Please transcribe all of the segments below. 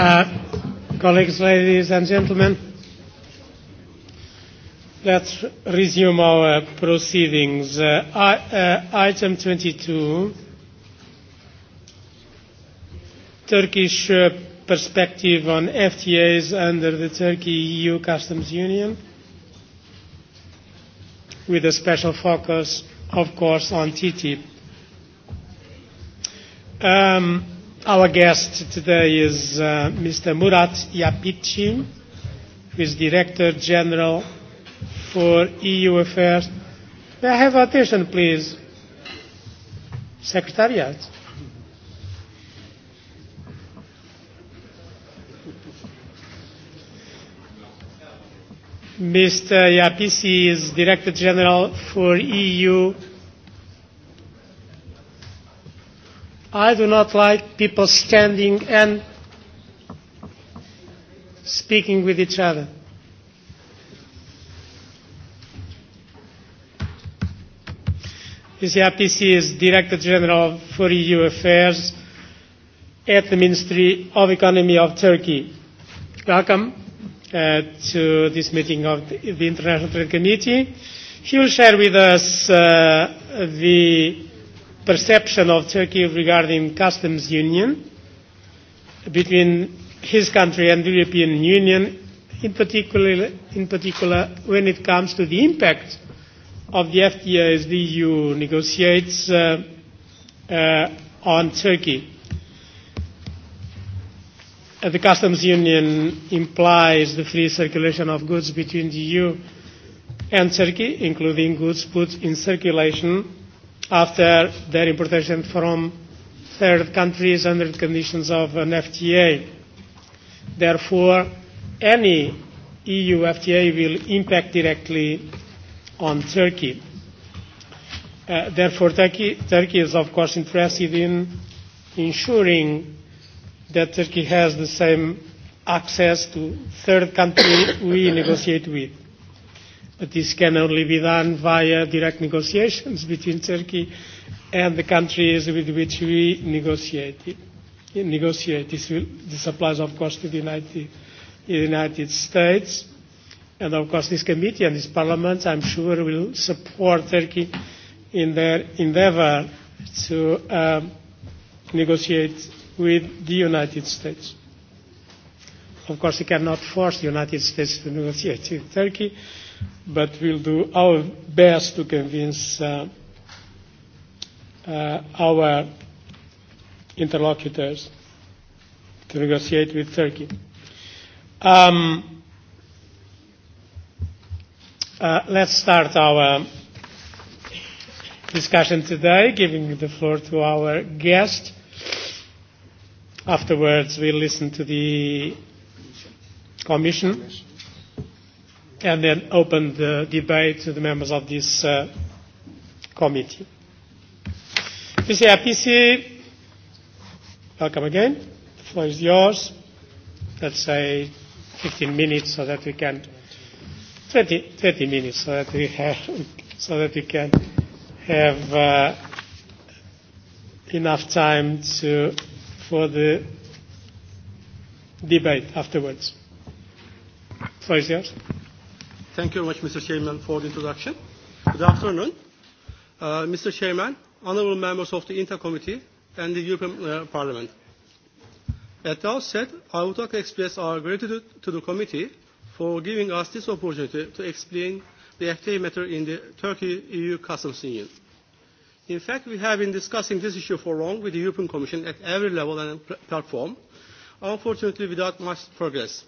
Uh, colleagues, ladies and gentlemen, let's resume our proceedings. Uh, I, uh, item 22, Turkish uh, perspective on FTAs under the Turkey-EU customs union, with a special focus, of course, on TTIP. Um, Our guest today is uh, Mr. Murat Yapitchin, who is Director General for EU Affairs. May I have attention, please? Secretariat. Mr. Yapisi is Director General for EU I do not like people standing and speaking with each other. E APC is Director General for EU Affairs at the Ministry of Economy of Turkey. Welcome uh, to this meeting of the International Trade Committee. He will share with us uh, the perception of Turkey regarding customs union between his country and the European Union, in particular, in particular when it comes to the impact of the FTA as the EU negotiates uh, uh, on Turkey. Uh, the customs union implies the free circulation of goods between the EU and Turkey, including goods put in circulation after their importation from third countries under the conditions of an FTA. Therefore, any EU FTA will impact directly on Turkey. Uh, therefore, Turkey, Turkey is, of course, interested in ensuring that Turkey has the same access to third country we negotiate with. But this can only be done via direct negotiations between Turkey and the countries with which we negotiate, negotiate. This, will, this applies, of course, to the United, the United States. And, of course, this committee and this parliament, I'm sure, will support Turkey in their endeavor to um, negotiate with the United States. Of course, we cannot force the United States to negotiate with Turkey but we'll do our best to convince uh, uh, our interlocutors to negotiate with Turkey. Um, uh, let's start our discussion today, giving the floor to our guest. Afterwards, we'll listen to the Commission. Commission and then open the debate to the members of this uh, committee. Mr. IPC, welcome again. The floor is yours. Let's say 15 minutes so that we can 20, 20 minutes so that we have so that we can have uh, enough time to for the debate afterwards. Floor is yours. Thank you very much, Mr. Chairman, for the introduction. Good afternoon. Uh, Mr. Chairman, honorable members of the INTA Committee and the European uh, Parliament. At the outset, I would like to express our gratitude to the committee for giving us this opportunity to explain the FTA matter in the Turkey-EU Customs Union. In fact, we have been discussing this issue for long with the European Commission at every level and platform, unfortunately without much progress.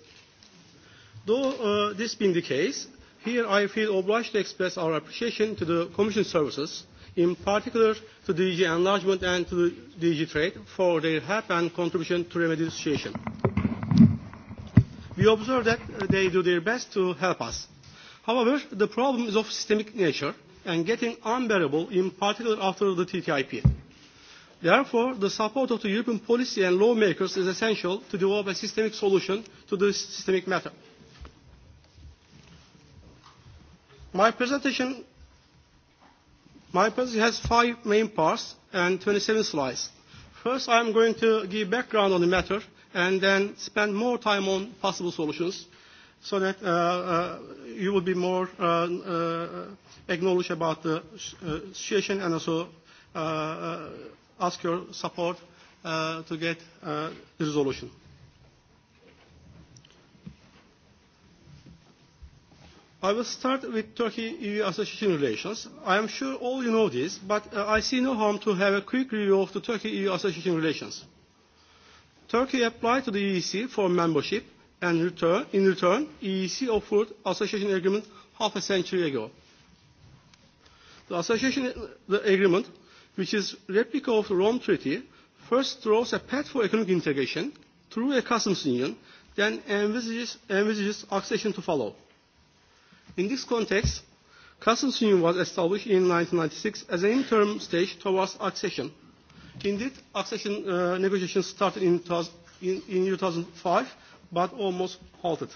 Though uh, this being the case, Here I feel obliged to express our appreciation to the Commission services, in particular to DG Enlargement and to DG Trade for their help and contribution to remedy the situation. We observe that they do their best to help us. However, the problem is of systemic nature and getting unbearable, in particular after the TTIP. Therefore, the support of the European policy and lawmakers is essential to develop a systemic solution to this systemic matter. My presentation, has five main parts and 27 slides. First, I am going to give background on the matter and then spend more time on possible solutions so that uh, uh, you will be more uh, uh, acknowledged about the uh, situation and also uh, uh, ask your support uh, to get uh, the resolution. I will start with Turkey-EU association relations. I am sure all you know this, but uh, I see no harm to have a quick review of the Turkey-EU association relations. Turkey applied to the EEC for membership, and return, in return, EEC offered association agreement half a century ago. The association the agreement, which is replica of the Rome Treaty, first draws a path for economic integration through a customs union, then envisages, envisages accession to follow. In this context, customs union was established in 1996 as an interim stage towards accession. Indeed, accession uh, negotiations started in, in, in 2005, but almost halted.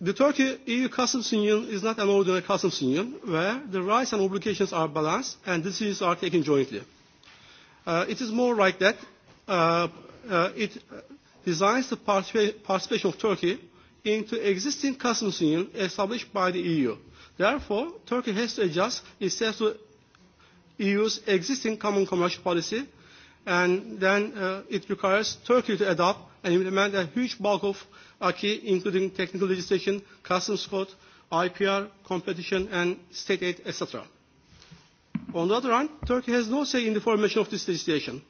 The Turkey-EU customs union is not an ordinary customs union where the rights and obligations are balanced and decisions are taken jointly. Uh, it is more like that. Uh, uh, it, designs the participation of Turkey into existing customs union established by the EU. Therefore, Turkey has to adjust itself to e EU's existing common commercial policy, and then uh, it requires Turkey to adopt and implement a huge bulk of acquis, including technical legislation, customs code, IPR, competition, and state aid, etc. On the other hand, Turkey has no say in the formation of this legislation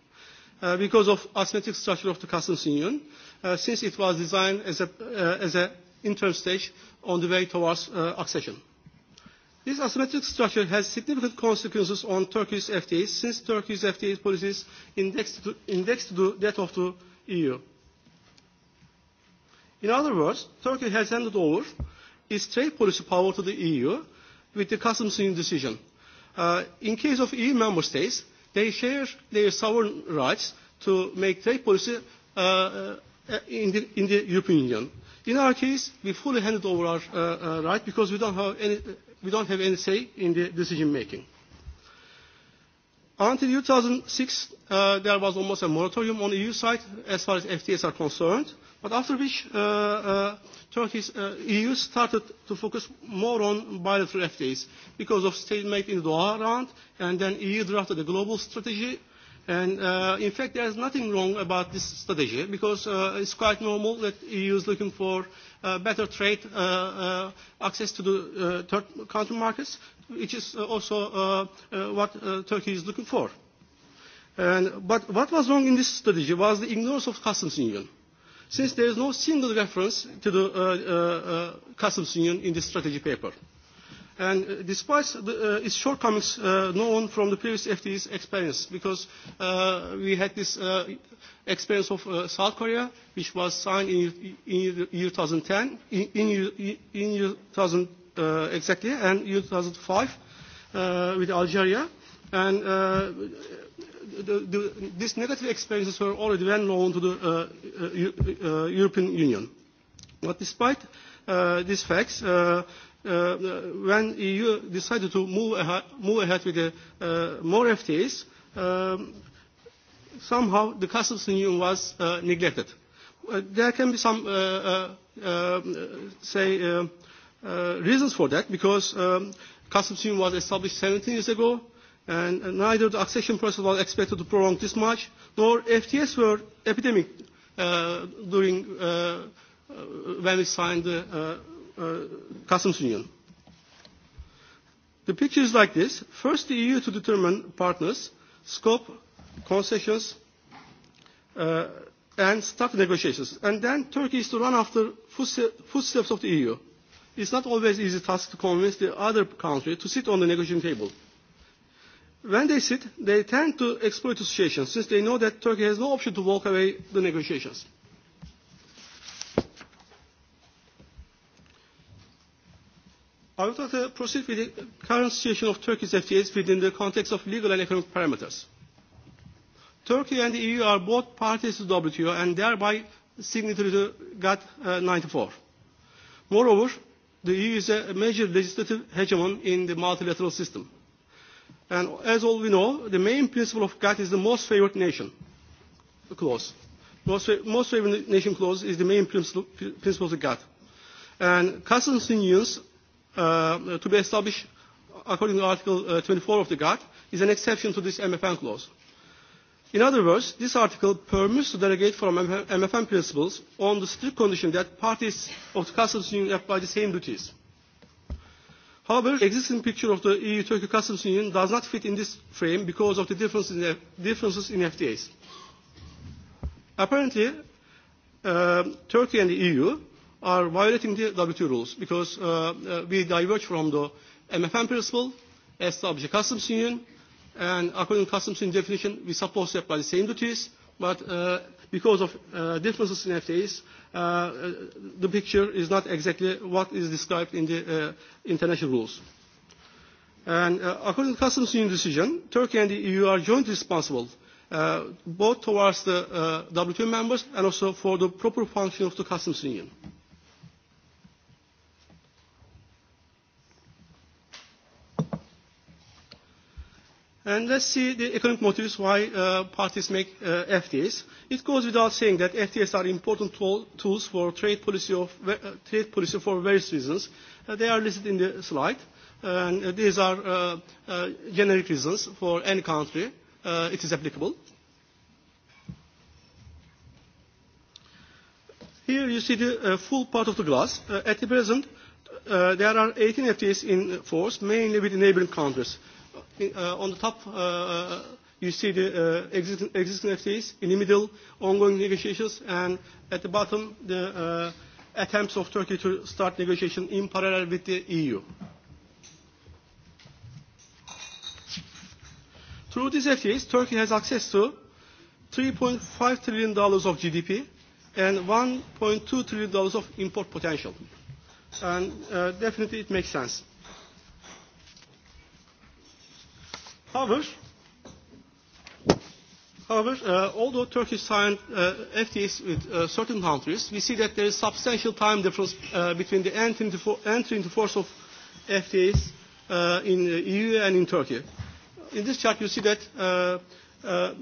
uh, because of asymmetric structure of the customs union, uh, since it was designed as an uh, as a interim stage on the way towards uh, accession. This asymmetric structure has significant consequences on Turkey's FTAs, since Turkey's FTA policies indexed to, indexed to debt of the EU. In other words, Turkey has handed over its trade policy power to the EU with the customs union decision. Uh, in case of EU member states, They share their sovereign rights to make trade policy uh, uh, in, the, in the European Union. In our case, we fully handed over our uh, uh, right because we don't have any, we don't have any say in the decision making. Until 2006, uh, there was almost a moratorium on the EU side as far as FTAs are concerned, but after which uh, uh, Turkey's uh, EU started to focus more on bilateral FTAs because of stalemate in the Doha round and then EU drafted a global strategy. And uh, in fact, there is nothing wrong about this strategy because uh, it's quite normal that EU is looking for uh, better trade uh, uh, access to the uh, third country markets, which is uh, also uh, uh, what uh, Turkey is looking for. And, but what was wrong in this strategy was the ignorance of customs union. Since there is no single reference to the uh, uh, uh, customs union in this strategy paper. And despite the, uh, its shortcomings uh, known from the previous FTA's experience, because uh, we had this uh, experience of uh, South Korea, which was signed in, in year 2010, in, in, in 2000 uh, exactly, and year 2005 uh, with Algeria. And uh, the, the, these negative experiences were already well known to the uh, uh, uh European Union. But despite uh, these facts, uh, uh, when EU decided to move ahead, move ahead with the, uh, uh, more FTAs, um, somehow the customs union was uh, neglected. Uh, there can be some, uh, uh, uh, say, uh, uh, reasons for that because um, customs union was established 17 years ago, and uh, neither the accession process was expected to prolong this much, nor FTAs were epidemic uh, during uh, uh when we signed the. Uh, uh, customs union. The picture is like this. First, the EU to determine partners, scope, concessions, uh, and start negotiations. And then Turkey is to run after footsteps of the EU. It's not always easy task to convince the other country to sit on the negotiating table. When they sit, they tend to exploit the situation since they know that Turkey has no option to walk away the negotiations. I would like to proceed with the current situation of Turkey's FTAs within the context of legal and economic parameters. Turkey and the EU are both parties to WTO and thereby signatory to GATT uh, 94. Moreover, the EU is a major legislative hegemon in the multilateral system. And as all we know, the main principle of GATT is the most favored nation clause. Most, most favored nation clause is the main principle, principle of GATT. And customs unions uh, to be established according to Article uh, 24 of the GATT is an exception to this MFN clause. In other words, this article permits to delegate from MFN principles on the strict condition that parties of the customs union apply the same duties. However, the existing picture of the EU-Turkey customs union does not fit in this frame because of the differences in FTAs. Apparently, uh, Turkey and the EU are violating the WTO rules because uh, uh, we diverge from the MFN principle, the a customs union, and according to customs union definition, we supposed to apply the same duties, but uh, because of uh, differences in FTAs, uh, uh, the picture is not exactly what is described in the uh, international rules. And uh, according to customs union decision, Turkey and the EU are jointly responsible uh, both towards the uh, WTO members and also for the proper function of the customs union. And let's see the economic motives why uh, parties make uh, FTAs. It goes without saying that FTAs are important tool, tools for trade policy, of, uh, trade policy for various reasons. Uh, they are listed in the slide. Uh, and these are uh, uh, generic reasons for any country uh, it is applicable. Here you see the uh, full part of the glass. Uh, at the present, uh, there are 18 FTAs in force, mainly with neighboring countries uh, on the top, uh, uh you see the uh, existing, existing FTAs, in the middle, ongoing negotiations, and at the bottom, the uh, attempts of Turkey to start negotiation in parallel with the EU. Through these FTAs, Turkey has access to $3.5 trillion of GDP and $1.2 trillion of import potential. And uh, definitely it makes sense. However, however uh, although Turkey signed uh, FTAs with uh, certain countries, we see that there is substantial time difference uh, between the entry into, for entry into force of FTAs uh, in the uh, EU and in Turkey. In this chart, you see that uh, uh,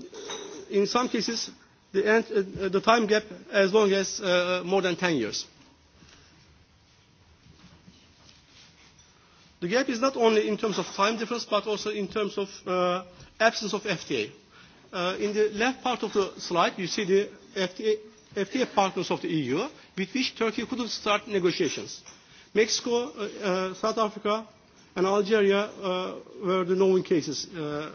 in some cases, the, end, uh, the time gap as long as uh, more than 10 years. The gap is not only in terms of time difference, but also in terms of uh, absence of FTA. Uh, in the left part of the slide, you see the FTA, FTA partners of the EU, with which Turkey couldn't start negotiations. Mexico, uh, uh, South Africa, and Algeria uh, were the known cases uh,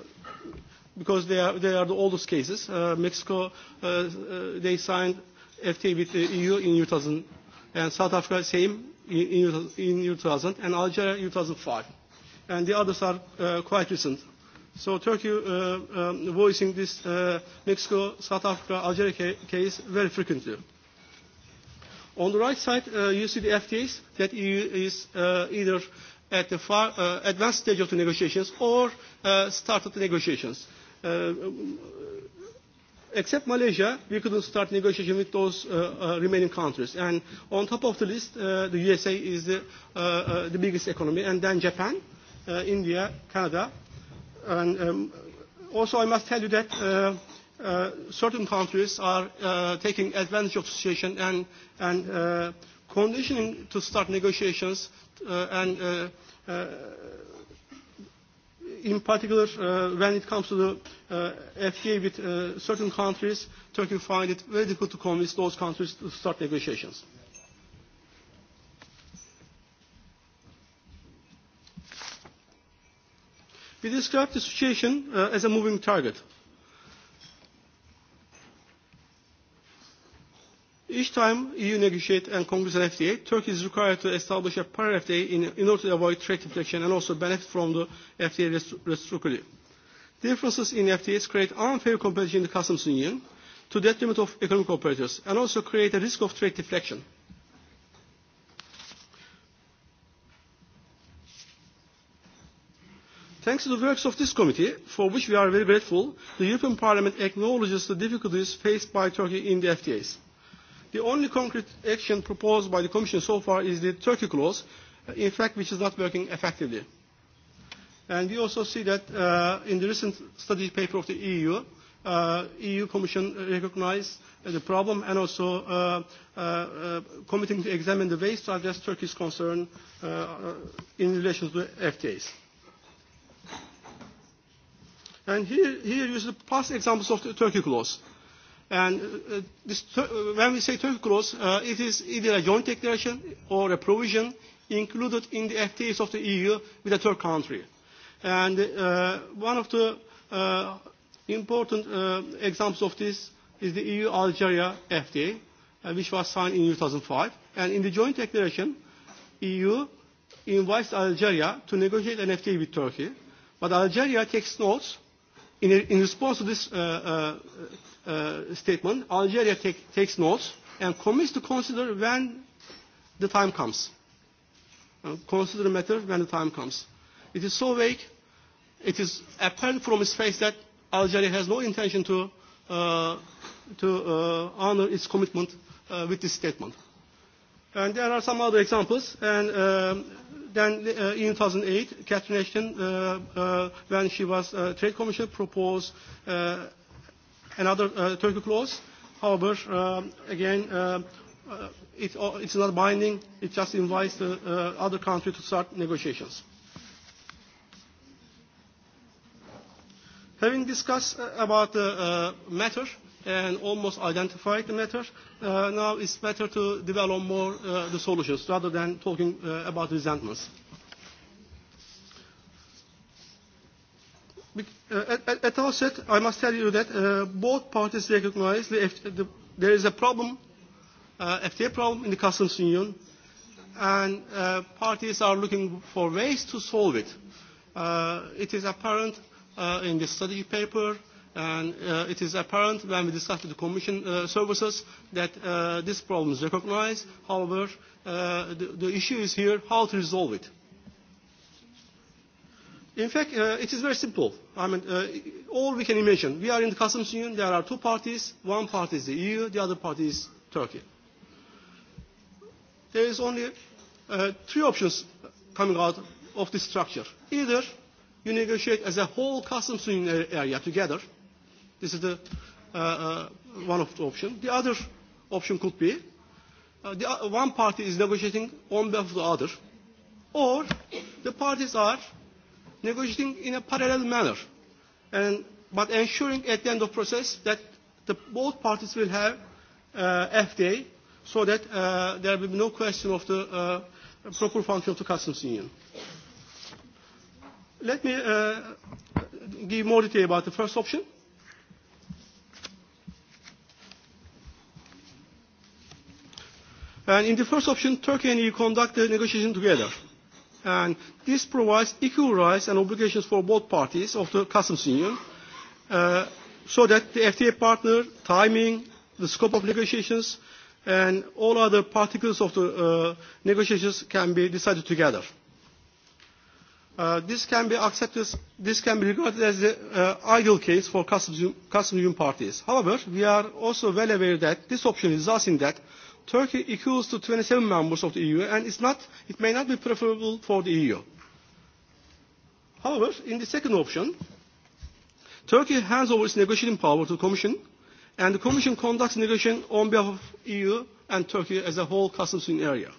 because they are, they are the oldest cases. Uh, Mexico, uh, uh, they signed FTA with the EU in 2000, and South Africa, same in, in in year 2000 and Algeria in 2005. And the others are uh, quite recent. So Turkey uh, um, voicing this uh, Mexico, South Africa, Algeria ca case very frequently. On the right side, uh, you see the FTAs that EU is uh, either at the far, uh, advanced stage of the negotiations or uh, started the negotiations. Uh, except Malaysia, we couldn't start negotiation with those uh, uh, remaining countries. And on top of the list, uh, the USA is the, uh, uh, the biggest economy, and then Japan, uh, India, Canada. And um, also, I must tell you that uh, uh, certain countries are uh, taking advantage of the situation and, and uh, conditioning to start negotiations uh, and uh, uh, in particular, uh, when it comes to the uh, FTA with uh, certain countries, Turkey find it very difficult to convince those countries to start negotiations. We describe the situation uh, as a moving target. Each time EU negotiates and concludes an FTA, Turkey is required to establish a parallel FTA in, in order to avoid trade deflection and also benefit from the FTA reciprocity. Differences in FTAs create unfair competition in the customs union to the detriment of economic operators and also create a risk of trade deflection. Thanks to the works of this committee, for which we are very grateful, the European Parliament acknowledges the difficulties faced by Turkey in the FTAs. The only concrete action proposed by the Commission so far is the Turkey clause, uh, in fact, which is not working effectively. And we also see that uh, in the recent study paper of the EU, uh, EU Commission recognized uh, the problem and also uh, uh, uh, committing to examine the ways to address Turkey's concern uh, in relation to FTAs. And here, here you see the past examples of the Turkey clause. Uh, And uh, this, uh, when we say Turkey clause, uh, it is either a joint declaration or a provision included in the FTAs of the EU with a third country. And uh, one of the uh, important uh, examples of this is the EU-Algeria FTA, uh, which was signed in 2005. And in the joint declaration, EU invites Algeria to negotiate an FTA with Turkey. But Algeria takes notes in, in response to this uh, uh, uh, statement, Algeria take, takes notes and commits to consider when the time comes. Uh, consider the matter when the time comes. It is so vague. It is apparent from its face that Algeria has no intention to, uh, to uh, honor its commitment uh, with this statement. And there are some other examples. And uh, then uh, in 2008, Catherine Ashton, uh, uh, when she was uh, Trade Commissioner, proposed uh, another uh, Turkey clause. However, uh, again, uh, uh, it, uh, it's not binding. It just invites the uh, other country to start negotiations. Having discussed uh, about the uh, matter and almost identified the matter, uh, now it's better to develop more uh, the solutions rather than talking uh, about resentments. Uh, at, at, at outset, I must tell you that uh, both parties recognize the, the, there is a problem, uh, FTA problem in the customs union, and uh, parties are looking for ways to solve it. Uh, it is apparent uh, in the study paper, and uh, it is apparent when we discussed with the Commission uh, services that uh, this problem is recognized. However, uh, the, the issue is here how to resolve it. In fact, uh, it is very simple. I mean, uh, all we can imagine. We are in the customs union. There are two parties. One party is the EU. The other party is Turkey. There is only uh, three options coming out of this structure. Either you negotiate as a whole customs union area together. This is the uh, uh, one of the options. The other option could be uh, the, uh, one party is negotiating on behalf of the other, or the parties are negotiating in a parallel manner, and, but ensuring at the end of process that the, both parties will have uh, FDA so that uh, there will be no question of the uh, proper function of the customs union. Let me uh, give more detail about the first option. And in the first option, Turkey and EU conduct the negotiation together. And this provides equal rights and obligations for both parties of the customs union uh, so that the FTA partner, timing, the scope of negotiations, and all other particles of the uh, negotiations can be decided together. Uh, this can be accepted, this can be regarded as the uh, ideal case for customs, customs union parties. However, we are also well aware that this option results in that Turkey equals to 27 members of the EU and it's not, it may not be preferable for the EU. However, in the second option, Turkey hands over its negotiating power to the Commission and the Commission conducts negotiation on behalf of EU and Turkey as a whole customs union area.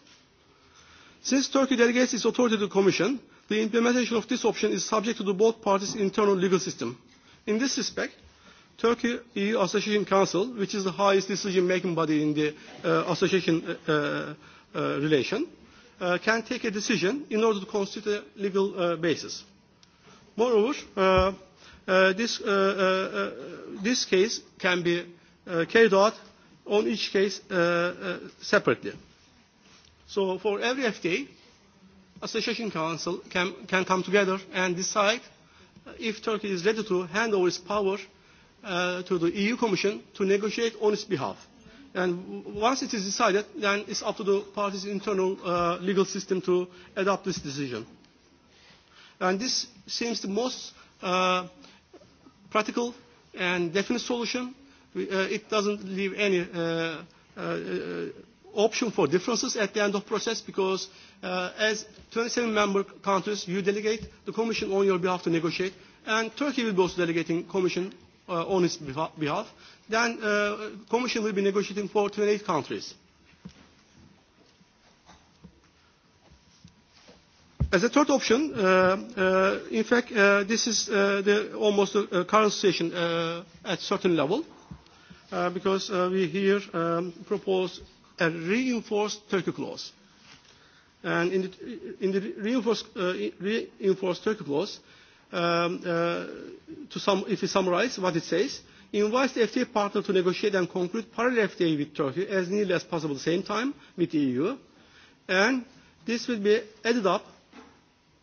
Since Turkey delegates its authority to the Commission, the implementation of this option is subject to the both parties' internal legal system. In this respect, Turkey EU Association Council, which is the highest decision-making body in the uh, association uh, uh, uh, relation, uh, can take a decision in order to constitute a legal uh, basis. Moreover, uh, uh, this, uh, uh, uh, this case can be uh, carried out on each case uh, uh, separately. So for every FTA, Association Council can, can come together and decide if Turkey is ready to hand over its power uh, to the EU Commission to negotiate on its behalf. And once it is decided, then it's up to the party's internal uh, legal system to adopt this decision. And this seems the most uh, practical and definite solution. We, uh, it doesn't leave any uh, uh, uh option for differences at the end of process because uh, as 27 member countries, you delegate the Commission on your behalf to negotiate, and Turkey will be also delegating Commission uh, on its behalf, then uh, Commission will be negotiating for 28 countries. As a third option, uh, uh, in fact, uh, this is uh, the, almost the uh, current situation uh, at certain level, uh, because uh, we here um, propose a reinforced Turkey clause. And in the, in the reinforced, uh, reinforced Turkey clause, uh, um, uh, to sum, if we summarize what it says, invites the FTA partner to negotiate and conclude parallel FTA with Turkey as nearly as possible at the same time with the EU. And this will be added up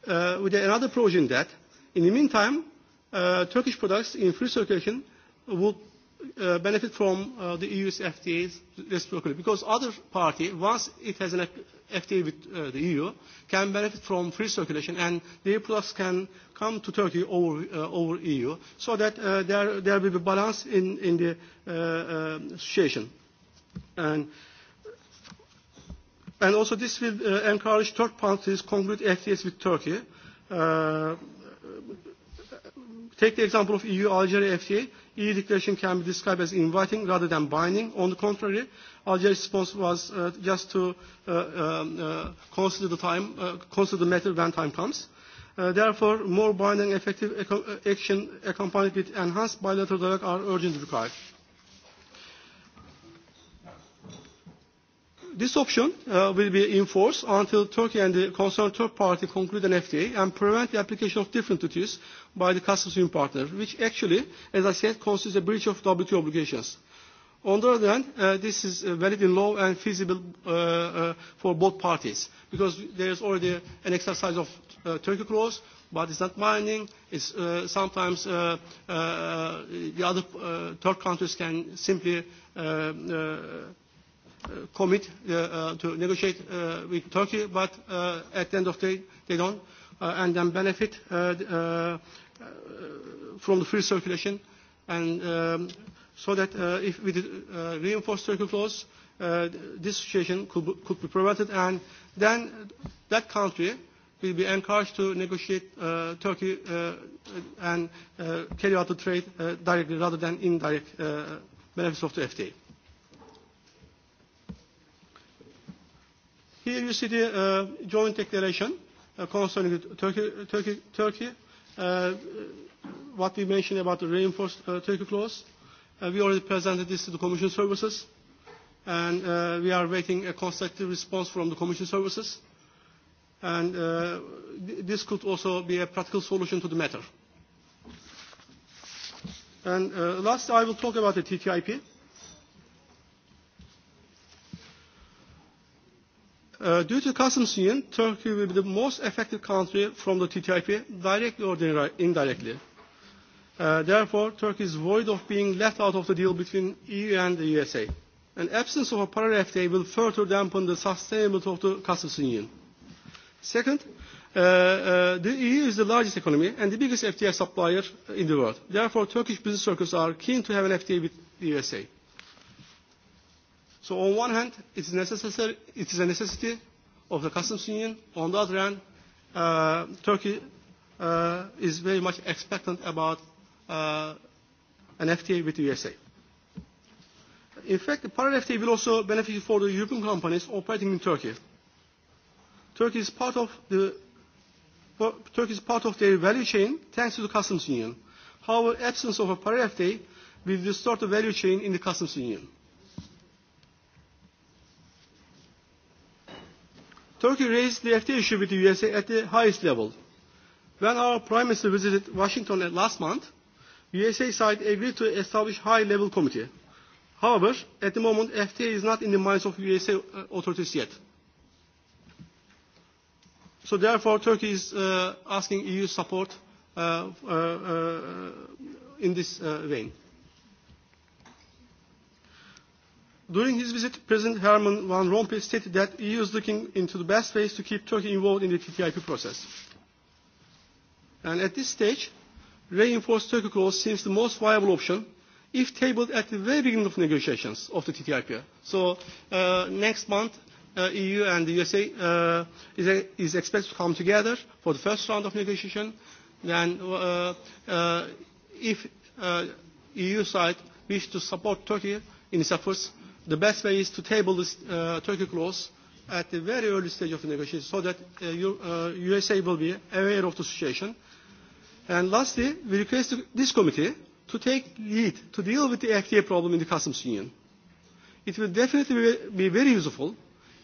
uh, with another provision that, in the meantime, uh, Turkish products in free circulation would uh, benefit from uh, the EU's FTAs reciprocally because other party, once it has an FTA with uh, the EU, can benefit from free circulation and their products can come to Turkey over, uh, over EU so that uh, there, there will be balance in, in the uh, uh, situation. And, and also this will uh, encourage third parties to conclude FTAs with Turkey. Uh, take the example of EU-Algeria FTA e-declaration can be described as inviting rather than binding. On the contrary, Algeria's response was uh, just to uh, uh, um, uh, consider the time, uh, consider the matter when time comes. Uh, therefore, more binding effective action accompanied with enhanced bilateral dialogue are urgently required. This option uh, will be in force until Turkey and the concerned third party conclude an FTA and prevent the application of different duties by the customs union partner, which actually, as I said, constitutes a breach of WTO obligations. On the other hand, uh, this is uh, valid in law and feasible uh, uh, for both parties because there is already an exercise of uh, Turkey clause, but it's not binding. It's uh, sometimes uh, uh, the other uh, third countries can simply um, uh, uh, Uh, commit uh, uh, to negotiate uh, with Turkey, but uh, at the end of the day, they don't, uh, and then benefit uh, uh, uh, from the free circulation. And um, so that uh, if we uh, reinforce Turkey clause, uh, this situation could be, could be prevented, and then that country will be encouraged to negotiate uh, Turkey uh, and uh, carry out the trade uh, directly rather than indirect uh, benefits of the FTA. Here you see the uh, joint declaration uh, concerning the Turkey, Turkey, Turkey uh, what we mentioned about the reinforced uh, Turkey clause. Uh, we already presented this to the Commission services, and uh, we are waiting a constructive response from the Commission services. And uh, th this could also be a practical solution to the matter. And uh, last, I will talk about the TTIP. Uh, due to customs union, Turkey will be the most affected country from the TTIP, directly or indirectly. Uh, therefore, Turkey is void of being left out of the deal between EU and the USA. An absence of a parallel FTA will further dampen the sustainability of the customs union. Second, uh, uh, the EU is the largest economy and the biggest FTA supplier in the world. Therefore, Turkish business circles are keen to have an FTA with the USA. So on one hand, it is, necessary, it is a necessity of the customs union. On the other hand, uh, Turkey uh, is very much expectant about uh, an FTA with the USA. In fact, the parallel FTA will also benefit for the European companies operating in Turkey. Turkey is part of the Turkey is part of their value chain thanks to the customs union. However, absence of a parallel FTA will distort the value chain in the customs union. Turkey raised the FTA issue with the USA at the highest level. When our Prime Minister visited Washington last month, USA side agreed to establish high-level committee. However, at the moment, FTA is not in the minds of USA uh, authorities yet. So therefore, Turkey is uh, asking EU support uh, uh, uh, in this uh, vein. During his visit, President Herman Van Rompuy stated that EU is looking into the best ways to keep Turkey involved in the TTIP process. And at this stage, reinforced Turkey clause seems the most viable option if tabled at the very beginning of negotiations of the TTIP. So uh, next month, uh, EU and the USA uh, is, a, is expected to come together for the first round of negotiation. Then, uh, uh, if uh, EU side wish to support Turkey in its efforts, the best way is to table this uh, Turkey clause at the very early stage of the negotiation so that uh, you, uh, USA will be aware of the situation. And lastly, we request this committee to take lead to deal with the FTA problem in the customs union. It will definitely be very useful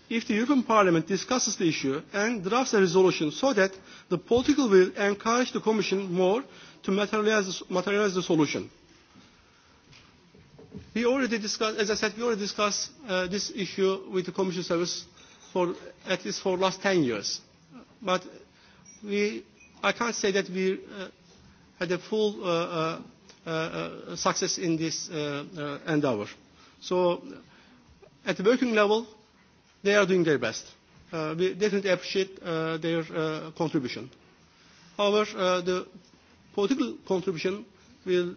if the European Parliament discusses the issue and drafts a resolution so that the political will encourage the Commission more to materialize the, materialize the solution. We already discussed, as I said, we already discussed uh, this issue with the Commission Service for at least for the last 10 years. But we, I can't say that we uh, had a full uh, uh, uh, uh, success in this uh, uh, endeavor. So at the working level, they are doing their best. Uh, we definitely appreciate uh, their uh, contribution. However, uh, the political contribution will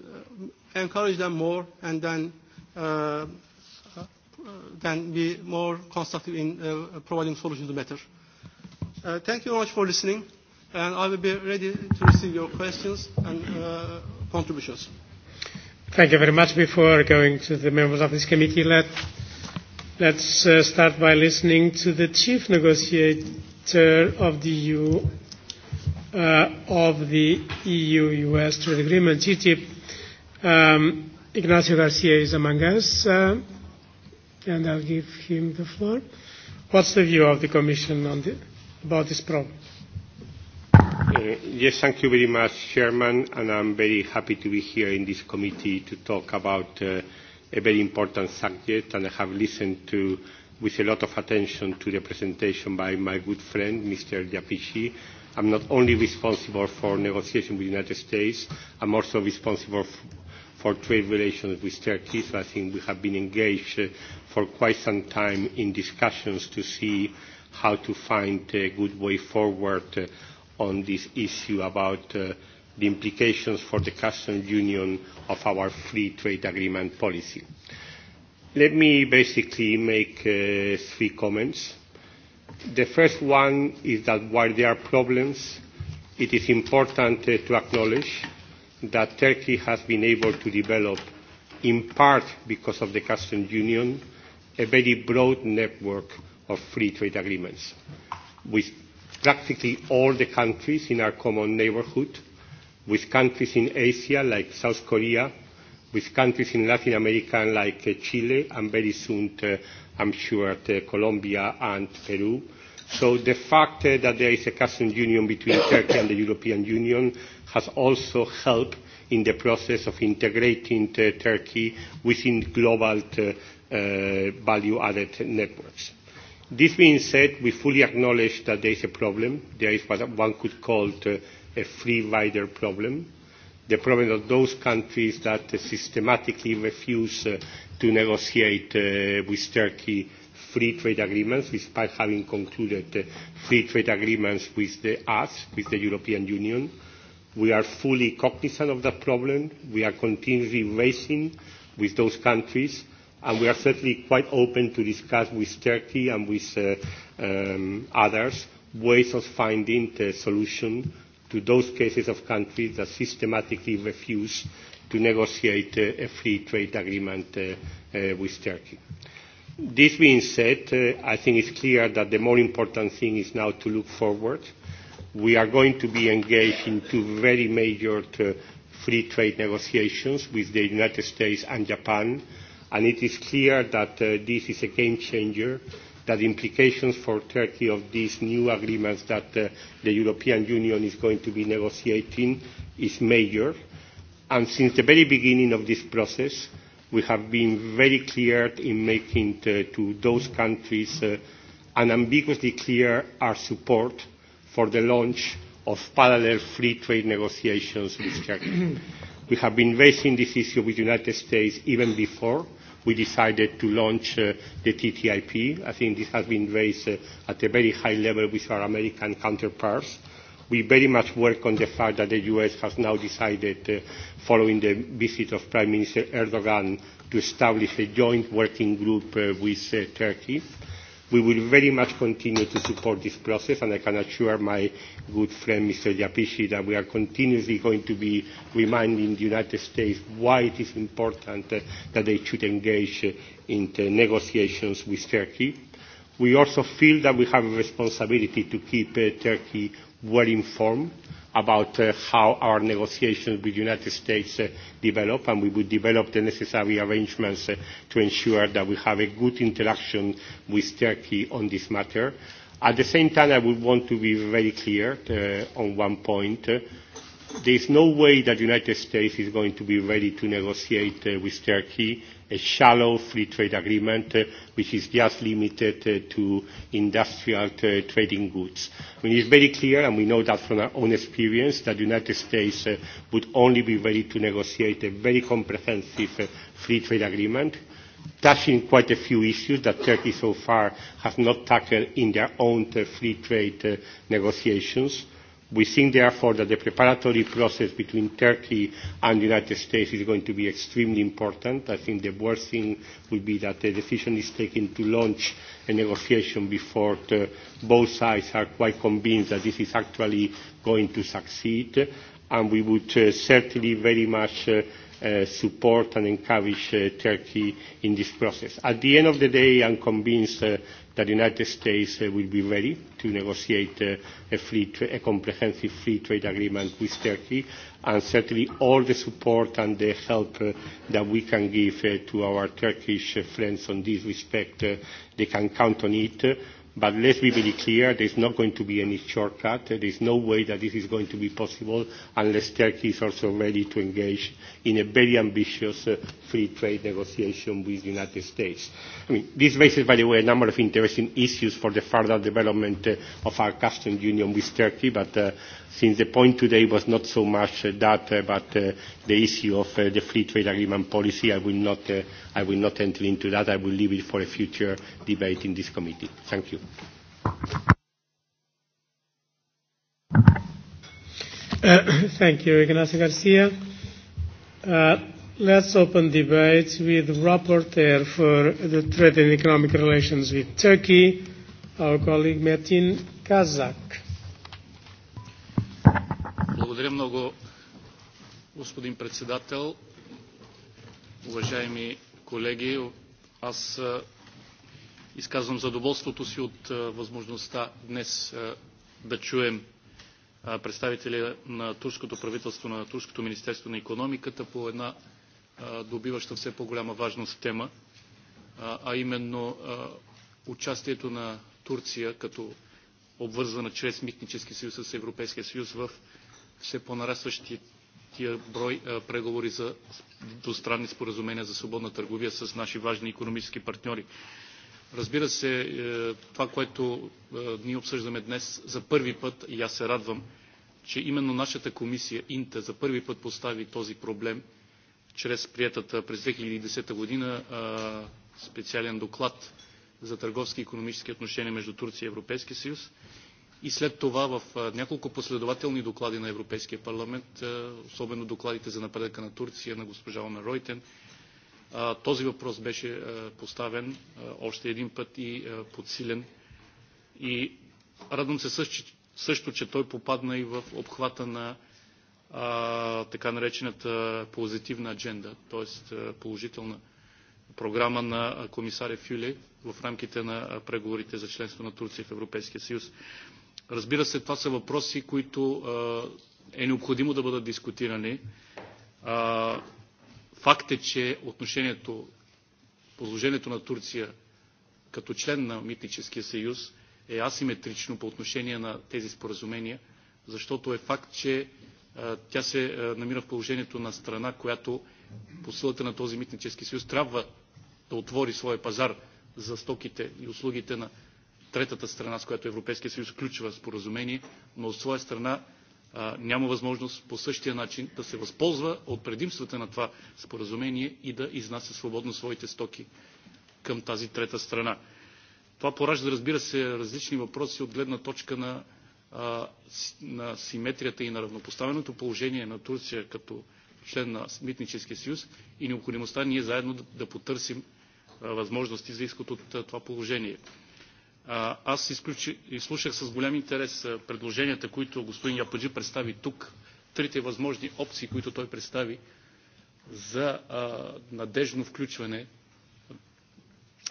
uh, encourage them more and then uh, uh, then be more constructive in uh, providing solutions better. Uh, thank you very much for listening, and I will be ready to receive your questions and uh, contributions. Thank you very much. Before going to the members of this committee, let, let's uh, start by listening to the chief negotiator of the EU uh, of the EU-US trade agreement, TTIP. Um, Ignacio Garcia is among us, uh, and I'll give him the floor. What's the view of the Commission on the, about this problem? Uh, yes, thank you very much, Chairman, and I'm very happy to be here in this committee to talk about uh, a very important subject, and I have listened to with a lot of attention to the presentation by my good friend, Mr. Diapici, I'm not only responsible for negotiation with the United States, I'm also responsible for, for trade relations with Turkey. So I think we have been engaged uh, for quite some time in discussions to see how to find a good way forward uh, on this issue about uh, the implications for the customs union of our free trade agreement policy. Let me basically make uh, three comments. The first one is that while there are problems, it is important uh, to acknowledge that Turkey has been able to develop, in part because of the customs union, a very broad network of free trade agreements with practically all the countries in our common neighborhood, with countries in Asia like South Korea, with countries in Latin America like uh, Chile, and very soon to eh, I'm sure, to uh, Colombia and Peru. So the fact uh, that there is a customs union between Turkey and the European Union has also helped in the process of integrating uh, Turkey within global value-added networks. This being said, we fully acknowledge that there is a problem. There is what one could call a free rider problem the problem of those countries that uh, systematically refuse uh, to negotiate uh, with Turkey free trade agreements, despite having concluded uh, free trade agreements with the, us, with the European Union. We are fully cognizant of that problem. We are continuously racing with those countries, and we are certainly quite open to discuss with Turkey and with uh, um, others ways of finding the solution to those cases of countries that systematically refuse to negotiate uh, a free trade agreement uh, uh, with Turkey. This being said, uh, I think it's clear that the more important thing is now to look forward. We are going to be engaged in two very major uh, free trade negotiations with the United States and Japan, and it is clear that uh, this is a game changer that implications for Turkey of these new agreements that uh, the European Union is going to be negotiating is major. And since the very beginning of this process, we have been very clear in making to, to those countries uh, unambiguously clear our uh, support for the launch of parallel free trade negotiations with Turkey. we have been raising this issue with the United States even before we decided to launch uh, the TTIP. I think this has been raised uh, at a very high level with our American counterparts. We very much work on the fact that the U.S. has now decided, uh, following the visit of Prime Minister Erdogan, to establish a joint working group uh, with uh, Turkey. Uh, We will very much continue to support this process, and I can assure my good friend, Mr. Yapishi, that we are continuously going to be reminding the United States why it is important uh, that they should engage uh, in the negotiations with Turkey. We also feel that we have a responsibility to keep uh, Turkey well informed about uh, how our negotiations with the United States uh, develop, and we will develop the necessary arrangements uh, to ensure that we have a good interaction with Turkey on this matter. At the same time, I would want to be very clear uh, on one point. Uh, there is no way that the United States is going to be ready to negotiate uh, with Turkey a shallow free trade agreement uh, which is just limited uh, to industrial uh, trading goods. I mean, it's very clear, and we know that from our own experience, that the United States uh, would only be ready to negotiate a very comprehensive uh, free trade agreement touching quite a few issues that Turkey so far has not tackled in their own uh, free trade uh, negotiations We think, therefore, that the preparatory process between Turkey and the United States is going to be extremely important. I think the worst thing would be that the decision is taken to launch a negotiation before the, both sides are quite convinced that this is actually going to succeed. And we would uh, certainly very much uh, Uh, support and encourage uh, Turkey in this process. At the end of the day, I'm convinced uh, that the United States uh, will be ready to negotiate uh, a, free tra- a comprehensive free trade agreement with Turkey, and certainly all the support and the help uh, that we can give uh, to our Turkish uh, friends on this respect, uh, they can count on it. Uh, But let's be very clear, there's not going to be any shortcut. There is no way that this is going to be possible unless Turkey is also ready to engage in a very ambitious uh, free trade negotiation with the United States. I mean, this raises, by the way, a number of interesting issues for the further development uh, of our customs union with Turkey, but uh, since the point today was not so much uh, that, uh, but uh, the issue of uh, the free trade agreement policy, I will not uh, i will not enter into that. I will leave it for a future debate in this committee. Thank you. Uh, thank you, Ignacio Garcia. Uh, let's open debate with rapporteur for the trade and economic relations with Turkey, our colleague Metin Kazak. Благодаря много, господин председател. Уважаеми колеги. Аз изказвам задоволството си от възможността днес да чуем представители на турското правителство, на турското министерство на економиката по една добиваща все по-голяма важност тема, а именно участието на Турция като обвързана чрез митнически съюз с Европейския съюз в все по-нарастващите тия брой преговори за двустранни споразумения за свободна търговия с наши важни економически партньори. Разбира се, това, което ние обсъждаме днес за първи път, и аз се радвам, че именно нашата комисия Инта за първи път постави този проблем чрез приятата през 2010 година специален доклад за търговски и економически отношения между Турция и Европейския съюз и след това в няколко последователни доклади на Европейския парламент, особено докладите за напредъка на Турция на госпожа Омен Ройтен, този въпрос беше поставен още един път и подсилен. И радвам се също, също че той попадна и в обхвата на така наречената позитивна адженда, т.е. положителна програма на комисаря Фюле в рамките на преговорите за членство на Турция в Европейския съюз. Разбира се, това са въпроси, които е необходимо да бъдат дискутирани. Факт е, че отношението, положението на Турция като член на Митническия съюз е асиметрично по отношение на тези споразумения, защото е факт, че тя се намира в положението на страна, която по силата на този митнически съюз трябва да отвори своя пазар за стоките и услугите на третата страна, с която Европейския съюз ключва споразумение, но от своя страна а, няма възможност по същия начин да се възползва от предимствата на това споразумение и да изнася свободно своите стоки към тази трета страна. Това поражда, разбира се, различни въпроси от гледна точка на, а, на симетрията и на равнопоставеното положение на Турция като член на Митническия съюз и необходимостта ние заедно да, да потърсим а, възможности за изход от а, това положение. Аз изслушах с голям интерес предложенията, които господин Япаджи представи тук, трите възможни опции, които той представи за надежно включване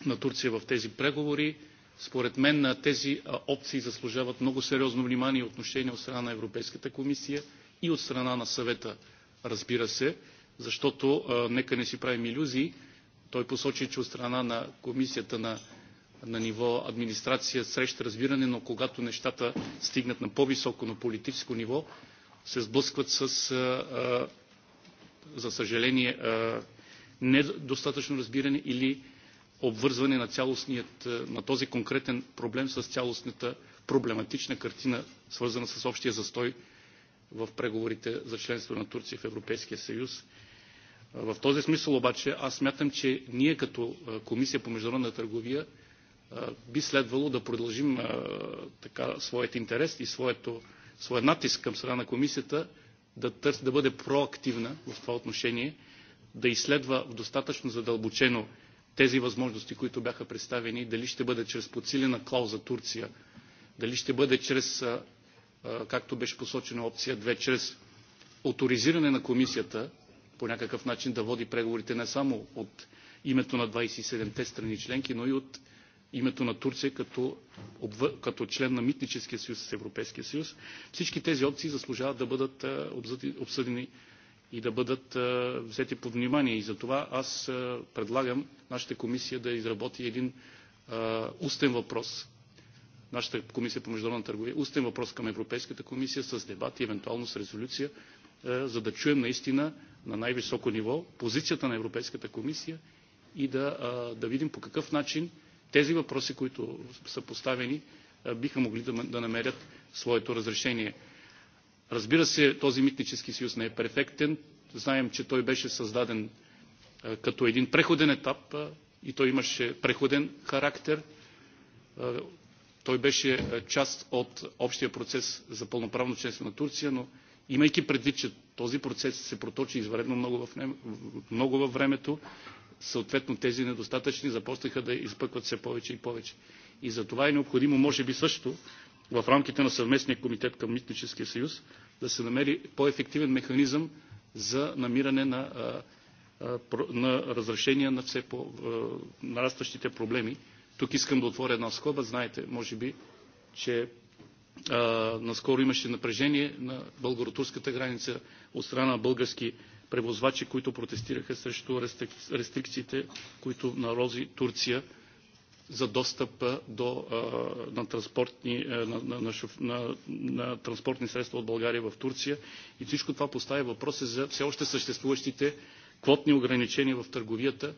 на Турция в тези преговори. Според мен тези опции заслужават много сериозно внимание и отношение от страна на Европейската комисия и от страна на съвета, разбира се, защото нека не си правим иллюзии. Той посочи, че от страна на комисията на на ниво администрация среща разбиране, но когато нещата стигнат на по-високо, на политическо ниво, се сблъскват с, а, за съжаление, а, недостатъчно разбиране или обвързване на, цялостният, на този конкретен проблем с цялостната проблематична картина, свързана с общия застой в преговорите за членство на Турция в Европейския съюз. В този смисъл обаче аз смятам, че ние като Комисия по международна търговия би следвало да продължим така своят интерес и своето, своя натиск към страна на комисията да търс, да бъде проактивна в това отношение, да изследва в достатъчно задълбочено тези възможности, които бяха представени, дали ще бъде чрез подсилена клауза Турция, дали ще бъде чрез, както беше посочена опция 2, чрез авторизиране на комисията по някакъв начин да води преговорите не само от името на 27-те страни членки, но и от името на Турция като, като член на Митническия съюз с Европейския съюз. Всички тези опции заслужават да бъдат обсъдени и да бъдат взети под внимание. И за това аз предлагам нашата комисия да изработи един устен въпрос, нашата комисия по международна търговия, устен въпрос към Европейската комисия с дебат и евентуално с резолюция, за да чуем наистина на най-високо ниво позицията на Европейската комисия и да, да видим по какъв начин Тези въпроси, които са поставени, биха могли да, намерят своето разрешение. Разбира се, този митнически съюз не е перфектен. Знаем, че той беше създаден като един преходен етап и той имаше преходен характер. Той беше част от общия процес за пълноправно членство на Турция, но имайки предвид, че този процес се проточи изваредно много, много във времето съответно тези недостатъчни започнаха да изпъкват все повече и повече. И за това е необходимо, може би също, в рамките на съвместния комитет към Митническия съюз, да се намери по-ефективен механизъм за намиране на, на разрешение на все по-нарастващите проблеми. Тук искам да отворя една скоба. Знаете, може би, че а, наскоро имаше напрежение на българо-турската граница от страна на български превозвачи, които протестираха срещу рестрикциите, които наложи Турция за достъп до, на, транспортни, на, на, на, на, на транспортни средства от България в Турция. И всичко това поставя въпроса за все още съществуващите квотни ограничения в търговията.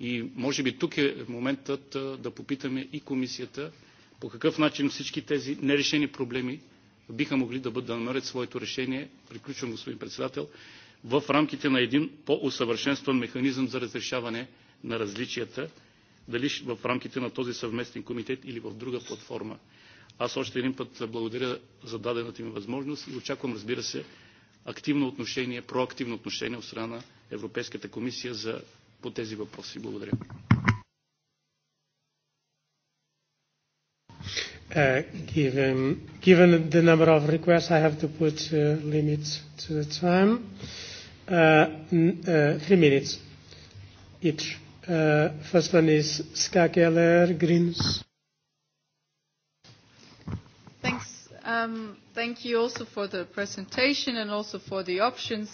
И може би тук е моментът да попитаме и комисията по какъв начин всички тези нерешени проблеми биха могли да, бъдат, да намерят своето решение, приключвам господин председател, в рамките на един по-усъвършенстван механизъм за разрешаване на различията, дали в рамките на този съвместен комитет или в друга платформа. Аз още един път благодаря за дадената ми възможност и очаквам, разбира се, активно отношение, проактивно отношение от страна на Европейската комисия за, по тези въпроси. Благодаря. Uh, given, given the number of requests, I have to put uh, limits to the time. Uh, three minutes each. Uh, first one is Ska Keller, Greens. Thanks. Um, thank you also for the presentation and also for the options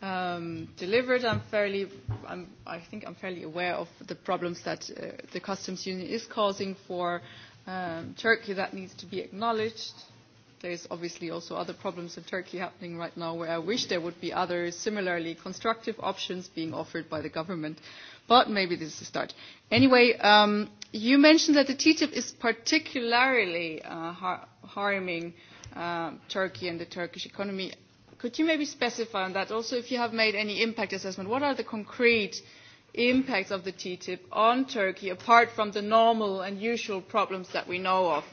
um, delivered. I'm fairly, I'm, I think I'm fairly aware of the problems that uh, the customs union is causing for um, Turkey that needs to be acknowledged There's obviously also other problems in Turkey happening right now where I wish there would be other similarly constructive options being offered by the government. But maybe this is a start. Anyway, um, you mentioned that the TTIP is particularly uh, har harming uh, Turkey and the Turkish economy. Could you maybe specify on that also if you have made any impact assessment? What are the concrete impacts of the TTIP on Turkey apart from the normal and usual problems that we know of?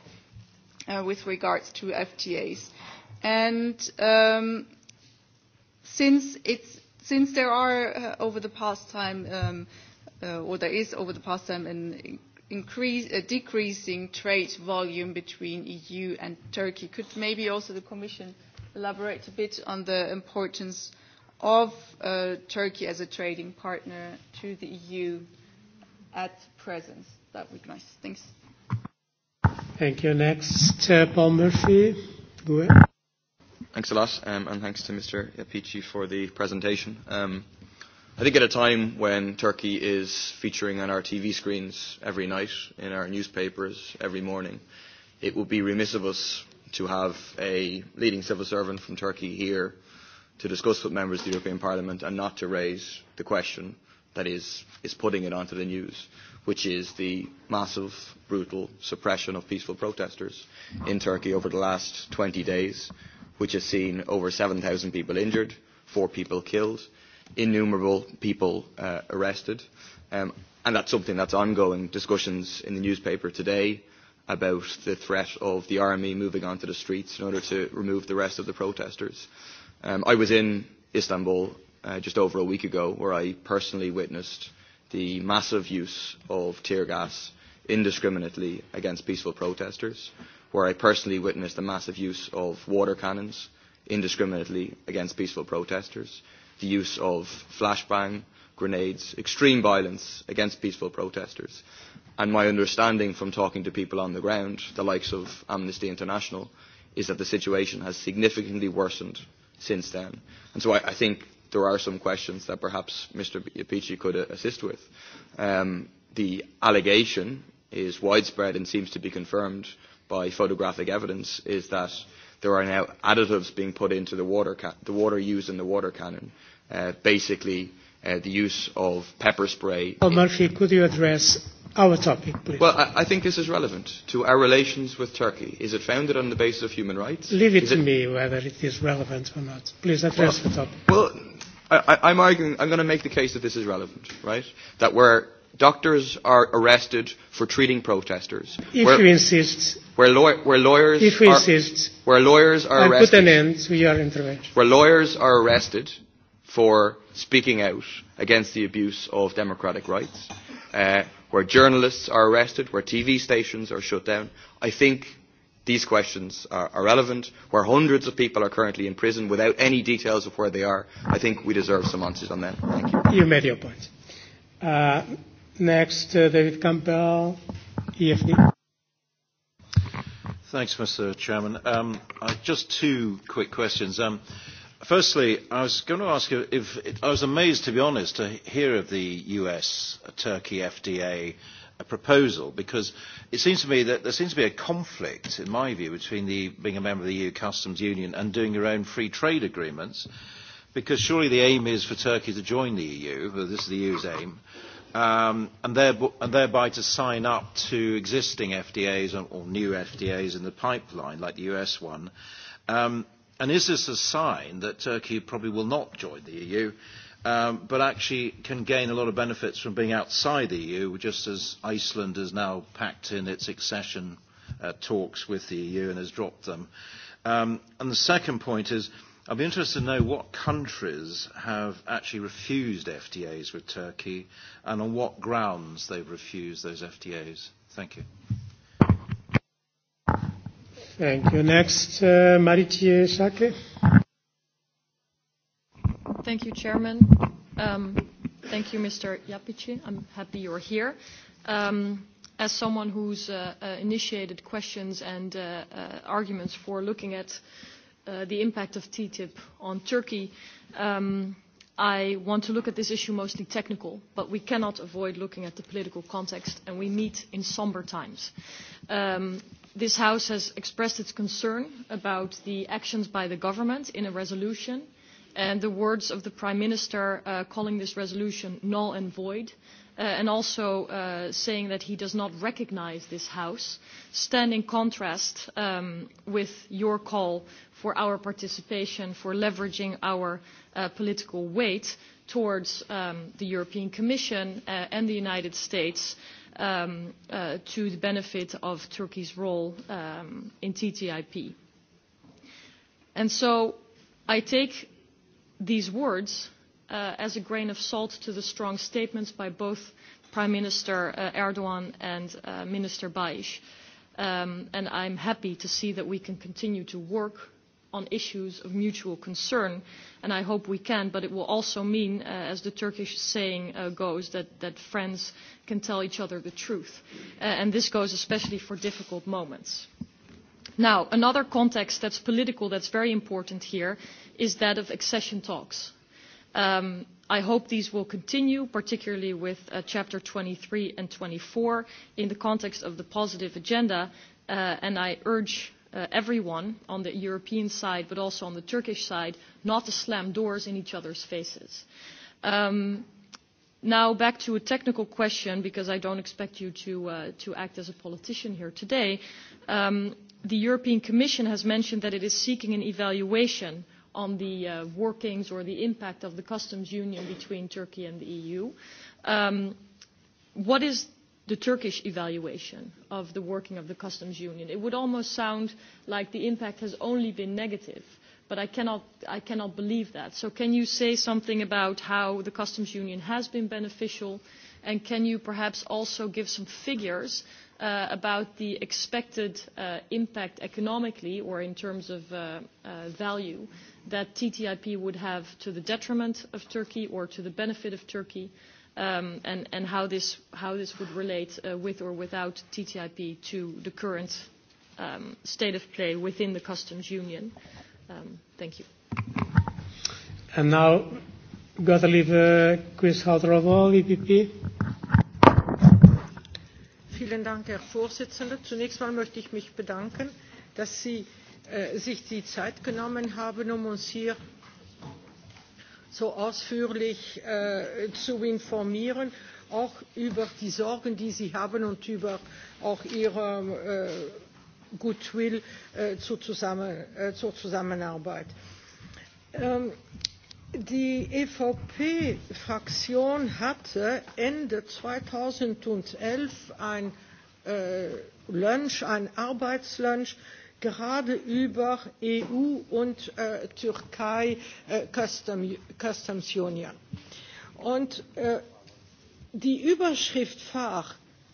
Uh, with regards to FTAs. And um, since, it's, since there are uh, over the past time, um, uh, or there is over the past time an increase, a decreasing trade volume between EU and Turkey, could maybe also the Commission elaborate a bit on the importance of uh, Turkey as a trading partner to the EU at present? That would be nice. Thanks. Thank you. Next, uh, Paul Murphy. Go ahead. Thanks a lot, um, and thanks to Mr. Apici for the presentation. Um, I think at a time when Turkey is featuring on our TV screens every night, in our newspapers every morning, it would be remiss of us to have a leading civil servant from Turkey here to discuss with members of the European Parliament and not to raise the question that is, is putting it onto the news which is the massive, brutal suppression of peaceful protesters in Turkey over the last 20 days, which has seen over 7,000 people injured, four people killed, innumerable people uh, arrested. Um, and that's something that's ongoing. Discussions in the newspaper today about the threat of the army moving onto the streets in order to remove the rest of the protesters. Um, I was in Istanbul uh, just over a week ago where I personally witnessed the massive use of tear gas indiscriminately against peaceful protesters, where I personally witnessed the massive use of water cannons indiscriminately against peaceful protesters, the use of flashbang grenades, extreme violence against peaceful protesters. And my understanding from talking to people on the ground, the likes of Amnesty International, is that the situation has significantly worsened since then. And so I, I think there are some questions that perhaps Mr. Iapici could assist with. Um, the allegation is widespread and seems to be confirmed by photographic evidence is that there are now additives being put into the water, ca- the water used in the water cannon, uh, basically uh, the use of pepper spray. Oh, Murphy, could you address our topic, please? Well, I, I think this is relevant to our relations with Turkey. Is it founded on the basis of human rights? Leave it is to it... me whether it is relevant or not. Please address well, the topic. Well, i, I'm arguing, I'm going to make the case that this is relevant, right? That where doctors are arrested for treating protesters, if where, you insist, where, law, where lawyers, if you insist, where lawyers are I'll arrested, put an end to your intervention. Where lawyers are arrested for speaking out against the abuse of democratic rights, uh, where journalists are arrested, where TV stations are shut down. I think these questions are, are relevant. Where hundreds of people are currently in prison without any details of where they are, I think we deserve some answers on that. Thank you. You made your point. Uh, next, uh, David Campbell, EFD. Thanks, Mr. Chairman. Um, uh, just two quick questions. Um, firstly, I was going to ask you if it, I was amazed, to be honest, to hear of the US-Turkey uh, FDA a proposal because it seems to me that there seems to be a conflict, in my view, between the, being a member of the EU customs union and doing your own free trade agreements, because surely the aim is for Turkey to join the EU, but this is the EU's aim, um, and, thereby, and thereby to sign up to existing FDAs or, or new FDAs in the pipeline, like the US one. Um, and is this a sign that Turkey probably will not join the EU? um, but actually can gain a lot of benefits from being outside the EU, just as Iceland has now packed in its accession uh, talks with the EU and has dropped them. Um, and the second point is, I'd be interested to know what countries have actually refused FTAs with Turkey and on what grounds they've refused those FTAs. Thank you. Thank you. Next, uh, Maritie Schake. Thank you, Chairman. Um, thank you, Mr. Jappici. I'm happy you're here. Um, as someone who's uh, uh, initiated questions and uh, arguments for looking at the impact of TTIP on Turkey, um, I want to look at this issue mostly technical, but we cannot avoid looking at the political context, and we meet in somber times. this House has expressed its concern about the actions by the government in a resolution and the words of the Prime Minister uh, calling this resolution null and void, uh, and also uh, saying that he does not recognize this House, stand in contrast um, with your call for our participation, for leveraging our uh, political weight towards um, the European Commission uh, and the United States um, uh, to the benefit of Turkey's role um, in TTIP. And so I take these words uh, as a grain of salt to the strong statements by both Prime Minister uh, Erdogan and uh, Minister Baish. Um, and I'm happy to see that we can continue to work on issues of mutual concern, and I hope we can, but it will also mean, uh, as the Turkish saying uh, goes, that, that friends can tell each other the truth. Uh, and this goes especially for difficult moments. Now, another context that's political that's very important here is that of accession talks. Um, I hope these will continue, particularly with uh, Chapter 23 and 24, in the context of the positive agenda, uh, and I urge uh, everyone on the European side, but also on the Turkish side, not to slam doors in each other's faces. Um, now back to a technical question, because I don't expect you to, uh, to act as a politician here today. Um, the European Commission has mentioned that it is seeking an evaluation on the uh, workings or the impact of the customs union between Turkey and the EU. Um, what is the Turkish evaluation of the working of the customs union? It would almost sound like the impact has only been negative but I cannot, I cannot believe that. So can you say something about how the customs union has been beneficial, and can you perhaps also give some figures uh, about the expected uh, impact economically or in terms of uh, uh, value that TTIP would have to the detriment of Turkey or to the benefit of Turkey, um, and, and how, this, how this would relate uh, with or without TTIP to the current um, state of play within the customs union. Um, thank you. And now, Gottlieb uh, Chris Halter of all EPP. Vielen Dank, Herr Vorsitzender. Zunächst einmal möchte ich mich bedanken, dass Sie äh, sich die Zeit genommen haben, um uns hier so ausführlich äh, zu informieren, auch über die Sorgen, die Sie haben und über auch Ihre äh, Goodwill äh, zur, Zusammen äh, zur Zusammenarbeit. Ähm, Die EVP-Fraktion hatte Ende 2011 ein äh, Lunch, ein Arbeitslunch, gerade über EU und äh, Türkei äh, Custom, Customs Union. Und äh, die Überschrift war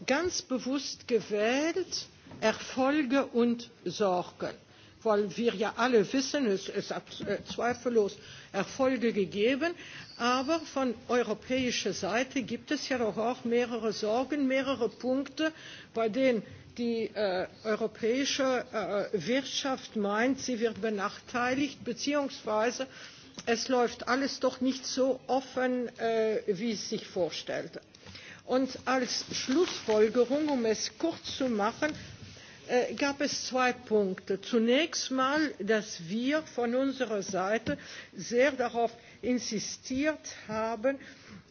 ganz bewusst gewählt, Erfolge und Sorgen weil wir ja alle wissen, es ist äh, zweifellos Erfolge gegeben. Aber von europäischer Seite gibt es ja doch auch mehrere Sorgen, mehrere Punkte, bei denen die äh, europäische äh, Wirtschaft meint, sie wird benachteiligt, beziehungsweise es läuft alles doch nicht so offen, äh, wie es sich vorstellte. Und als Schlussfolgerung, um es kurz zu machen, Äh, gab es zwei Punkte. Zunächst einmal dass wir von unserer Seite sehr darauf insistiert haben,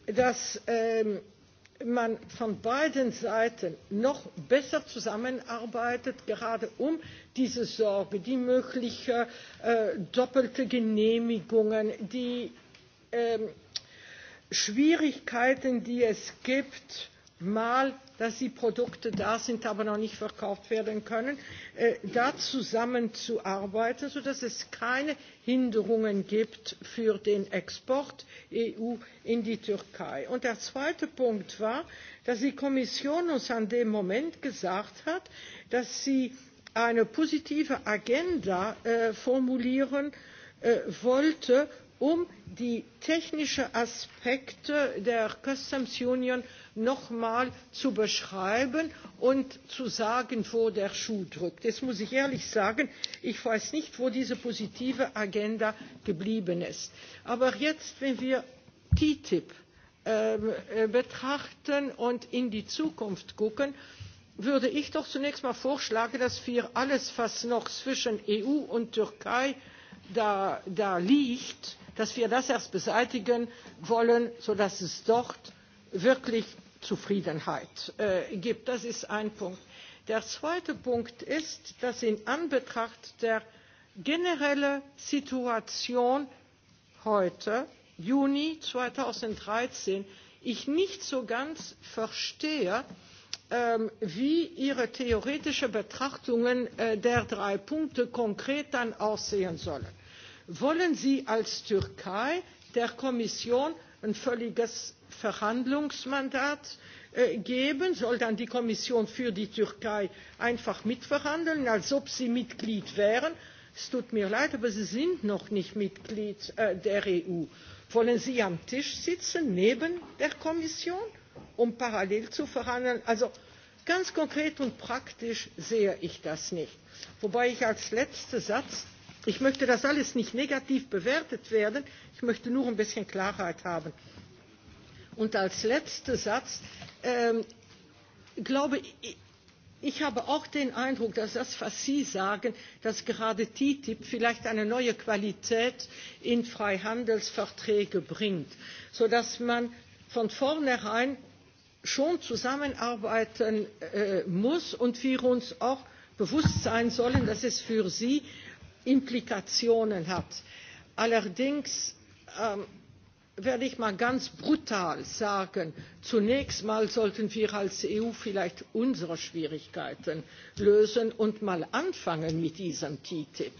dass ähm, man von beiden Seiten noch besser zusammenarbeitet, gerade um diese Sorge, die möglichen äh, doppelten Genehmigungen, die ähm, Schwierigkeiten, die es gibt, mal dass die Produkte da sind, aber noch nicht verkauft werden können, äh, da zusammenzuarbeiten, sodass es keine Hinderungen gibt für den Export EU in die Türkei. Und der zweite Punkt war, dass die Kommission uns an dem Moment gesagt hat, dass sie eine positive Agenda äh, formulieren äh, wollte um die technischen Aspekte der Customs Union noch nochmal zu beschreiben und zu sagen, wo der Schuh drückt. Das muss ich ehrlich sagen. Ich weiß nicht, wo diese positive Agenda geblieben ist. Aber jetzt, wenn wir TTIP ähm, äh, betrachten und in die Zukunft gucken, würde ich doch zunächst mal vorschlagen, dass wir alles, was noch zwischen EU und Türkei da, da liegt, dass wir das erst beseitigen wollen sodass es dort wirklich zufriedenheit äh, gibt. das ist ein punkt. der zweite punkt ist dass in anbetracht der generellen situation heute juni zweitausenddreizehn ich nicht so ganz verstehe ähm, wie ihre theoretischen betrachtungen äh, der drei punkte konkret dann aussehen sollen wollen sie als türkei der kommission ein völliges verhandlungsmandat äh, geben soll dann die kommission für die türkei einfach mitverhandeln als ob sie mitglied wären? es tut mir leid aber sie sind noch nicht mitglied äh, der eu. wollen sie am tisch sitzen neben der kommission um parallel zu verhandeln? also ganz konkret und praktisch sehe ich das nicht. wobei ich als letzten satz Ich möchte, das alles nicht negativ bewertet werden. Ich möchte nur ein bisschen Klarheit haben. Und als letzter Satz ähm, glaube ich, ich habe auch den Eindruck, dass das, was Sie sagen, dass gerade TTIP vielleicht eine neue Qualität in Freihandelsverträge bringt, sodass man von vornherein schon zusammenarbeiten äh, muss und wir uns auch bewusst sein sollen, dass es für Sie Implikationen hat. Allerdings ähm, werde ich mal ganz brutal sagen, zunächst mal sollten wir als EU vielleicht unsere Schwierigkeiten lösen und mal anfangen mit diesem TTIP.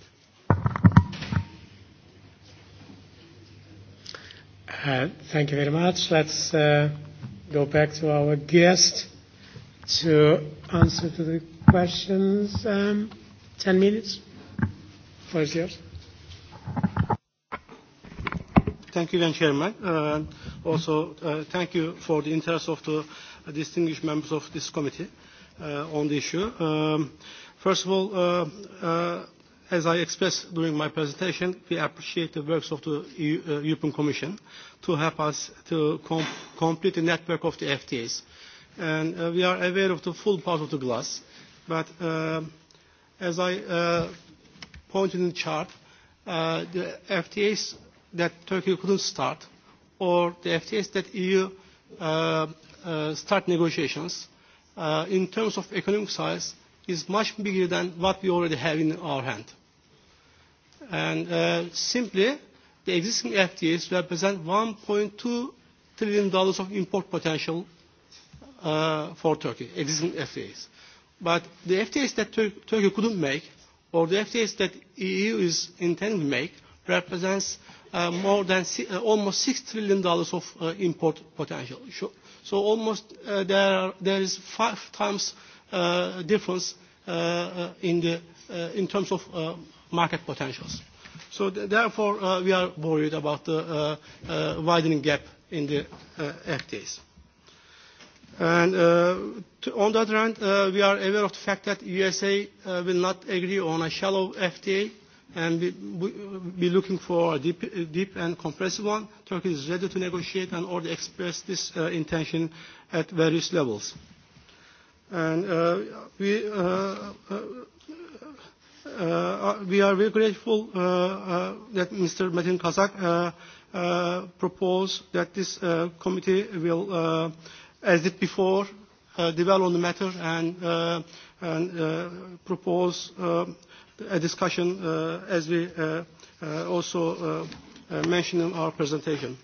Uh, thank you very much. Let's uh, go back to our guest to answer to the questions. Um, minutes floor is yours. Thank you, Madam Chairman. Uh, also, uh, thank you for the interest of the distinguished members of this committee uh, on the issue. Um, first of all, uh, uh, as I expressed during my presentation, we appreciate the works of the EU, uh, European Commission to help us to com complete the network of the FTAs. And uh, we are aware of the full part of the glass, but uh, as I uh, point in the chart, uh, the FTAs that Turkey couldn't start, or the FTAs that EU uh, uh, start negotiations, uh, in terms of economic size, is much bigger than what we already have in our hand. And uh, simply, the existing FTAs represent 1.2 trillion dollars of import potential uh, for Turkey, existing FTAs. But the FTAs that Tur Turkey couldn't make or the FTAs that EU is intending to make represents uh, more than uh, almost six trillion dollars of uh, import potential. So, so almost uh, there, are, there is five times uh, difference uh, uh, in, the, uh, in terms of uh, market potentials. So th therefore, uh, we are worried about the uh, uh, widening gap in the uh, FTAs. And uh, to, on the other hand, uh, we are aware of the fact that USA uh, will not agree on a shallow FTA, and we will be looking for a deep, deep and comprehensive one. Turkey is ready to negotiate and already expressed this uh, intention at various levels. And uh, we, uh, uh, uh, uh we are very grateful uh, uh, that Mr. Metin Kazak uh, uh, proposed that this uh, committee will uh, as did before, uh, dwell on the matter and, uh, and uh, propose uh, a discussion uh, as we uh, uh, also uh, uh, mentioned in our presentation.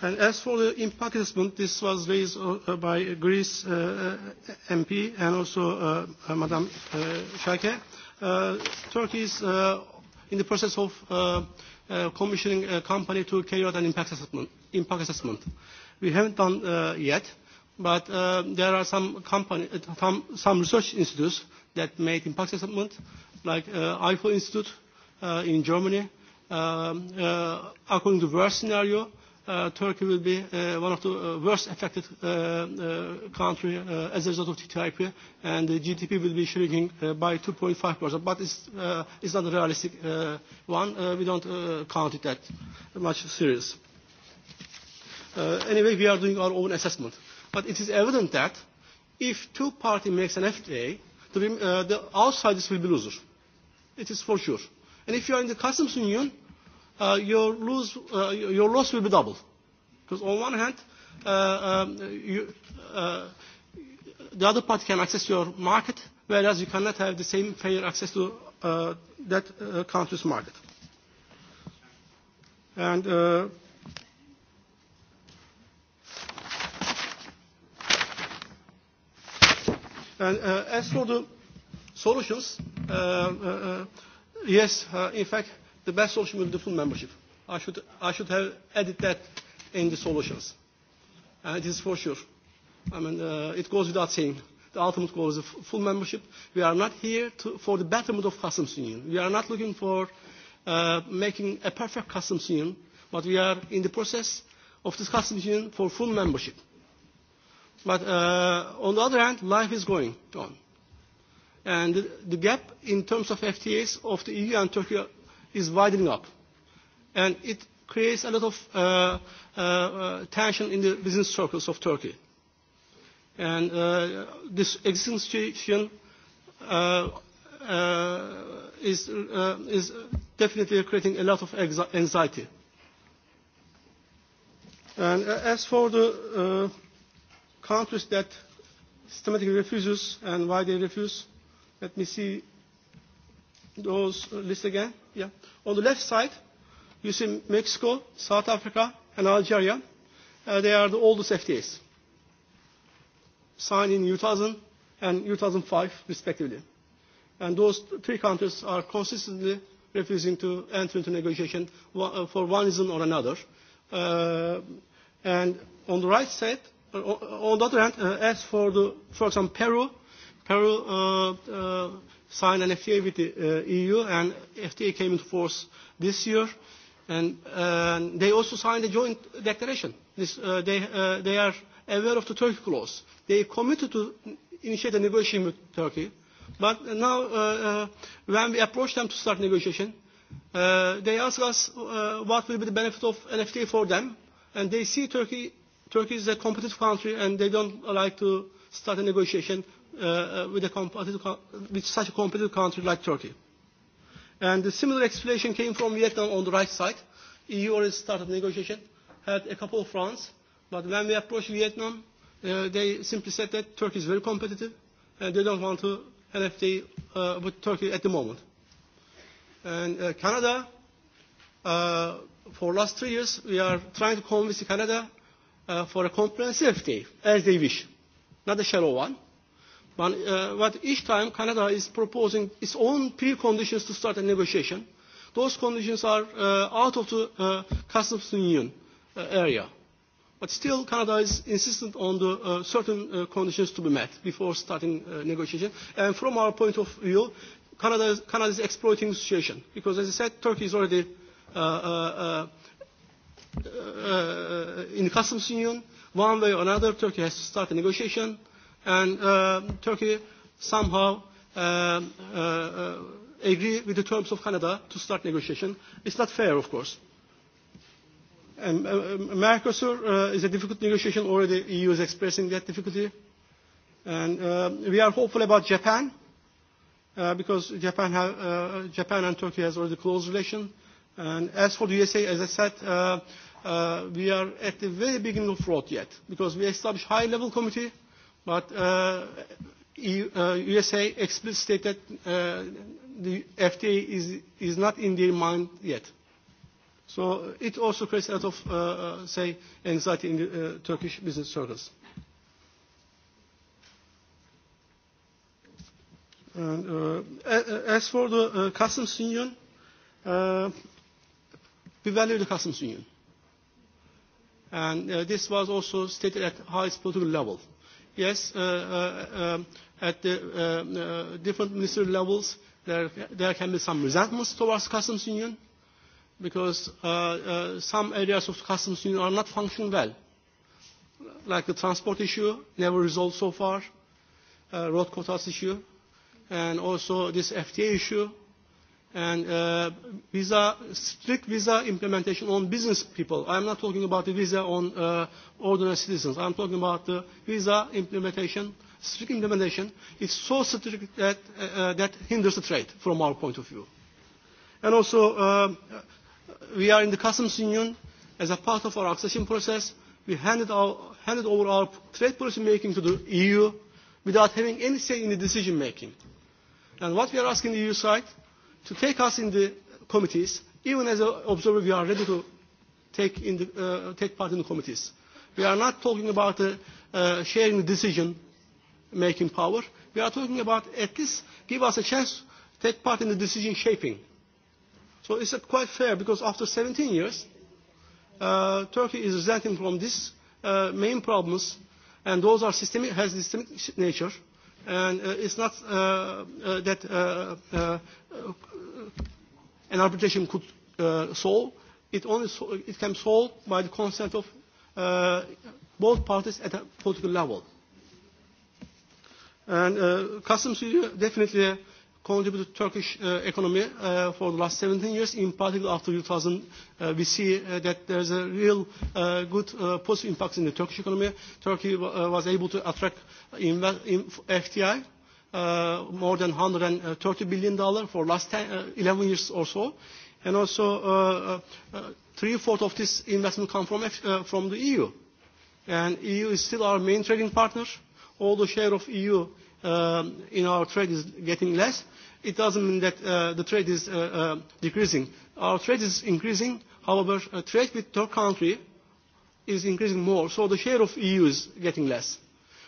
And as for the impact assessment, this was raised uh, uh by Greece uh, uh MP and also uh, uh Madame uh, Shaike. Uh, Turkey is uh, in the process of uh, uh, commissioning a company to carry out an impact assessment. Impact assessment. Uh, We haven't done uh, yet, but uh, there are some, company, uh, some, some research institutes that made impact assessment, like uh, IFO Institute uh, in Germany. Um, uh, according to worst scenario, uh, Turkey will be uh, one of the uh, worst affected uh, uh, country uh, as a result of TTIP, and the GDP will be shrinking uh, by 2.5%. But it's, uh, it's not a realistic uh, one. Uh, we don't uh, count it that much serious. Uh, anyway, we are doing our own assessment. But it is evident that if two party makes an FTA, the, uh, the outsiders will be loser. It is for sure. And if you are in the customs union, uh, your, lose, uh, your loss will be double. Because on one hand, uh, um, you, uh, the other party can access your market, whereas you cannot have the same fair access to uh, that uh, country's market. And uh, And uh, as for the solutions, uh, uh, uh, yes, uh, in fact, the best solution will be full membership. I should, I should have added that in the solutions. Uh, it is for sure. I mean, uh, it goes without saying. The ultimate goal is full membership. We are not here to, for the betterment of customs union. We are not looking for uh, making a perfect customs union, but we are in the process of this customs union for full membership. But uh, on the other hand, life is going on. And the, gap in terms of FTAs of the EU and Turkey is widening up. And it creates a lot of uh, uh, uh, tension in the business circles of Turkey. And uh, this existing situation uh, uh, is, uh, is definitely creating a lot of anxiety. And uh, as for the uh, countries that systematically refuses and why they refuse. Let me see those lists again. Yeah. On the left side, you see Mexico, South Africa, and Algeria. Uh, they are the oldest FTAs, signed in 2000 and 2005, respectively. And those three countries are consistently refusing to enter into negotiation uh, for one reason or another. Uh, and on the right side, Uh, on the other hand, uh, as for the, for example, Peru, Peru uh, uh, signed an FTA with the uh, EU, and FTA came into force this year, and uh, they also signed a joint declaration. This, uh, they, uh, they are aware of the Turkey clause. They committed to initiate a negotiation with Turkey, but now uh, uh, when we approach them to start negotiation, uh, they ask us uh, what will be the benefit of an FTA for them, and they see Turkey Turkey is a competitive country and they don't like to start a negotiation uh, uh with, a competitive, with such a competitive country like Turkey. And the similar explanation came from Vietnam on the right side. EU already started negotiation, had a couple of rounds, but when we approached Vietnam, uh, they simply said that Turkey is very competitive and they don't want to NFT uh, with Turkey at the moment. And uh, Canada, uh, for last three years, we are trying to convince Canada uh, for a comprehensive day, as they wish, not a shallow one. But, uh, but each time Canada is proposing its own preconditions to start a negotiation. Those conditions are uh, out of the uh, customs union uh, area. But still, Canada is insistent on the uh, certain uh, conditions to be met before starting uh, negotiation. And from our point of view, Canada, Canada is exploiting the situation because, as I said, Turkey is already uh, uh, uh, uh, in customs union, one way or another, Turkey has to start a negotiation, and uh, Turkey somehow uh, uh, agree with the terms of Canada to start negotiation. It's not fair, of course. And uh, um, Mercosur uh, is a difficult negotiation. Already, EU is expressing that difficulty, and uh, we are hopeful about Japan. Uh, because Japan, have, uh, Japan and Turkey has already close relation. And as for the USA, as I said, uh, uh, we are at the very beginning of road yet because we established high-level committee, but uh, e, uh, USA explicitly stated uh, the FTA is, is not in their mind yet. So it also creates a lot of, uh, uh say, anxiety in the uh, Turkish business circles. And, uh, as for the uh, customs union, uh, We value the customs union. And uh, this was also stated at highest political level. Yes, uh, uh, uh, at the uh, uh, different ministerial levels, there, there can be some resentments towards customs union because uh, uh, some areas of the customs union are not functioning well. Like the transport issue, never resolved so far, uh, road quotas issue, and also this FTA issue, and uh, visa, strict visa implementation on business people. I'm not talking about the visa on uh, ordinary citizens. I'm talking about the uh, visa implementation, strict implementation. It's so strict that, uh, uh, that hinders the trade from our point of view. And also, uh, we are in the customs union. As a part of our accession process, we handed, our, handed over our trade policy making to the EU without having any say in the decision making. And what we are asking the EU side to take us in the committees. Even as an observer, we are ready to take, in the, uh, take part in the committees. We are not talking about uh, uh, sharing the decision making power. We are talking about at least give us a chance to take part in the decision shaping. So it's uh, quite fair because after 17 years, uh, Turkey is resenting from these uh, main problems, and those are systemic, has systemic nature. Uh, and uh, it's not uh, uh, that uh, uh, uh, an arbitration could uh, solve. It only so, it can solve by the consent of uh, both parties at a political level. And uh, customs union uh, definitely uh, contributed to Turkish uh, economy uh, for the last 17 years. In particular, after 2000, uh, we see uh, that is a real uh, good uh, positive impact in the Turkish economy. Turkey uh, was able to attract invest uh, in FTI, uh, more than 130 billion dollars for last 10, uh, 11 years or so, and also uh, uh, uh three fourths of this investment come from F, uh, from the EU, and EU is still our main trading partner. All the share of EU um, in our trade is getting less, it doesn't mean that uh, the trade is uh, uh, decreasing. Our trade is increasing. However, uh, trade with third country is increasing more, so the share of EU is getting less.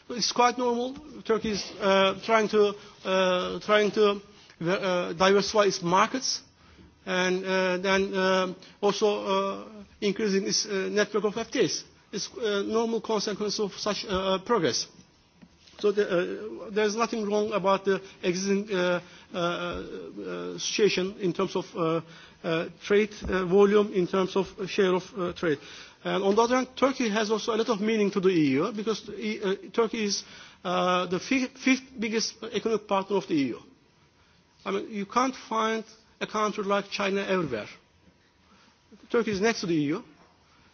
So it's quite normal. Turkey is uh, trying to, uh, trying to uh, diversify its markets and uh, then uh, also uh, increasing its uh, network of FTAs. It's a uh, normal consequence of such uh, uh progress. So the, uh, there's nothing wrong about the existing uh, uh, uh, situation in terms of uh, uh, trade uh, volume, in terms of share of uh, trade. And on the other hand, Turkey has also a lot of meaning to the EU uh, because the, e, uh, Turkey is uh, the fifth biggest economic partner of the EU. I mean, you can't find a country like China everywhere. Turkey is next to the EU,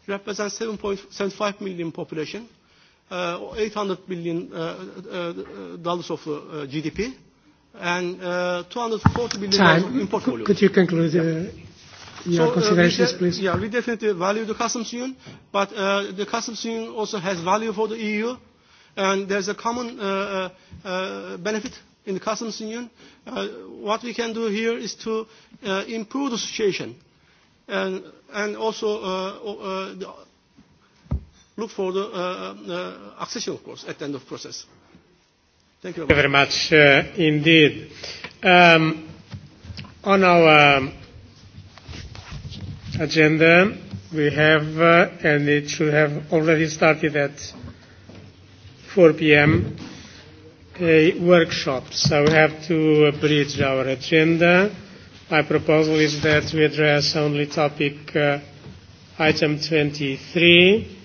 represents 7.75 million population, 800 uh, billion uh, uh, dollars of uh, GDP and uh, 240 billion Time. of import volume. Could you conclude uh, your so, uh, considerations, uh, please? Yeah, we definitely value the customs union, but uh, the customs union also has value for the EU, and there's a common uh, uh, uh, benefit in the customs union. Uh, what we can do here is to uh, improve the situation, and, and also uh, uh, the look for the uh, uh, accession, of course, at the end of process. Thank you very much, you very much uh, indeed. Um, on our um, agenda, we have, uh, and it should have already started at 4 p.m., a workshop. So we have to bridge our agenda. My proposal is that we address only topic uh, item 23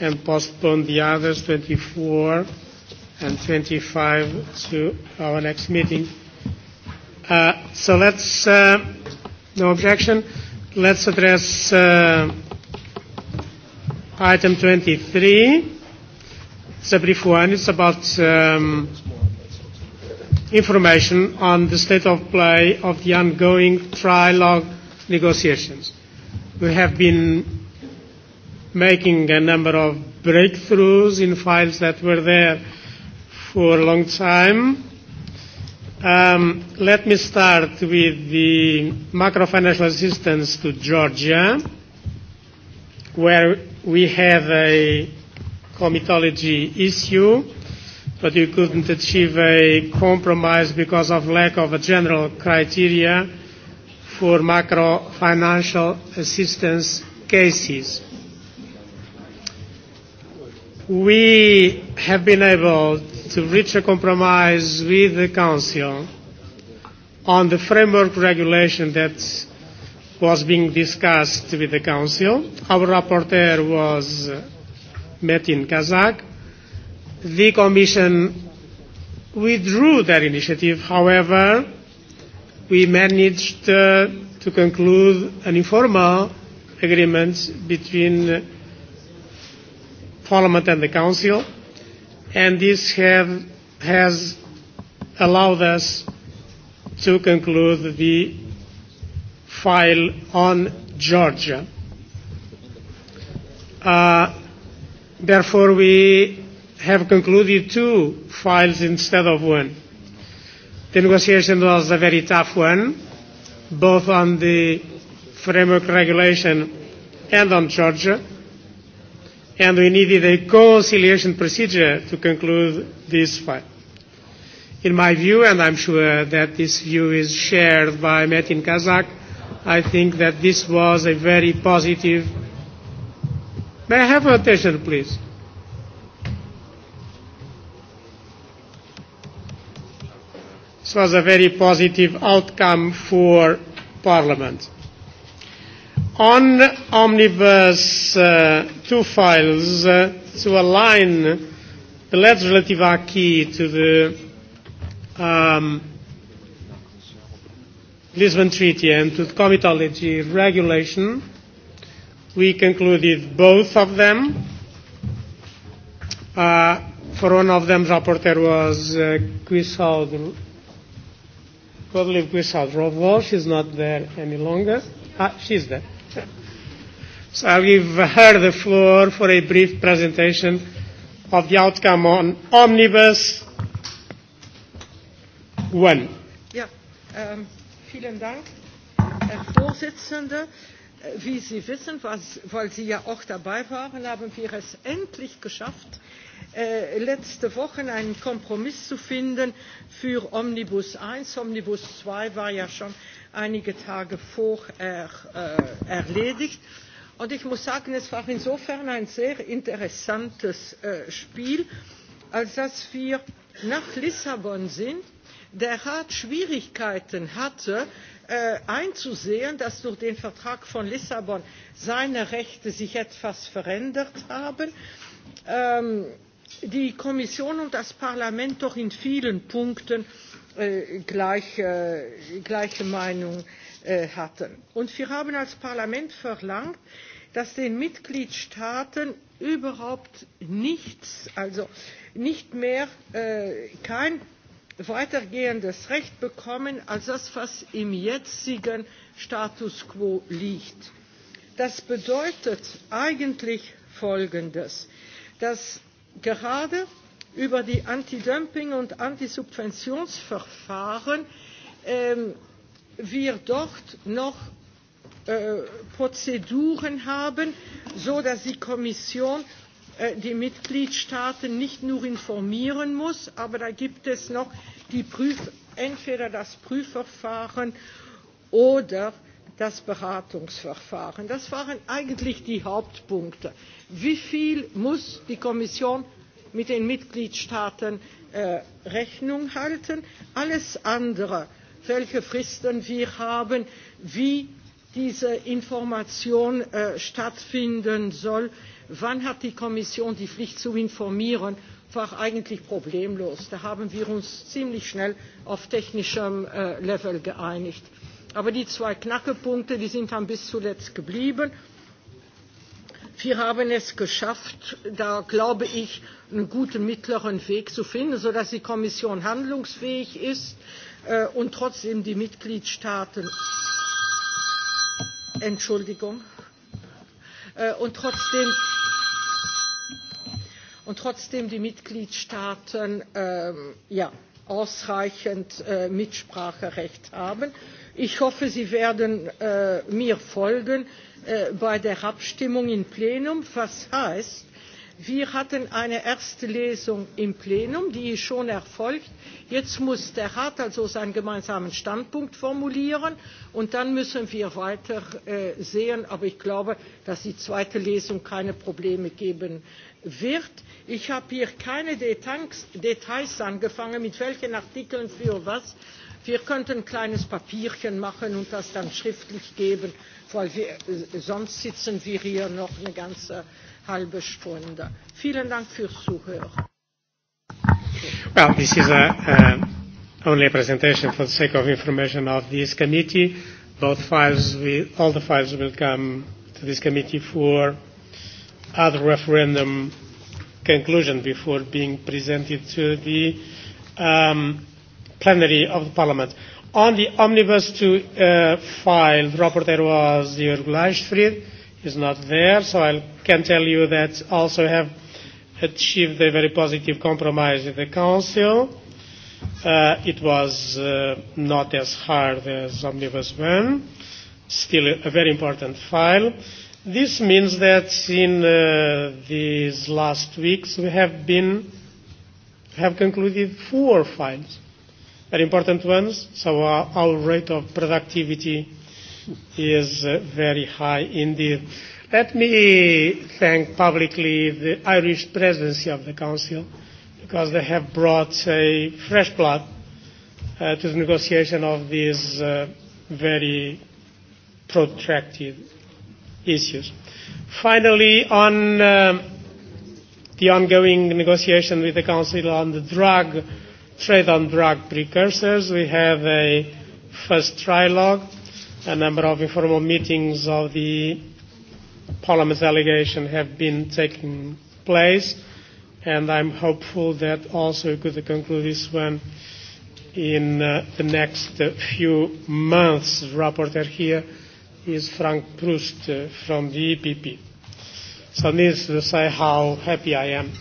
and postpone the others 24 and 25 to our next meeting. Uh, so let's, uh, no objection, let's address uh, item 23. It's a brief one. It's about um, information on the state of play of the ongoing trilogue negotiations. We have been making a number of breakthroughs in files that were there for a long time. Um, let me start with the macrofinancial assistance to Georgia, where we have a comitology issue, but we couldn't achieve a compromise because of lack of a general criteria for macrofinancial assistance cases we have been able to reach a compromise with the Council on the framework regulation that was being discussed with the Council. Our rapporteur was Metin Kazak. The Commission withdrew that initiative. However, we managed uh, to conclude an informal agreement between Parliament and the Council, and this have, has allowed us to conclude the file on Georgia. Uh, therefore, we have concluded two files instead of one. The negotiation was a very tough one, both on the framework regulation and on Georgia and we needed a conciliation procedure to conclude this fight. In my view, and I'm sure that this view is shared by Metin Kazak, I think that this was a very positive. May I have attention, please? This was a very positive outcome for Parliament on Omniverse uh, two files uh, to align the legislative key to the um, Lisbon Treaty and to the comitology regulation. We concluded both of them. Uh, for one of them, the rapporteur was uh, Guisaud, Godlieb Guisaud Rovol. She's not there any longer. Ah, she's there. So I'll give her the floor for a brief presentation of the outcome on Omnibus 1. Ja, ähm, vielen Dank, Herr Vorsitzender. Äh, wie Sie wissen, was, weil Sie ja auch dabei waren, haben wir es endlich geschafft, äh, letzte Woche einen Kompromiss zu finden für Omnibus 1. Omnibus 2 war ja schon einige Tage vorher äh, erledigt. Und ich muss sagen, es war insofern ein sehr interessantes äh, Spiel, als dass wir nach Lissabon sind, der Rat Schwierigkeiten hatte, äh, einzusehen, dass durch den Vertrag von Lissabon seine Rechte sich etwas verändert haben. Ähm, die Kommission und das Parlament doch in vielen Punkten äh, gleiche Meinung Äh, hatten. Und wir haben als Parlament verlangt, dass den Mitgliedstaaten überhaupt nichts, also nicht mehr äh, kein weitergehendes Recht bekommen als das, was im jetzigen Status quo liegt. Das bedeutet eigentlich Folgendes, dass gerade über die Antidumping- und Antisubventionsverfahren ähm, wir dort noch äh, Prozeduren haben, so dass die Kommission äh, die Mitgliedstaaten nicht nur informieren muss, aber da gibt es noch die Prüf entweder das Prüfverfahren oder das Beratungsverfahren. Das waren eigentlich die Hauptpunkte. Wie viel muss die Kommission mit den Mitgliedstaaten äh, Rechnung halten? Alles andere welche Fristen wir haben, wie diese Information äh, stattfinden soll. Wann hat die Kommission die Pflicht zu informieren? War eigentlich problemlos. Da haben wir uns ziemlich schnell auf technischem äh, Level geeinigt. Aber die zwei Knackepunkte, die sind dann bis zuletzt geblieben. Wir haben es geschafft, da glaube ich, einen guten mittleren Weg zu finden, sodass die Kommission handlungsfähig ist, Äh, und trotzdem die Mitgliedstaaten Entschuldigung äh, und trotzdem und trotzdem die Mitgliedstaaten äh, ja, ausreichend äh, Mitspracherecht haben. Ich hoffe, Sie werden äh, mir folgen äh, bei der Abstimmung im Plenum, was heißt, Wir hatten eine erste Lesung im Plenum, die ist schon erfolgt. Jetzt muss der Rat also seinen gemeinsamen Standpunkt formulieren und dann müssen wir weiter äh, sehen. Aber ich glaube, dass die zweite Lesung keine Probleme geben wird. Ich habe hier keine Details, Details angefangen, mit welchen Artikeln für was. Wir könnten ein kleines Papierchen machen und das dann schriftlich geben, weil wir, äh, sonst sitzen wir hier noch eine ganze halbe Stunde. Vielen Dank fürs Zuhören. Well, this is a, uh, uh, only a presentation for the sake of information of this committee. Both files, will, all the files will come to this committee for other referendum conclusion before being presented to the um, plenary of the Parliament. On the omnibus to uh, file, the rapporteur was Jörg Leichtfried is not there. So I can tell you that also have achieved a very positive compromise in the Council. Uh, it was uh, not as hard as Omnibus 1, still a very important file. This means that in uh, these last weeks we have been have concluded four files, very important ones. So our, our rate of productivity is uh, very high indeed. Let me thank publicly the Irish presidency of the Council because they have brought a fresh blood uh, to the negotiation of these uh, very protracted issues. Finally, on um, the ongoing negotiation with the Council on the drug trade on drug precursors, we have a first trilogue a number of informal meetings of the Parliament's delegation have been taking place, and I'm hopeful that also we could conclude this one in uh, the next uh, few months. The reporter here is Frank Proust uh, from the EPP. So needless to say how happy I am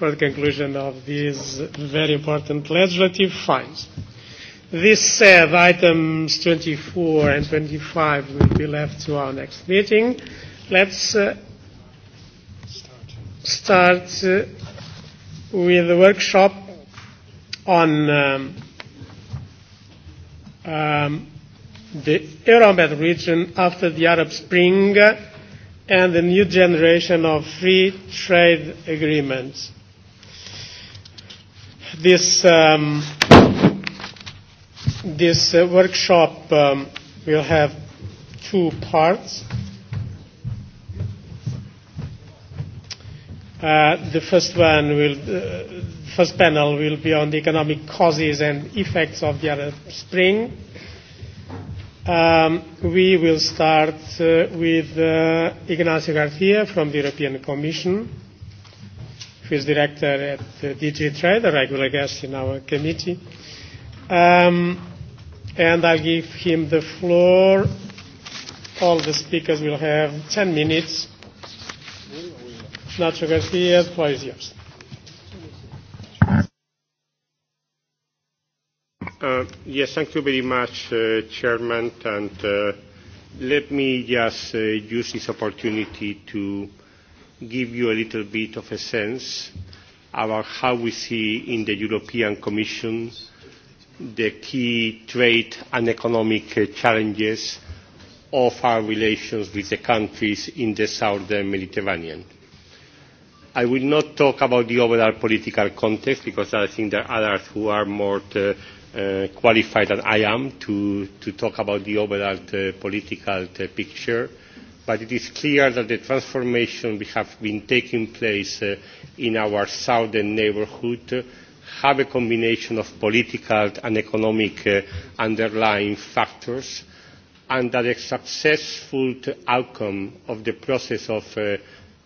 for the conclusion of these very important legislative finds. This said, uh, items 24 and 25 will be left to our next meeting. Let's uh, start uh, with the workshop on um, um, the Euromed region after the Arab Spring and the new generation of free trade agreements. This um, This uh, workshop um, will have two parts. Uh, the first one will, uh, first panel will be on the economic causes and effects of the Arab Spring. Um, we will start uh, with uh, Ignacio Garcia from the European Commission, who is director at uh, DG Trade, a regular guest in our committee. Um, and I'll give him the floor. All the speakers will have 10 minutes. Nacho Garcia, the floor is yours. Uh, yes, thank you very much, uh, Chairman, and uh, let me just uh, use this opportunity to give you a little bit of a sense about how we see in the European Commission the key trade and economic uh, challenges of our relations with the countries in the southern Mediterranean. I will not talk about the overall political context because I think there are others who are more to, uh, uh, qualified than I am to, to talk about the overall uh, political uh, picture. But it is clear that the transformation we have been taking place uh, in our southern neighborhood have a combination of political and economic uh, underlying factors and that a successful outcome of the process of uh,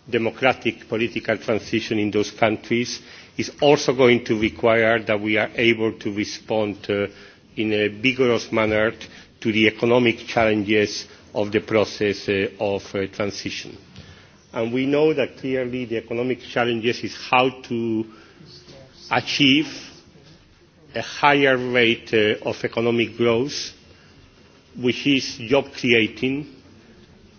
democratic political transition in those countries is also going to require that we are able to respond uh, in a vigorous manner to the economic challenges of the process of transition. And we know that clearly the economic challenges is how to achieve a higher rate uh, of economic growth, which is job creating,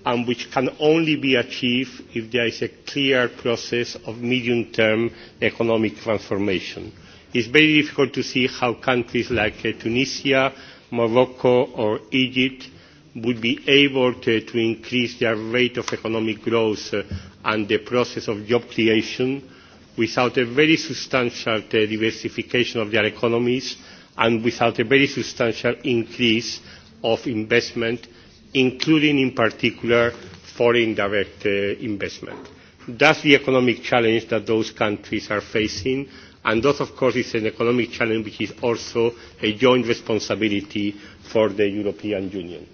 and which can only be achieved if there is a clear process of medium-term economic transformation. It's very difficult to see how countries like uh, Tunisia, Morocco or Egypt would be able to, to increase their rate of economic growth uh, and the process of job creation without a very substantial uh, diversification of their economies and without a very substantial increase of investment, including in particular foreign direct uh, investment. That's the economic challenge that those countries are facing, and that, of course, is an economic challenge which is also a joint responsibility for the European Union.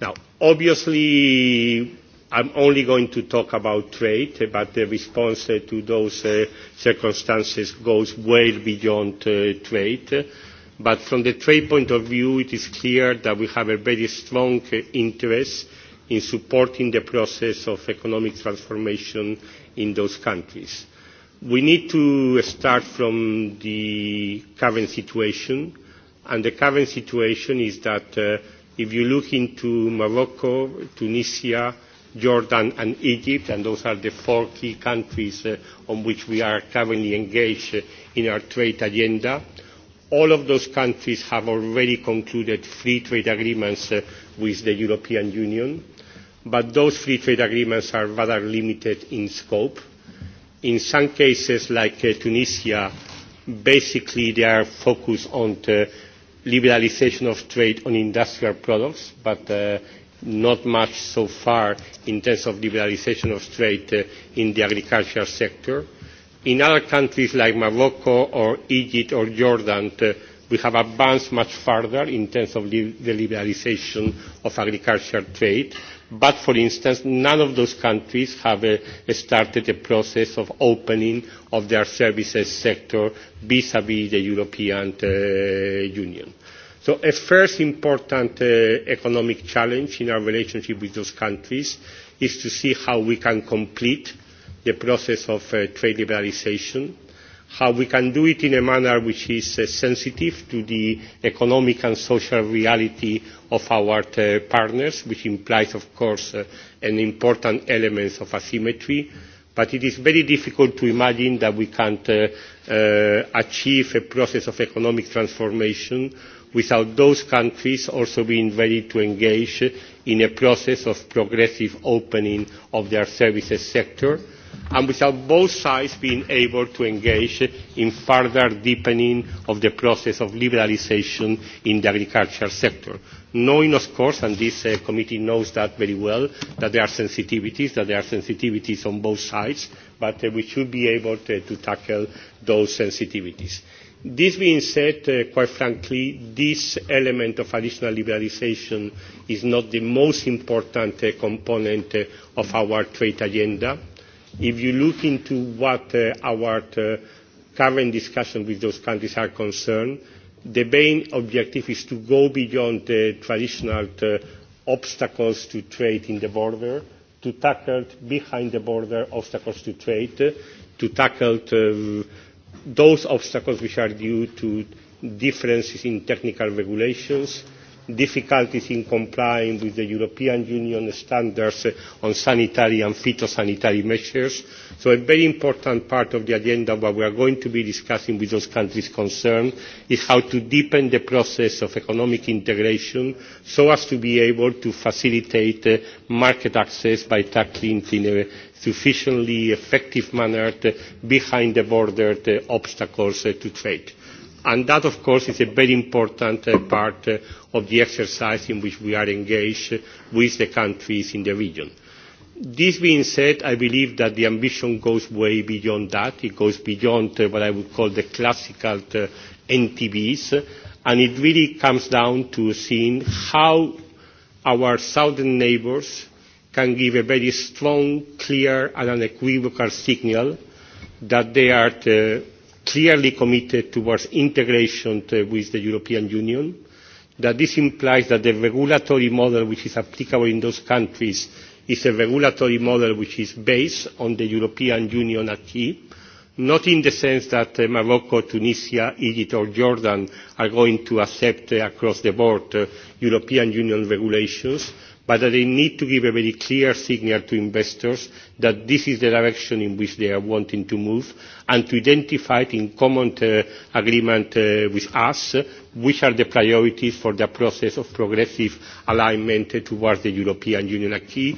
Now, obviously, I'm only going to talk about trade, eh, but the response eh, to those eh, circumstances goes way beyond trade. But from the trade point of view, it is clear that we have a very strong interest in supporting the process of economic transformation in those countries. We need to start from the current situation, and the current situation is that uh, if you look into Morocco, Tunisia, Jordan and Egypt, and those are the four key countries uh, on which we are currently engaged uh, in our trade agenda. All of those countries have already concluded free trade agreements uh, with the European Union, but those free trade agreements are rather limited in scope. In some cases, like uh, Tunisia, basically they are focused on the uh, liberalisation of trade on industrial products, but uh, not much so far in terms of liberalization of trade uh, in the agricultural sector. In other countries like Morocco or Egypt or Jordan, uh, we have advanced much further in terms of li the liberalization of agricultural trade. But, for instance, none of those countries have uh, started a process of opening of their services sector vis-à-vis -vis the European uh, Union So a first important uh, economic challenge in our relationship with those countries is to see how we can complete the process of uh, trade liberalisation, how we can do it in a manner which is uh, sensitive to the economic and social reality of our uh, partners, which implies, of course, uh, an important element of asymmetry. But it is very difficult to imagine that we can't uh, uh, achieve a process of economic transformation without those countries also being ready to engage in a process of progressive opening of their services sector and without both sides being able to engage in further deepening of the process of liberalisation in the agricultural sector. Knowing, of course, and this uh, committee knows that very well, that there are sensitivities, that there are sensitivities on both sides, but uh, we should be able to, to tackle those sensitivities. This being said, uh, quite frankly, this element of additional liberalisation is not the most important uh, component uh, of our trade agenda. If you look into what uh, our uh, current discussion with those countries are concerned, the main objective is to go beyond the traditional uh, obstacles to trade in the border, to tackle behind the border obstacles to trade, uh, to tackle uh, those obstacles which are due to differences in technical regulations, difficulties in complying with the European Union standards on sanitary and phytosanitary measures. So a very important part of the agenda what we are going to be discussing with those countries concerned is how to deepen the process of economic integration so as to be able to facilitate uh, market access by tackling uh, sufficiently effective manner behind the border the obstacles uh, to trade. And that, of course, is a very important uh, part uh, of the exercise in which we are engaged with the countries in the region. This being said, I believe that the ambition goes way beyond that. It goes beyond what I would call the classical NTBs, and it really comes down to seeing how our southern neighbors can give a very strong, clear and unequivocal signal that they are the, uh, clearly committed towards integration to, uh, with the European Union, that this implies that the regulatory model which is applicable in those countries is a regulatory model which is based on the European Union acquis, not in the sense that uh, Morocco, Tunisia, Egypt or Jordan are going to accept uh, across the board uh, European Union regulations, but that they need to give a very clear signal to investors that this is the direction in which they are wanting to move and to identify in common uh, agreement uh, with us which are the priorities for the process of progressive alignment towards the European Union acquis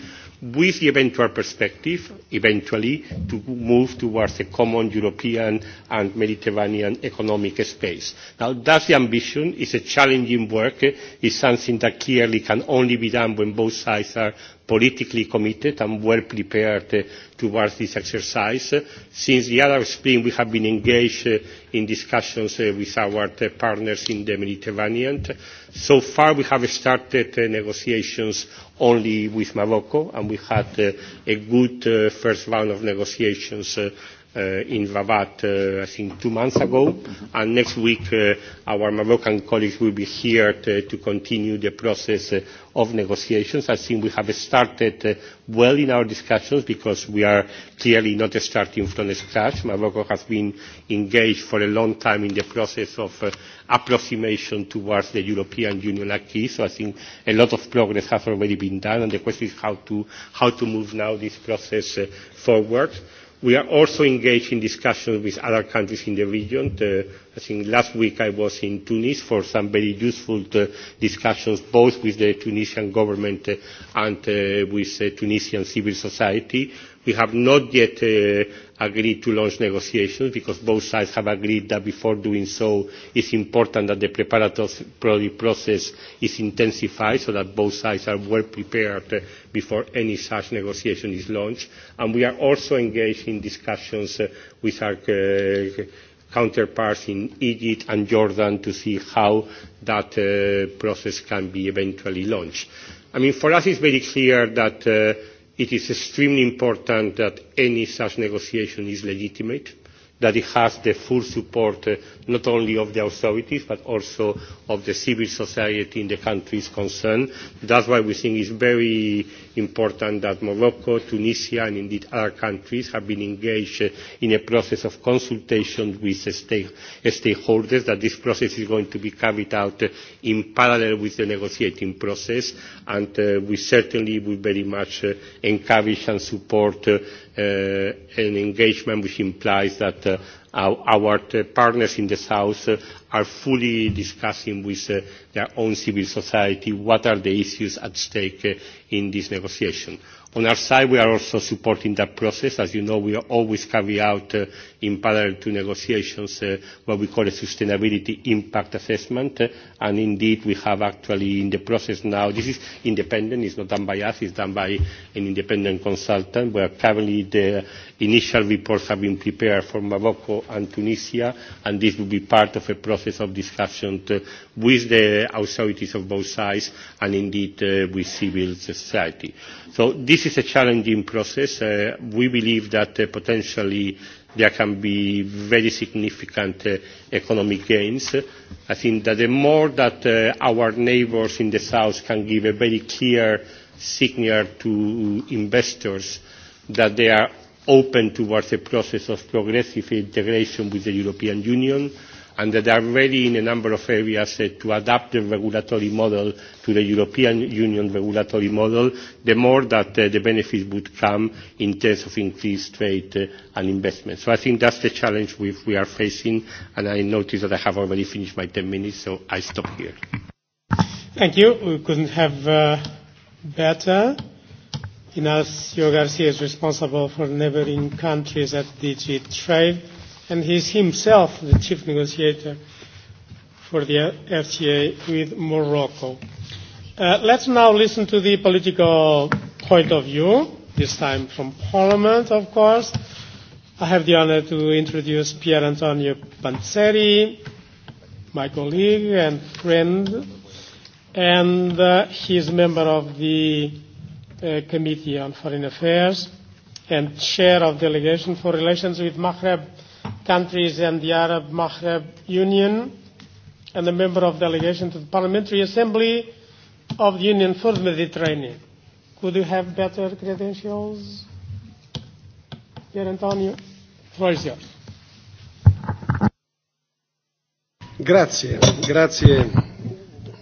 with the eventual perspective, eventually, to move towards a common European and Mediterranean economic space. Now, that's the ambition. It's a challenging work. It's something that clearly can only be done when both sides are politically committed and well prepared uh, towards this exercise. Uh, since the Arab Spring, we have been engaged uh, in discussions uh, with our uh, partners in the Mediterranean. So far, we have started uh, negotiations only with Morocco, and we had uh, a good uh, first round of negotiations uh, uh, in Rabat, uh, I think, two months ago. Mm-hmm. And next week, uh, our Moroccan colleagues will be here to, to continue the process uh, of negotiations. I think we have started uh, well in our discussions because we are clearly not starting from scratch. Morocco has been engaged for a long time in the process of uh, approximation towards the European Union acquis. So I think a lot of progress has already been done, and the question is how to, how to move now this process uh, forward. We are also engaged in discussions with other countries in the region. The, I think last week I was in Tunis for some very useful uh, discussions both with the Tunisian government uh, and uh, with uh, Tunisian civil society. We have not yet uh, agreed to launch negotiations because both sides have agreed that before doing so it is important that the preparatory process is intensified so that both sides are well prepared before any such negotiation is launched. And we are also engaged in discussions uh, with our uh, counterparts in Egypt and Jordan to see how that uh, process can be eventually launched. I mean, for us it's very clear that uh, it is extremely important that any such negotiation is legitimate that it has the full support uh, not only of the authorities but also of the civil society in the countries concerned. That's why we think it's very important that Morocco, Tunisia and indeed other countries have been engaged uh, in a process of consultation with the stake, uh, stakeholders, that this process is going to be carried out uh, in parallel with the negotiating process and uh, we certainly will very much uh, encourage and support uh, uh, an engagement which implies that uh, our, our uh, partners in the South uh, are fully discussing with uh, their own civil society what are the issues at stake uh, in this negotiation On our side, we are also supporting that process. As you know, we always carry out, uh, in parallel to negotiations, uh, what we call a sustainability impact assessment. Uh, and indeed, we have actually in the process now, this is independent, it's not done by us, it's done by an independent consultant, where currently the initial reports have been prepared for Morocco and Tunisia, and this will be part of a process of discussion to, uh, with the authorities of both sides and indeed uh, with civil society. Uh, So this is a challenging process. Uh, we believe that uh, potentially there can be very significant uh, economic gains. I think that the more that uh, our neighbors in the south can give a very clear signal to investors that they are open towards a process of progressive integration with the European Union, uh, and that are ready in a number of areas uh, to adapt the regulatory model to the European Union regulatory model, the more that uh, the benefit would come in terms of increased trade uh, and investment. So I think that's the challenge we, we are facing, and I notice that I have already finished my 10 minutes, so I stop here. Thank you. We couldn't have uh, better. Ignacio Garcia is responsible for neighboring countries at DG Trade and he is himself the chief negotiator for the FTA with Morocco. Uh, let's now listen to the political point of view, this time from Parliament, of course. I have the honor to introduce Pier Antonio Panzeri, my colleague and friend, and uh, he is member of the uh, Committee on Foreign Affairs and chair of delegation for relations with Maghreb countries and the Arab Maghreb Union and a member of delegation to the Parliamentary Assembly of the Union for the Mediterranean. Could you have better credentials? Pier Antonio, floor is yours. Grazie, grazie,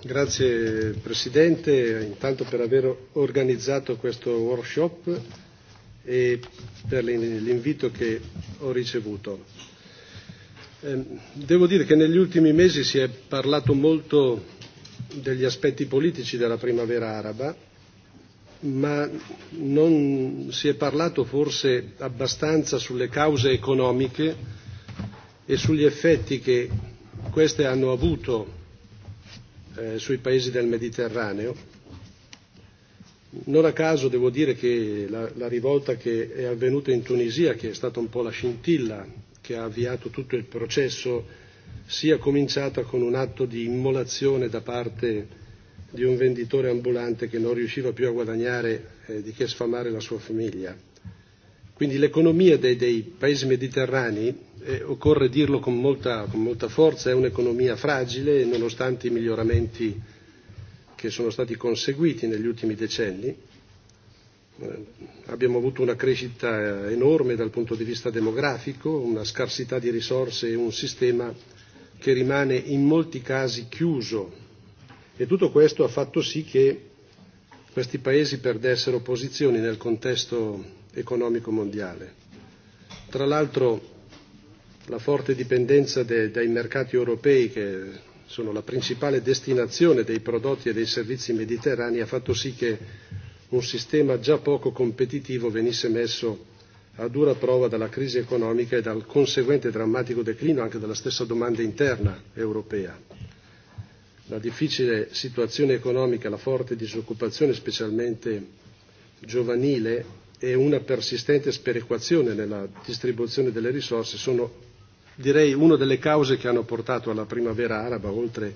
grazie Presidente intanto per aver organizzato questo workshop e per l'invito che ho ricevuto. Ehm, devo dire che negli ultimi mesi si è parlato molto degli aspetti politici della primavera araba, ma non si è parlato forse abbastanza sulle cause economiche e sugli effetti che queste hanno avuto eh, sui paesi del Mediterraneo. Non a caso devo dire che la, la rivolta che è avvenuta in Tunisia, che è stata un po' la scintilla che ha avviato tutto il processo sia cominciata con un atto di immolazione da parte di un venditore ambulante che non riusciva più a guadagnare eh, di che sfamare la sua famiglia. Quindi l'economia dei, dei paesi mediterranei, eh, occorre dirlo con molta, con molta forza, è un'economia fragile nonostante i miglioramenti che sono stati conseguiti negli ultimi decenni Eh, abbiamo avuto una crescita eh, enorme dal punto di vista demografico, una scarsità di risorse e un sistema che rimane in molti casi chiuso e tutto questo ha fatto sì che questi paesi perdessero posizioni nel contesto economico mondiale. Tra l'altro la forte dipendenza de, dai mercati europei che sono la principale destinazione dei prodotti e dei servizi mediterranei ha fatto sì che un sistema già poco competitivo venisse messo a dura prova dalla crisi economica e dal conseguente drammatico declino anche della stessa domanda interna europea. La difficile situazione economica, la forte disoccupazione specialmente giovanile e una persistente sperequazione nella distribuzione delle risorse sono direi una delle cause che hanno portato alla primavera araba, oltre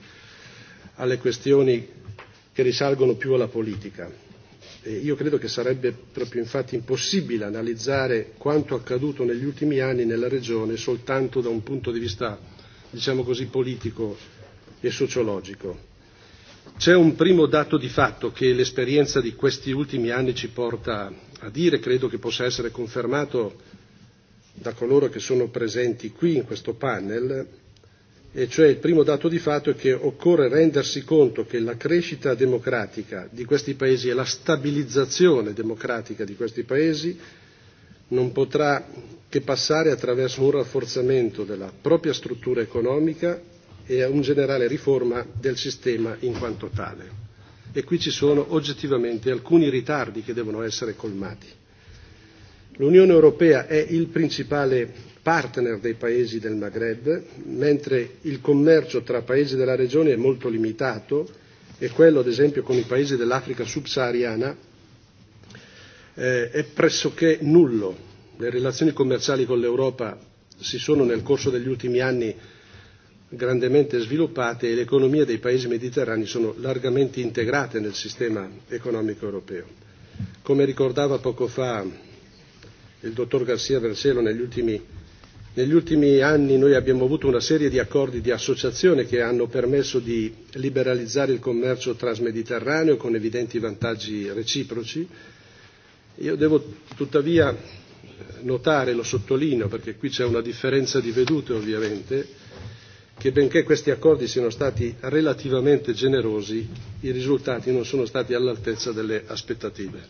alle questioni che risalgono più alla politica. E io credo che sarebbe proprio infatti impossibile analizzare quanto accaduto negli ultimi anni nella regione soltanto da un punto di vista, diciamo così, politico e sociologico. C'è un primo dato di fatto che l'esperienza di questi ultimi anni ci porta a dire, credo che possa essere confermato da coloro che sono presenti qui in questo panel, e cioè il primo dato di fatto è che occorre rendersi conto che la crescita democratica di questi paesi e la stabilizzazione democratica di questi paesi non potrà che passare attraverso un rafforzamento della propria struttura economica e a un generale riforma del sistema in quanto tale. E qui ci sono oggettivamente alcuni ritardi che devono essere colmati. L'Unione Europea è il principale partner dei paesi del Maghreb, mentre il commercio tra paesi della regione è molto limitato e quello, ad esempio, con i paesi dell'Africa subsahariana eh, è pressoché nullo. Le relazioni commerciali con l'Europa si sono nel corso degli ultimi anni grandemente sviluppate e le economie dei paesi mediterranei sono largamente integrate nel sistema economico europeo. Come ricordava poco fa il dottor Garcia Verselo negli ultimi Negli ultimi anni noi abbiamo avuto una serie di accordi di associazione che hanno permesso di liberalizzare il commercio transmediterraneo con evidenti vantaggi reciproci. Io devo tuttavia notare, lo sottolineo perché qui c'è una differenza di vedute ovviamente, che benché questi accordi siano stati relativamente generosi, i risultati non sono stati all'altezza delle aspettative.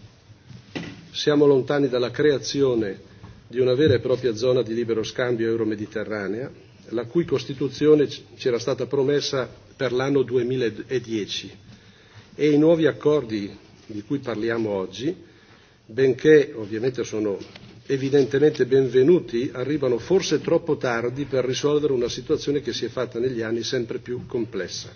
Siamo lontani dalla creazione di una vera e propria zona di libero scambio euromediterranea, la cui costituzione c'era stata promessa per l'anno 2010 e i nuovi accordi di cui parliamo oggi, benché ovviamente sono evidentemente benvenuti, arrivano forse troppo tardi per risolvere una situazione che si è fatta negli anni sempre più complessa.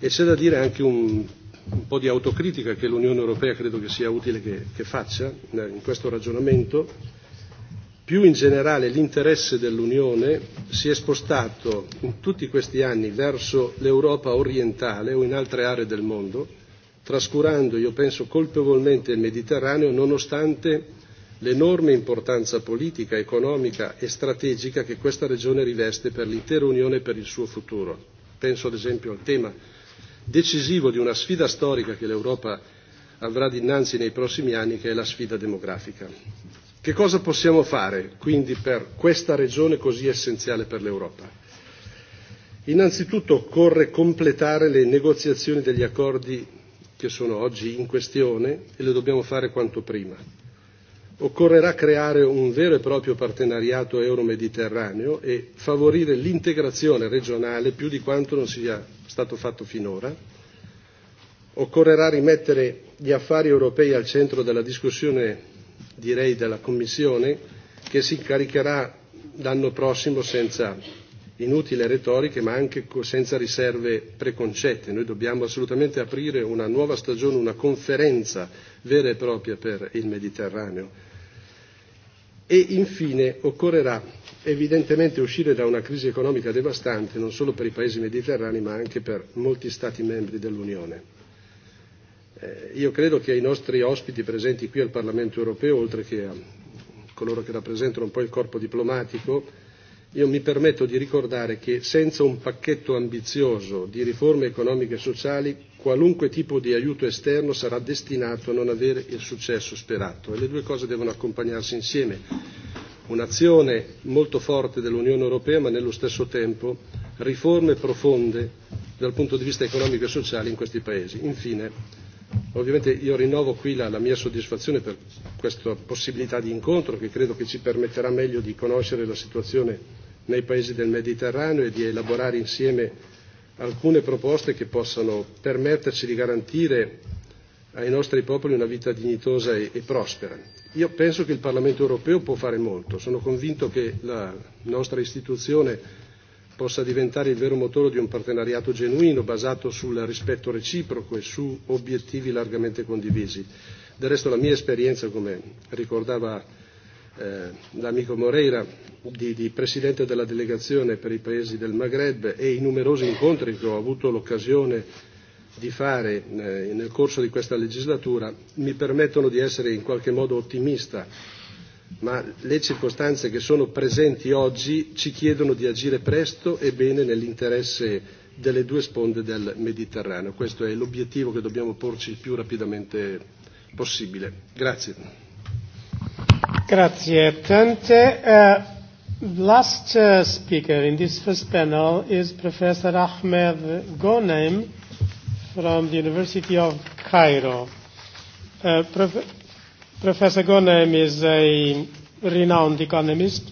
E c'è da dire anche un un po' di autocritica che l'Unione Europea credo che sia utile che, che faccia eh, in questo ragionamento, più in generale l'interesse dell'Unione si è spostato in tutti questi anni verso l'Europa orientale o in altre aree del mondo, trascurando, io penso, colpevolmente il Mediterraneo nonostante l'enorme importanza politica, economica e strategica che questa regione riveste per l'intera Unione e per il suo futuro. Penso ad esempio al tema decisivo di una sfida storica che l'Europa avrà dinanzi nei prossimi anni, che è la sfida demografica. Che cosa possiamo fare quindi per questa regione così essenziale per l'Europa? Innanzitutto occorre completare le negoziazioni degli accordi che sono oggi in questione e lo dobbiamo fare quanto prima Occorrerà creare un vero e proprio partenariato euro-mediterraneo e favorire l'integrazione regionale più di quanto non sia stato fatto finora. Occorrerà rimettere gli affari europei al centro della discussione, direi, della Commissione, che si incaricherà l'anno prossimo senza inutile retoriche ma anche senza riserve preconcette. Noi dobbiamo assolutamente aprire una nuova stagione, una conferenza vera e propria per il Mediterraneo E infine occorrerà evidentemente uscire da una crisi economica devastante non solo per i paesi mediterranei ma anche per molti Stati membri dell'Unione. Eh, io credo che ai nostri ospiti presenti qui al Parlamento europeo, oltre che a coloro che rappresentano un po' il corpo diplomatico, Io mi permetto di ricordare che senza un pacchetto ambizioso di riforme economiche e sociali qualunque tipo di aiuto esterno sarà destinato a non avere il successo sperato e le due cose devono accompagnarsi insieme. Un'azione molto forte dell'Unione Europea ma nello stesso tempo riforme profonde dal punto di vista economico e sociale in questi paesi. Infine, Ovviamente io rinnovo qui la, la mia soddisfazione per questa possibilità di incontro che credo che ci permetterà meglio di conoscere la situazione nei paesi del Mediterraneo e di elaborare insieme alcune proposte che possano permetterci di garantire ai nostri popoli una vita dignitosa e, e prospera. Io penso che il Parlamento europeo può fare molto, sono convinto che la nostra istituzione possa diventare il vero motore di un partenariato genuino basato sul rispetto reciproco e su obiettivi largamente condivisi. Del resto la mia esperienza, come ricordava eh, l'amico Moreira, di, di Presidente della delegazione per i paesi del Maghreb e i numerosi incontri che ho avuto l'occasione di fare eh, nel corso di questa legislatura mi permettono di essere in qualche modo ottimista ma le circostanze che sono presenti oggi ci chiedono di agire presto e bene nell'interesse delle due sponde del Mediterraneo. Questo è l'obiettivo che dobbiamo porci il più rapidamente possibile. Grazie. Grazie tante. Uh, last uh, speaker in this first panel is Professor Ahmed Gonem from the University of Cairo. Uh, prof- Professor Gonem is a renowned economist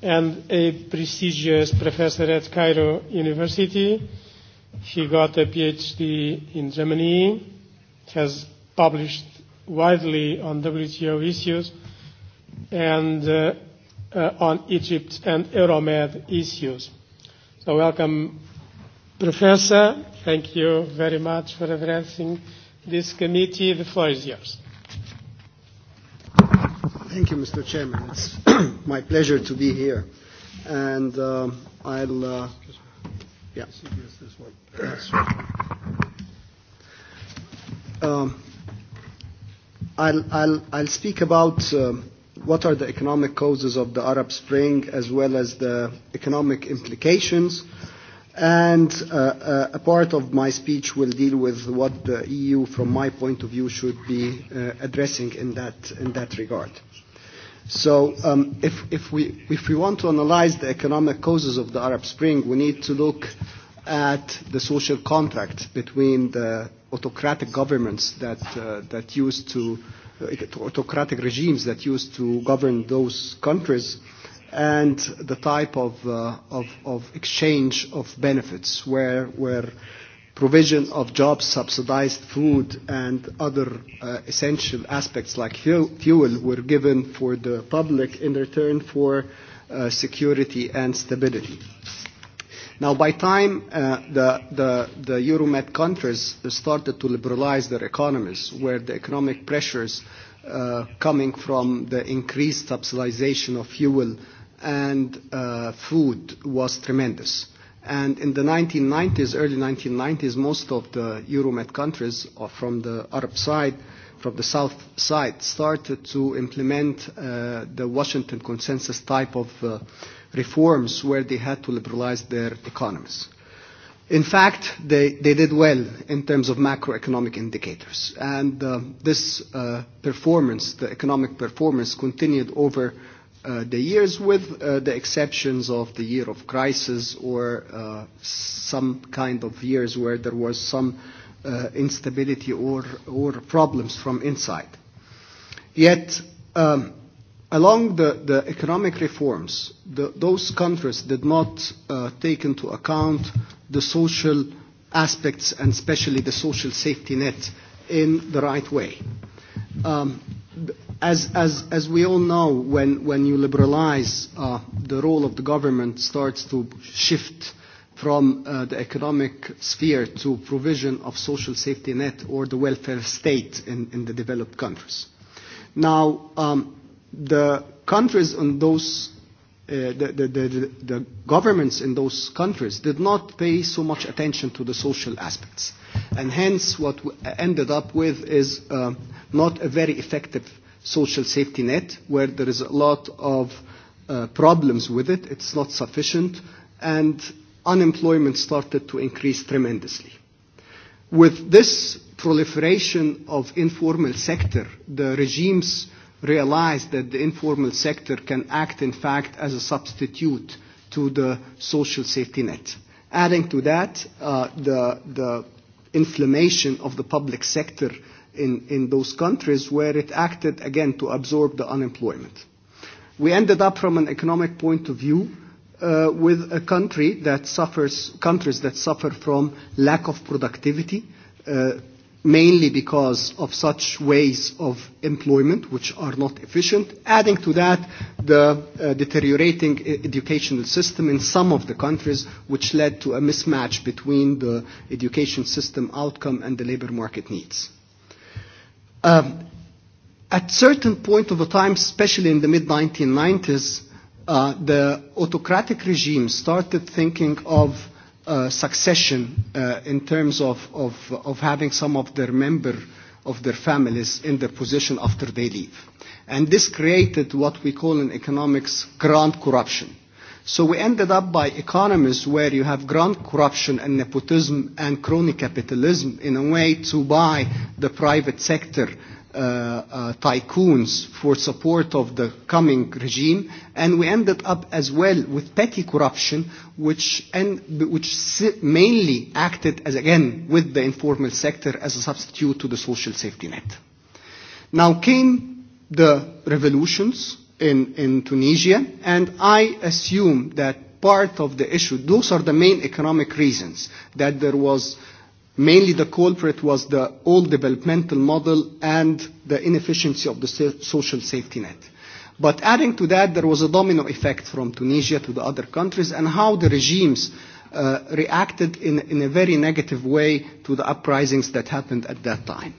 and a prestigious professor at Cairo University. He got a PhD in Germany, has published widely on WTO issues and uh, uh, on Egypt and Euromed issues. So welcome, Professor. Thank you very much for addressing this committee. The floor is yours. Thank you, Mr. Chairman. It's my pleasure to be here. And uh, I'll. Uh, yeah. Um, I'll, I'll, I'll speak about uh, what are the economic causes of the Arab Spring as well as the economic implications. And uh, uh a part of my speech will deal with what the EU, from my point of view, should be uh, addressing in that, in that regard. So um, if, if, we, if we want to analyze the economic causes of the Arab Spring, we need to look at the social contract between the autocratic governments that, uh, that used to, uh, autocratic regimes that used to govern those countries and the type of, uh, of, of exchange of benefits where, where provision of jobs, subsidized food, and other uh, essential aspects like fuel were given for the public in return for uh, security and stability. Now, by time uh, the, the, the Euromed countries started to liberalize their economies, where the economic pressures uh, coming from the increased subsidization of fuel and uh, food was tremendous. And in the 1990s, early 1990s, most of the Euromed countries from the Arab side, from the south side, started to implement uh, the Washington consensus type of uh, reforms where they had to liberalize their economies. In fact, they, they did well in terms of macroeconomic indicators. And uh, this uh, performance, the economic performance, continued over uh, the years with uh, the exceptions of the year of crisis or uh, some kind of years where there was some uh, instability or, or problems from inside. Yet, um, along the, the economic reforms, the, those countries did not uh, take into account the social aspects and especially the social safety net in the right way. Um, as, as, as we all know, when, when you liberalize, uh, the role of the government starts to shift from uh, the economic sphere to provision of social safety net or the welfare state in, in the developed countries. Now, um, the countries in those, uh, the, the, the, the governments in those countries did not pay so much attention to the social aspects. And hence, what we ended up with is uh, not a very effective social safety net, where there is a lot of uh, problems with it. It's not sufficient, and unemployment started to increase tremendously. With this proliferation of informal sector, the regimes realized that the informal sector can act, in fact, as a substitute to the social safety net. Adding to that, uh, the, the inflammation of the public sector in, in those countries where it acted again to absorb the unemployment. We ended up from an economic point of view uh, with a country that suffers, countries that suffer from lack of productivity, uh, mainly because of such ways of employment which are not efficient. Adding to that, the uh, deteriorating e-, educational system in some of the countries, which led to a mismatch between the education system outcome and the labor market needs. Um, at certain point of the time, especially in the mid-1990s, uh, the autocratic regime started thinking of uh, succession uh, in terms of, of, of having some of their member of their families in their position after they leave. And this created what we call in economics grand corruption So we ended up by economists where you have grand corruption and nepotism and crony capitalism in a way to buy the private sector uh, uh, tycoons for support of the coming regime. And we ended up as well with petty corruption, which, and, which mainly acted as, again, with the informal sector as a substitute to the social safety net. Now came the revolutions, in, in Tunisia, and I assume that part of the issue, those are the main economic reasons, that there was mainly the culprit was the old developmental model and the inefficiency of the social safety net. But adding to that, there was a domino effect from Tunisia to the other countries and how the regimes uh, reacted in, in a very negative way to the uprisings that happened at that time.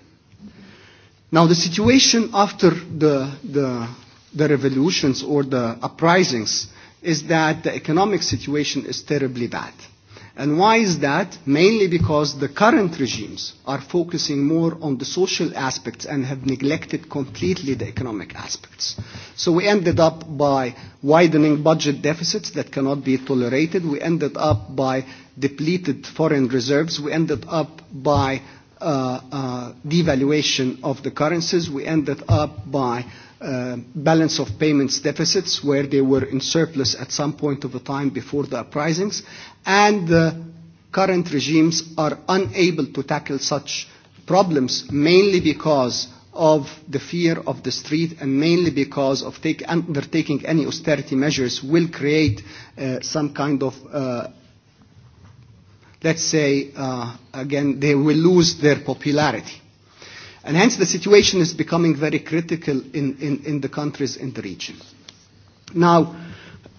Now, the situation after the, the the revolutions or the uprisings is that the economic situation is terribly bad. And why is that? Mainly because the current regimes are focusing more on the social aspects and have neglected completely the economic aspects. So we ended up by widening budget deficits that cannot be tolerated. We ended up by depleted foreign reserves. We ended up by uh, uh, devaluation of the currencies. We ended up by uh, Uh, balance of payments deficits where they were in surplus at some point of a time before the uprisings, and the current regimes are unable to tackle such problems mainly because of the fear of the street and mainly because of take, undertaking any austerity measures will create uh, some kind of uh, let's say, uh, again, they will lose their popularity. And hence the situation is becoming very critical in, in, in the countries in the region. Now,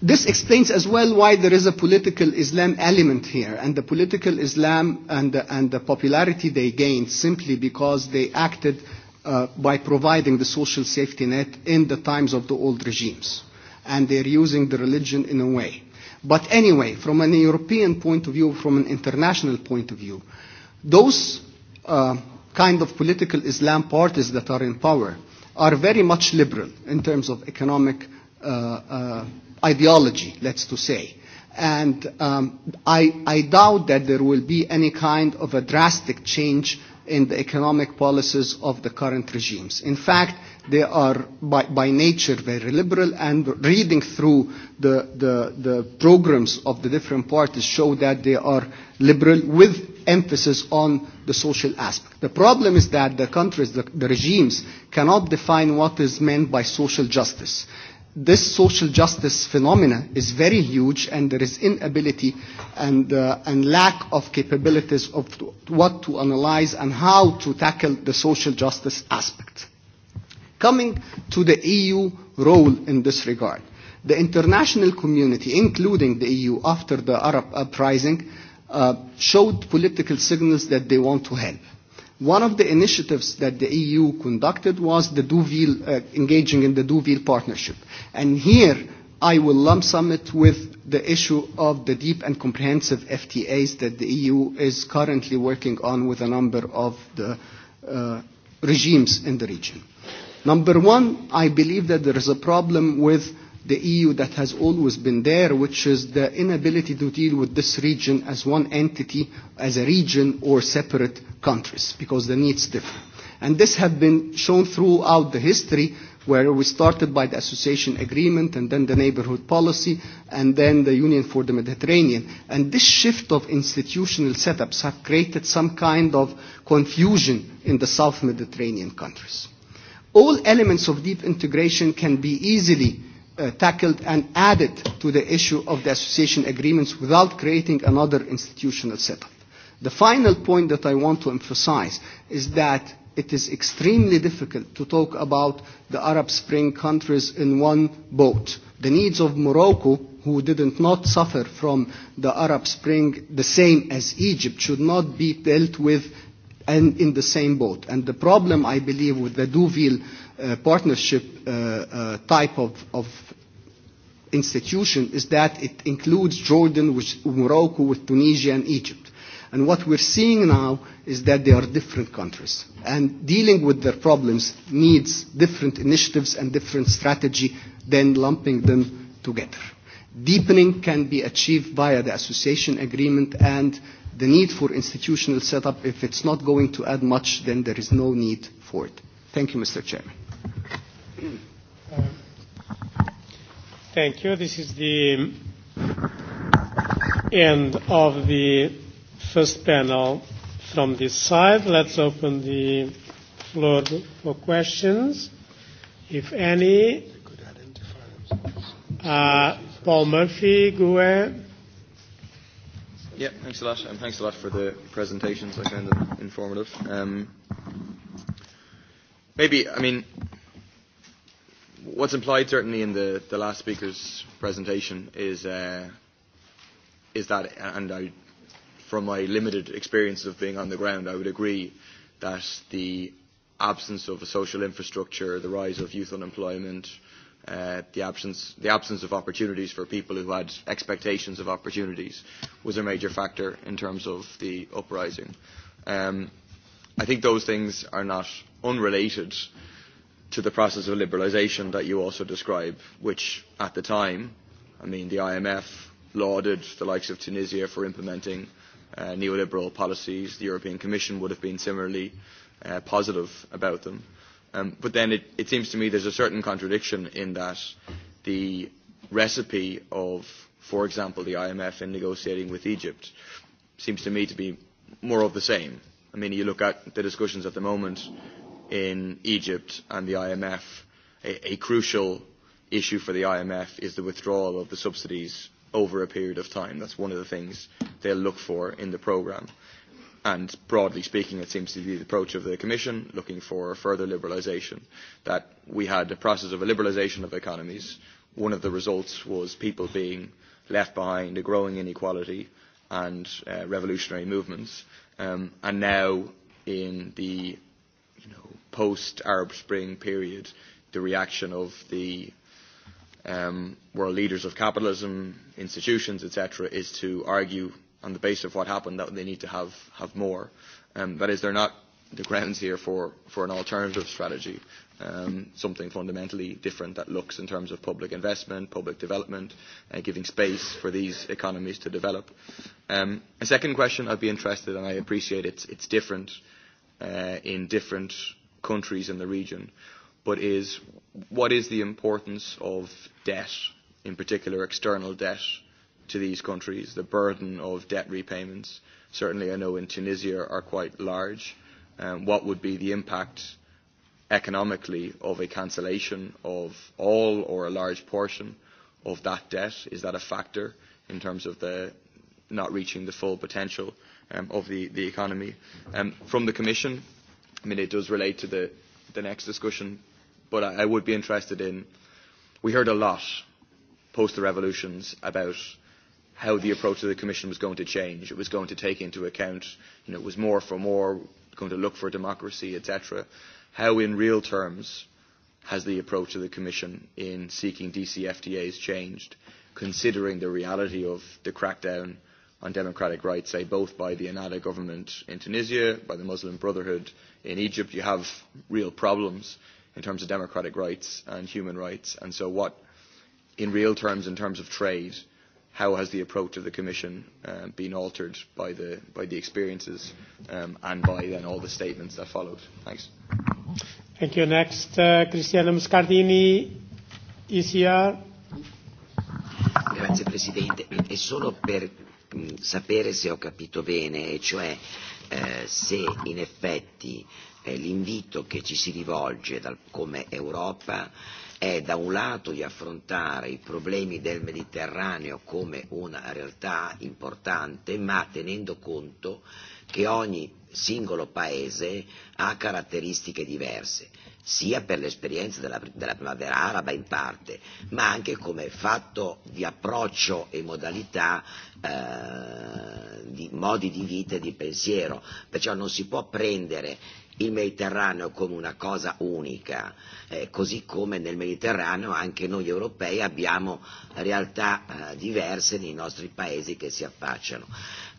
this explains as well why there is a political Islam element here, and the political Islam and the, and the popularity they gained simply because they acted uh, by providing the social safety net in the times of the old regimes. And they're using the religion in a way. But anyway, from an European point of view, from an international point of view, those uh, kind of political Islam parties that are in power are very much liberal in terms of economic uh, uh, ideology, let's to say. And um, I, I doubt that there will be any kind of a drastic change in the economic policies of the current regimes. In fact, they are by, by nature very liberal and reading through the, the, the programs of the different parties show that they are liberal with emphasis on the social aspect. The problem is that the countries, the, the regimes cannot define what is meant by social justice. This social justice phenomena is very huge and there is inability and, uh, and lack of capabilities of what to analyze and how to tackle the social justice aspect. Coming to the EU role in this regard, the international community, including the EU after the Arab uprising, uh, showed political signals that they want to help. One of the initiatives that the EU conducted was the Duville, uh, engaging in the Deauville partnership. And here I will lump sum it with the issue of the deep and comprehensive FTAs that the EU is currently working on with a number of the uh, regimes in the region. Number one, I believe that there is a problem with the EU that has always been there, which is the inability to deal with this region as one entity, as a region or separate countries, because the needs differ. And this has been shown throughout the history, where we started by the association agreement and then the neighborhood policy and then the Union for the Mediterranean. And this shift of institutional setups have created some kind of confusion in the South Mediterranean countries all elements of deep integration can be easily uh, tackled and added to the issue of the association agreements without creating another institutional setup. The final point that I want to emphasize is that it is extremely difficult to talk about the Arab Spring countries in one boat. The needs of Morocco, who did not suffer from the Arab Spring the same as Egypt, should not be dealt with and in the same boat. And the problem, I believe, with the Duville uh, partnership uh, uh, type of, of institution is that it includes Jordan with Morocco, with Tunisia and Egypt. And what we're seeing now is that they are different countries. And dealing with their problems needs different initiatives and different strategy than lumping them together. Deepening can be achieved via the association agreement and the need for institutional setup, if it's not going to add much, then there is no need for it. Thank you, Mr. Chairman. Thank you. This is the end of the first panel from this side. Let's open the floor for questions, if any. Uh, Paul Murphy, Gouet. Yeah, thanks a lot, and um, thanks a lot for the presentations. I found them informative. Um, maybe, I mean, what's implied certainly in the, the last speaker's presentation is uh, is that, and I, from my limited experience of being on the ground, I would agree that the absence of a social infrastructure, the rise of youth unemployment, uh, the, absence, the absence of opportunities for people who had expectations of opportunities was a major factor in terms of the uprising. Um, I think those things are not unrelated to the process of liberalisation that you also describe, which at the time, I mean, the IMF lauded the likes of Tunisia for implementing uh, neoliberal policies. The European Commission would have been similarly uh, positive about them. Um, but then it, it seems to me there's a certain contradiction in that the recipe of, for example, the IMF in negotiating with Egypt seems to me to be more of the same. I mean, you look at the discussions at the moment in Egypt and the IMF, a, a crucial issue for the IMF is the withdrawal of the subsidies over a period of time. That's one of the things they'll look for in the programme and broadly speaking, it seems to be the approach of the Commission, looking for further liberalisation, that we had a process of a liberalisation of economies. One of the results was people being left behind, a growing inequality, and uh, revolutionary movements. Um, and now, in the you know, post-Arab Spring period, the reaction of the um, world leaders of capitalism, institutions, etc., is to argue on the basis of what happened that they need to have, have more. Um, that is, they're not the grounds here for, for an alternative strategy, um, something fundamentally different that looks in terms of public investment, public development, uh, giving space for these economies to develop. Um, a second question I'd be interested, and I appreciate it's, it's different uh, in different countries in the region, but is what is the importance of debt, in particular external debt, to these countries. The burden of debt repayments, certainly I know in Tunisia, are quite large. Um, what would be the impact economically of a cancellation of all or a large portion of that debt? Is that a factor in terms of the not reaching the full potential um, of the, the economy? Um, from the Commission, I mean, it does relate to the, the next discussion, but I, I would be interested in. We heard a lot post the revolutions about how the approach of the Commission was going to change. It was going to take into account, you know, it was more for more, going to look for democracy, etc. How, in real terms, has the approach of the Commission in seeking DCFTAs changed, considering the reality of the crackdown on democratic rights, say, both by the Ennahda government in Tunisia, by the Muslim Brotherhood in Egypt? You have real problems in terms of democratic rights and human rights. And so what, in real terms, in terms of trade, how has the approach of the Commission uh, been altered by the, by the experiences um, and by then all the statements that followed? Thanks. Thank you. Next, uh, Cristiano Muscardini, ECR. Grazie Presidente. È e solo per mh, mm, sapere se ho capito bene, e cioè eh, se in effetti eh, l'invito che ci si rivolge dal, come Europa è da un lato di affrontare i problemi del Mediterraneo come una realtà importante, ma tenendo conto che ogni singolo paese ha caratteristiche diverse, sia per l'esperienza della, della primavera araba in parte, ma anche come fatto di approccio e modalità eh, di modi di vita e di pensiero. Perciò non si può prendere il Mediterraneo come una cosa unica, eh, così come nel Mediterraneo anche noi europei abbiamo realtà eh, diverse nei nostri paesi che si affacciano.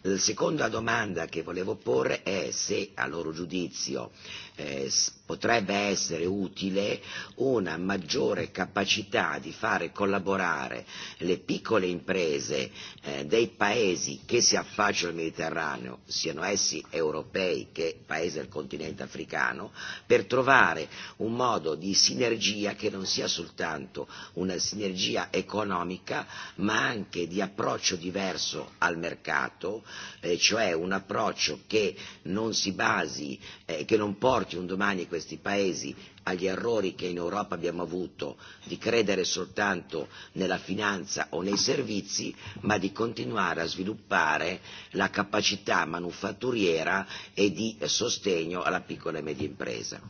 La seconda domanda che volevo porre è se a loro giudizio eh, eh, potrebbe essere utile una maggiore capacità di fare collaborare le piccole imprese eh, dei paesi che si affacciano al Mediterraneo, siano essi europei che paesi del continente africano, per trovare un modo di sinergia che non sia soltanto una sinergia economica, ma anche di approccio diverso al mercato, eh, cioè un approccio che non si basi, eh, che non porti porci un domani questi paesi agli errori che in Europa abbiamo avuto di credere soltanto nella finanza o nei servizi, ma di continuare a sviluppare la capacità manufatturiera e di sostegno alla piccola e media impresa.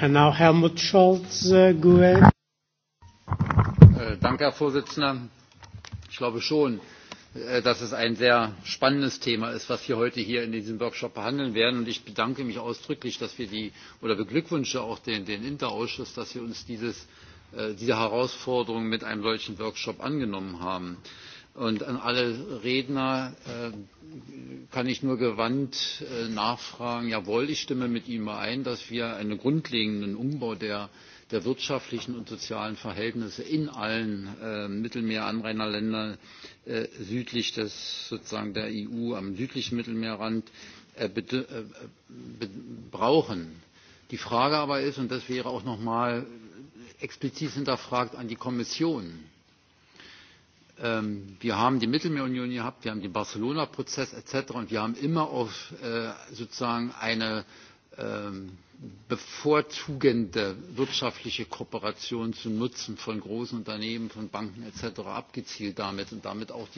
And now Helmut Scholz, uh, GUE. Uh, danke, Herr Vorsitzender. Ich glaube schon, Äh, dass es ein sehr spannendes thema ist das wir heute hier in diesem workshop behandeln werden. und ich bedanke mich ausdrücklich oder beglückwünsche auch den inta ausschuss dass wir uns dieser äh, herausforderung mit einem solchen workshop angenommen haben. an alle Redner äh, kann ich nur gewandt nachfragen, jawohl, ich stimme mit Ihnen überein, dass wir einen grundlegenden Umbau der der wirtschaftlichen und sozialen Verhältnisse in allen ähm, Mittelmeeranrainerländern äh, südlich des, sozusagen der EU am südlichen Mittelmeerrand äh, äh, brauchen. Die Frage aber ist, und das wäre auch nochmal explizit hinterfragt an die Kommission, ähm, wir haben die Mittelmeerunion gehabt, wir haben den Barcelona-Prozess etc. und wir haben immer auf sozusagen eine ähm, bevorzugende wirtschaftliche kooperation zum nutzen von großen unternehmen von banken etc. abgezielt und damit auch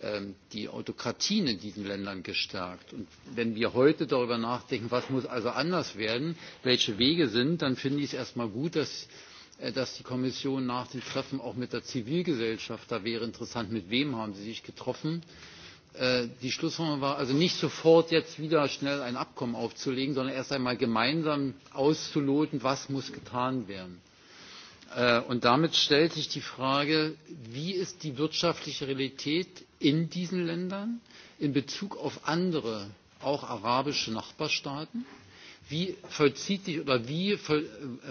ähm, die, autokratien in diesen ländern gestärkt. wenn wir heute darüber nachdenken was muss also anders werden welche wege sind dann finde ich es erst einmal gut äh, dass die kommission nach dem treffen auch mit der zivilgesellschaft da wäre interessant mit wem haben sie sich getroffen Äh, die schlussfolgerung war also nicht sofort jetzt wieder schnell ein abkommen aufzulegen sondern erst einmal gemeinsam auszuloten was getan werden. muss. Äh, damit stellt sich die frage wie ist die wirtschaftliche realität in diesen ländern in bezug auf andere auch arabische nachbarstaaten? Äh,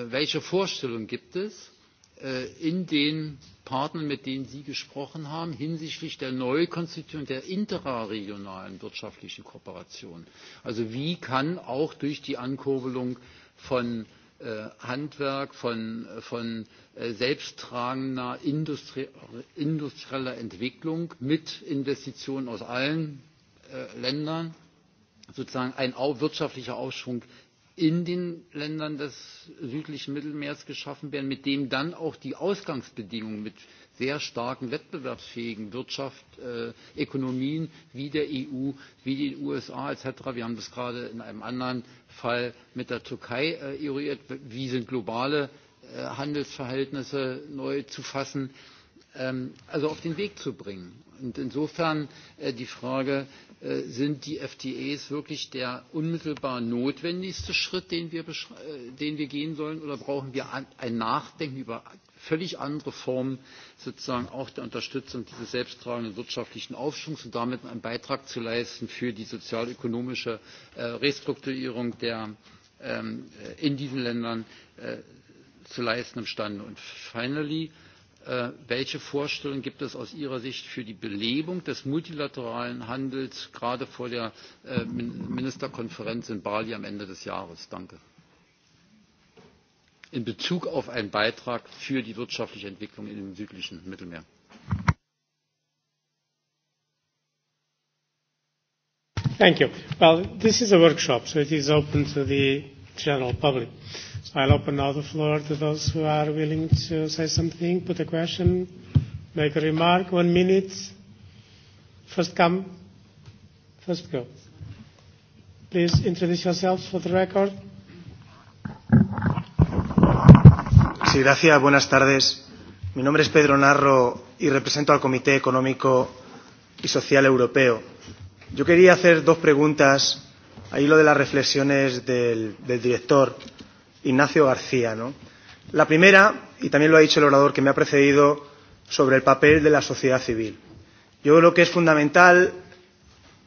welche vorstellungen gibt Äh, in den Partnern, mit denen Sie gesprochen haben, hinsichtlich der Neukonstituierung der interregionalen wirtschaftlichen Kooperation? Also wie kann auch durch die Ankurbelung von äh, handwerk von, äh, selbsttragender industrieller entwicklung mit investitionen aus allen ländern sozusagen ein wirtschaftlicher aufschwung in den Ländern des südlichen Mittelmeers geschaffen werden, mit dem dann auch die Ausgangsbedingungen mit sehr starken wettbewerbsfähigen äh, Ökonomien wie der EU, wie den USA etc. Wir haben das gerade in einem anderen Fall mit der Türkei äh, eruiert. Wie sind globale äh, Handelsverhältnisse neu zu fassen? Äh, Ähm, also auf den Weg zu bringen. Und insofern äh, die Frage, äh, sind die FTAs wirklich der unmittelbar notwendigste Schritt, den wir, äh, den wir gehen sollen, oder brauchen wir ein Nachdenken über völlig andere Formen sozusagen auch der Unterstützung dieses selbsttragenden wirtschaftlichen Aufschwungs und damit einen Beitrag zu leisten für die sozialökonomische Restrukturierung der ähm, in diesen Ländern zu leisten imstande. Und finally, Äh, welche vorstellungen gibt es aus ihrer sicht für die belebung des multilateralen handels gerade vor der äh, ministerkonferenz in bali am ende des jahres in bezug auf einen beitrag für die wirtschaftliche entwicklung im südlichen mittelmeer? this is a workshop, so it is open to the general public. So I'll open now the floor to those who are willing to say something, put a question, make a remark, one minute. First come, first go. Please introduce yourselves for the record. Sí, gracias. Buenas tardes. Mi nombre es Pedro Narro y represento al Comité Económico y Social Europeo. Yo quería hacer dos preguntas al hilo de las reflexiones del, del director Ignacio García. ¿no? La primera, y también lo ha dicho el orador que me ha precedido, sobre el papel de la sociedad civil. Yo creo que es fundamental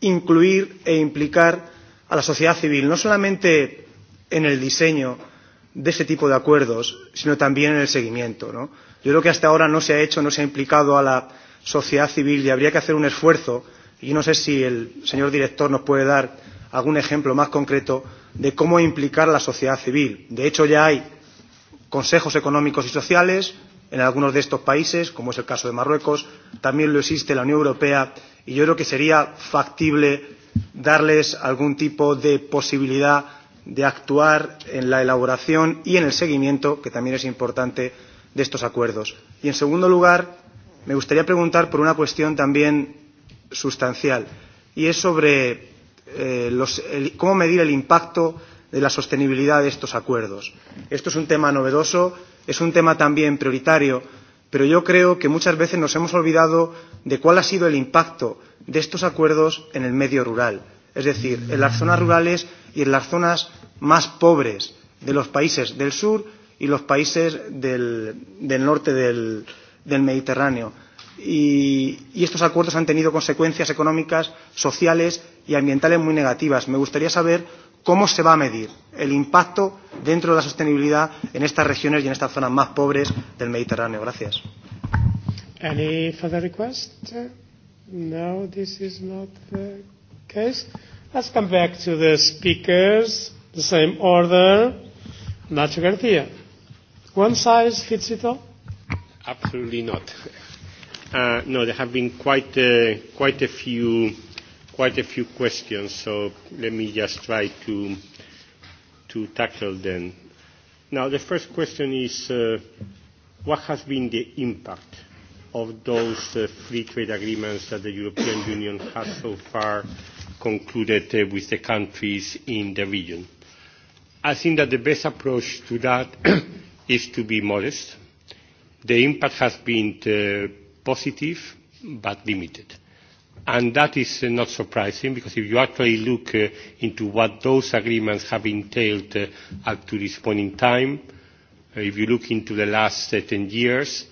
incluir e implicar a la sociedad civil, no solamente en el diseño de ese tipo de acuerdos, sino también en el seguimiento. ¿no? Yo creo que hasta ahora no se ha hecho, no se ha implicado a la sociedad civil y habría que hacer un esfuerzo. Y no sé si el señor director nos puede dar algún ejemplo más concreto de cómo implicar a la sociedad civil. De hecho, ya hay consejos económicos y sociales en algunos de estos países, como es el caso de Marruecos, también lo existe la Unión Europea, y yo creo que sería factible darles algún tipo de posibilidad de actuar en la elaboración y en el seguimiento, que también es importante, de estos acuerdos. Y, en segundo lugar, me gustaría preguntar por una cuestión también sustancial, y es sobre eh, los, el, cómo medir el impacto de la sostenibilidad de estos acuerdos. Esto es un tema novedoso, es un tema también prioritario, pero yo creo que muchas veces nos hemos olvidado de cuál ha sido el impacto de estos acuerdos en el medio rural, es decir, en las zonas rurales y en las zonas más pobres de los países del sur y los países del, del norte del, del Mediterráneo y, y estos acuerdos han tenido consecuencias económicas, sociales y ambientales muy negativas. Me gustaría saber cómo se va a medir el impacto dentro de la sostenibilidad en estas regiones y en estas zonas más pobres del Mediterráneo. Gracias. Any further requests? No, this is not the case. Let's come back to the speakers, the same order. Nacho García. One size fits it all? Absolutely not. Uh, no, there have been quite a, uh, quite a few quite a few questions, so let me just try to to tackle them. Now, the first question is, uh, what has been the impact of those uh, free trade agreements that the European Union has so far concluded uh, with the countries in the region? I think that the best approach to that is to be modest. The impact has been uh, positive but limited. And that is uh, not surprising because if you actually look uh, into what those agreements have entailed uh, up to this point in time, uh, if you look into the last uh, 10 years,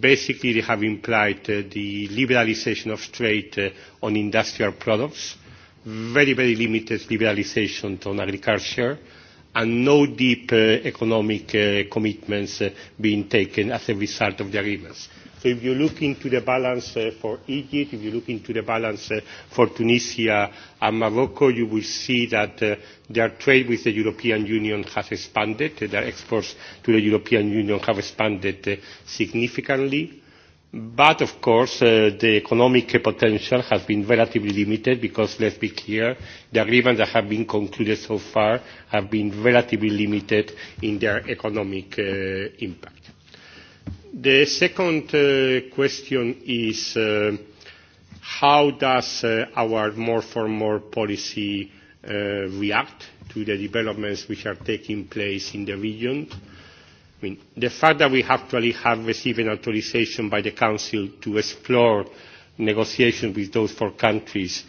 basically they have implied uh, the liberalization of trade uh, on industrial products, very, very limited liberalization on agriculture, and no deep uh, economic uh, commitments uh, being taken as a result of the agreements. So if you look into the balance uh, for Egypt, if you look into the balance uh, for Tunisia and Morocco, you will see that uh, their trade with the European Union has expanded. Uh, their exports to the European Union have expanded uh, significantly. But of course, uh, the economic potential has been relatively limited because, let's be clear, the agreements that have been concluded so far have been relatively limited in their economic uh, impact. The second uh, question is uh, how does uh, our more for more policy uh, react to the developments which are taking place in the region? I mean, the fact that we actually have received an authorization by the Council to explore negotiations with those four countries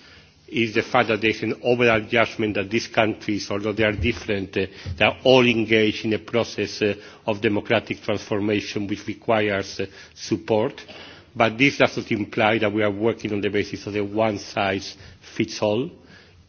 is the fact that there is an overall judgment that these countries, although they are different, uh, they are all engaged in a process uh, of democratic transformation which requires uh, support. But this does not imply that we are working on the basis of a one-size-fits-all.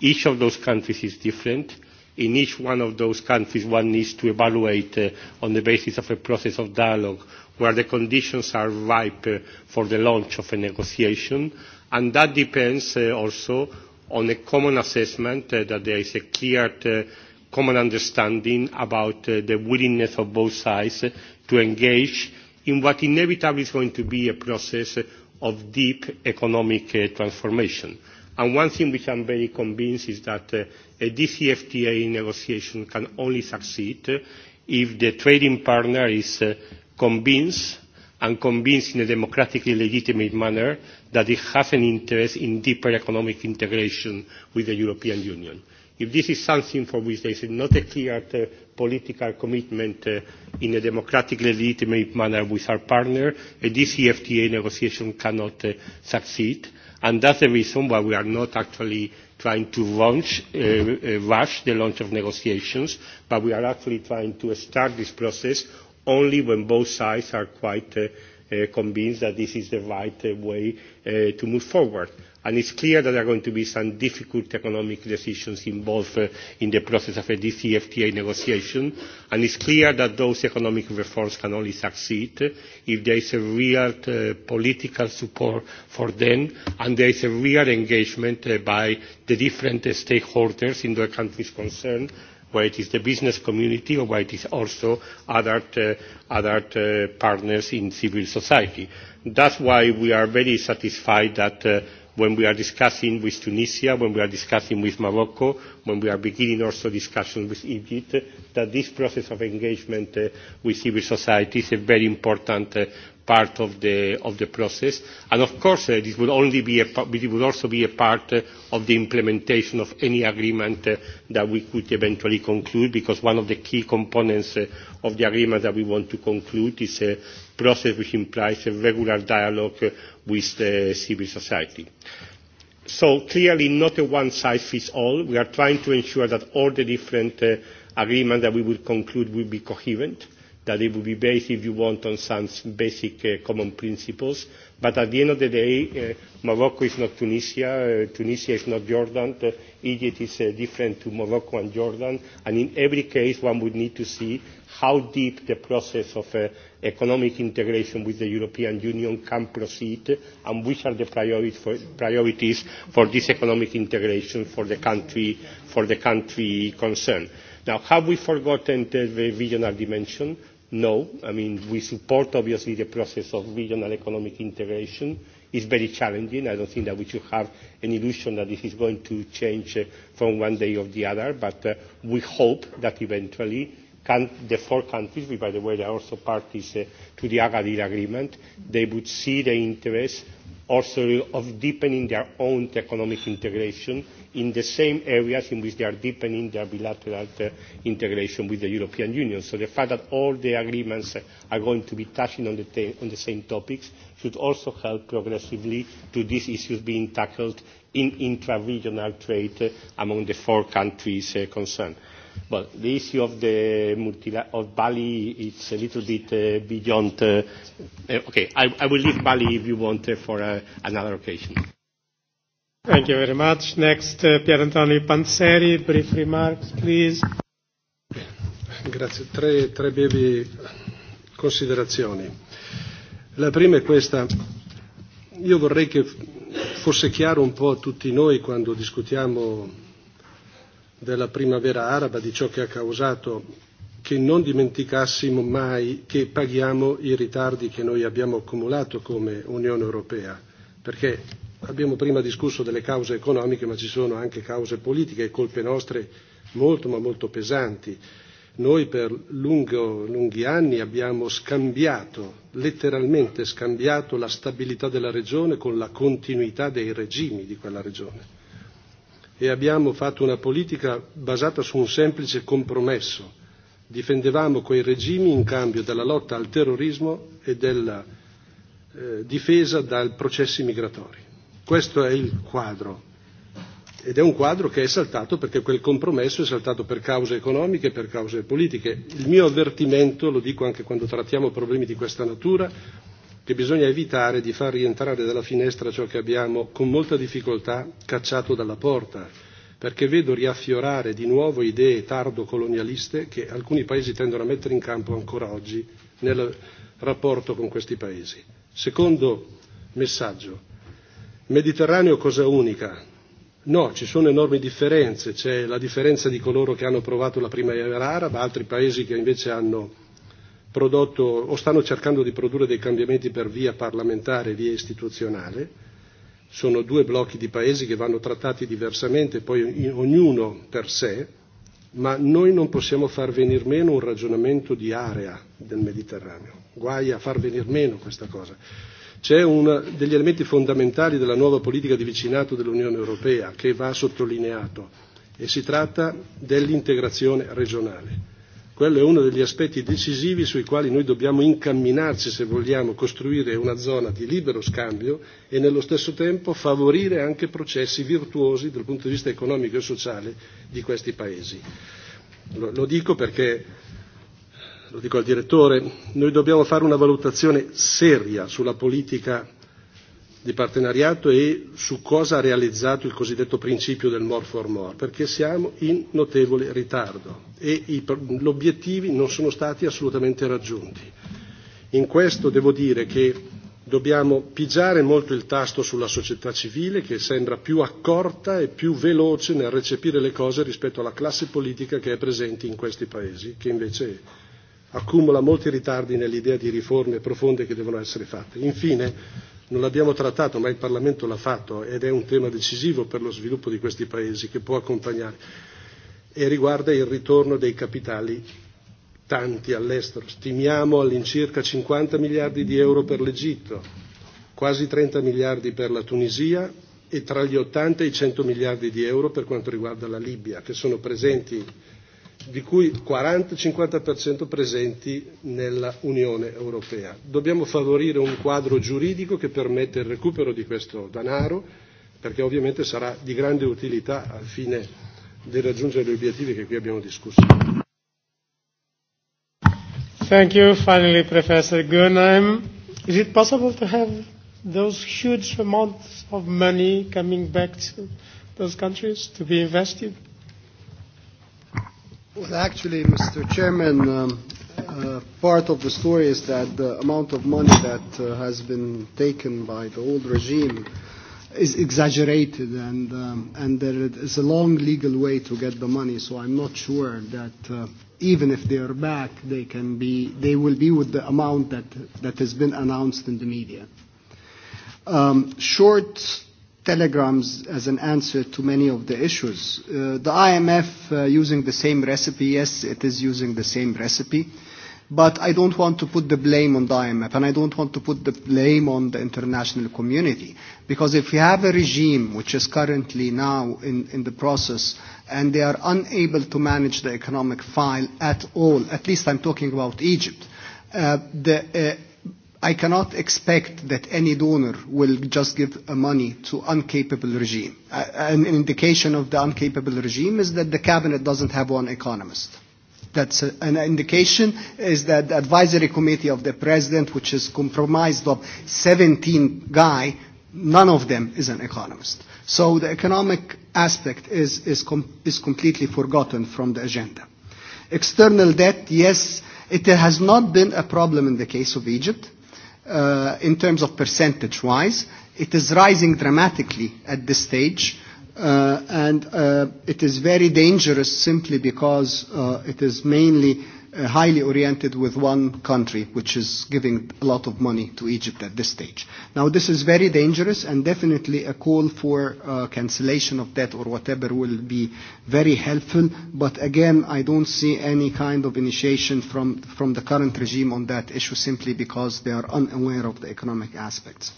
Each of those countries is different. In each one of those countries, one needs to evaluate uh, on the basis of a process of dialogue where the conditions are ripe uh, for the launch of a negotiation. And that depends uh, also on a common assessment uh, that there is a clear uh, common understanding about uh, the willingness of both sides uh, to engage in what inevitably is going to be a process of deep economic uh, transformation. And one thing which I'm very convinced is that uh, a DCFTA negotiation can only succeed uh, if the trading partner is uh, convinced and convince in a democratically legitimate manner that it has an interest in deeper economic integration with the European Union. If this is something for which there is not a clear uh, political commitment uh, in a democratically legitimate manner with our partner, a DCFTA negotiation cannot uh, succeed. And that's the reason why we are not actually trying to launch, uh, uh, rush the launch of negotiations, but we are actually trying to start this process only when both sides are quite uh, uh, convinced that this is the right uh, way uh, to move forward. And it's clear that there are going to be some difficult economic decisions involved uh, in the process of a DCFTA negotiation. And it's clear that those economic reforms can only succeed if there is a real uh, political support for them and there is a real engagement uh, by the different uh, stakeholders in the countries concerned whether it is the business community or whether it is also other, uh, other uh, partners in civil society. That's why we are very satisfied that uh, when we are discussing with Tunisia, when we are discussing with Morocco, when we are beginning also discussions with Egypt, that this process of engagement uh, with civil society is a very important uh, part of the, of the process. And of course, uh, this would, only be a, it would also be a part uh, of the implementation of any agreement uh, that we could eventually conclude, because one of the key components uh, of the agreement that we want to conclude is a process which implies a regular dialogue uh, with the civil society. So clearly not a one-size-fits-all. We are trying to ensure that all the different uh, agreements that we will conclude will be coherent. Uh, that it will be based, if you want, on some basic uh, common principles. But at the end of the day, uh, Morocco is not Tunisia, uh, Tunisia is not Jordan, uh, Egypt is uh, different to Morocco and Jordan, and in every case one would need to see how deep the process of uh, economic integration with the European Union can proceed and which are the priorities for, priorities for this economic integration for the country, for the country concerned. Now, have we forgotten the regional dimension? No. I mean, we support, obviously, the process of regional economic integration. It's very challenging. I don't think that we should have an illusion that this is going to change uh, from one day or the other, but uh, we hope that eventually can, the four countries, which by the way are also parties uh, to the Agadir Agreement, they would see the interest also of deepening their own economic integration in the same areas in which they are deepening their bilateral uh, integration with the European Union. So the fact that all the agreements are going to be touching on the, on the same topics should also help progressively to these issues being tackled in intra-regional trade uh, among the four countries uh, concerned. Well, the issue of the multila- of Bali is a little bit uh, beyond. Uh, uh, okay, I, I will leave Bali if you want uh, for uh, another occasion. Thank you very much. Next, uh, Pierantoni Panseri, brief remarks, please. Grazie. Tre, tre brevi considerazioni. La prima è questa. Io vorrei che fosse chiaro un po' a tutti noi quando discutiamo della primavera araba, di ciò che ha causato, che non dimenticassimo mai che paghiamo i ritardi che noi abbiamo accumulato come Unione Europea, perché abbiamo prima discusso delle cause economiche, ma ci sono anche cause politiche e colpe nostre molto ma molto pesanti. Noi per lungo, lunghi anni abbiamo scambiato, letteralmente scambiato la stabilità della regione con la continuità dei regimi di quella regione e abbiamo fatto una politica basata su un semplice compromesso. Difendevamo quei regimi in cambio della lotta al terrorismo e della eh, difesa dai processi migratori. Questo è il quadro ed è un quadro che è saltato perché quel compromesso è saltato per cause economiche e per cause politiche. Il mio avvertimento, lo dico anche quando trattiamo problemi di questa natura, che bisogna evitare di far rientrare dalla finestra ciò che abbiamo con molta difficoltà cacciato dalla porta, perché vedo riaffiorare di nuovo idee tardo-colonialiste che alcuni paesi tendono a mettere in campo ancora oggi nel rapporto con questi paesi. Secondo messaggio, Mediterraneo cosa unica? No, ci sono enormi differenze, c'è la differenza di coloro che hanno provato la prima era araba, altri paesi che invece hanno prodotto o stanno cercando di produrre dei cambiamenti per via parlamentare e via istituzionale. Sono due blocchi di paesi che vanno trattati diversamente, poi ognuno per sé, ma noi non possiamo far venir meno un ragionamento di area del Mediterraneo. Guai a far venir meno questa cosa. C'è uno degli elementi fondamentali della nuova politica di vicinato dell'Unione Europea che va sottolineato e si tratta dell'integrazione regionale Quello è uno degli aspetti decisivi sui quali noi dobbiamo incamminarci se vogliamo costruire una zona di libero scambio e nello stesso tempo favorire anche processi virtuosi dal punto di vista economico e sociale di questi paesi. Lo, lo dico perché, lo dico al direttore, noi dobbiamo fare una valutazione seria sulla politica di partenariato e su cosa ha realizzato il cosiddetto principio del more for more, perché siamo in notevole ritardo e i, gli obiettivi non sono stati assolutamente raggiunti. In questo devo dire che dobbiamo pigiare molto il tasto sulla società civile che sembra più accorta e più veloce nel recepire le cose rispetto alla classe politica che è presente in questi paesi, che invece accumula molti ritardi nell'idea di riforme profonde che devono essere fatte. Infine, non l'abbiamo trattato, ma il Parlamento l'ha fatto ed è un tema decisivo per lo sviluppo di questi paesi che può accompagnare e riguarda il ritorno dei capitali tanti all'estero. Stimiamo all'incirca 50 miliardi di euro per l'Egitto, quasi 30 miliardi per la Tunisia e tra gli 80 e i 100 miliardi di euro per quanto riguarda la Libia, che sono presenti di cui 40-50% presenti nella Unione Europea. Dobbiamo favorire un quadro giuridico che permette il recupero di questo denaro, perché ovviamente sarà di grande utilità al fine di raggiungere gli obiettivi che qui abbiamo discusso. Thank you. Finally, Professor is it possible to have those huge amounts of money coming back to those countries to be invested? Well, actually, Mr. Chairman, um, uh, part of the story is that the amount of money that uh, has been taken by the old regime is exaggerated, and um, and there is a long legal way to get the money. So I'm not sure that uh, even if they are back, they can be they will be with the amount that that has been announced in the media. Um, short telegrams as an answer to many of the issues. Uh, the IMF uh, using the same recipe, yes, it is using the same recipe, but I don't want to put the blame on the IMF and I don't want to put the blame on the international community because if we have a regime which is currently now in, in the process and they are unable to manage the economic file at all, at least I'm talking about Egypt, uh, the uh, i cannot expect that any donor will just give money to incapable regime. an indication of the incapable regime is that the cabinet doesn't have one economist. That's an indication is that the advisory committee of the president, which is compromised of 17 guy, none of them is an economist. So the economic aspect is, is, com- is completely forgotten from the agenda. External debt, yes, it has not been a problem in the case of Egypt uh, in terms of percentage-wise. It is rising dramatically at this stage, uh, and uh, it is very dangerous simply because uh, it is mainly uh, highly oriented with one country, which is giving a lot of money to Egypt at this stage. Now, this is very dangerous, and definitely a call for uh, cancellation of debt or whatever will be very helpful. But again, I don't see any kind of initiation from, from the current regime on that issue simply because they are unaware of the economic aspects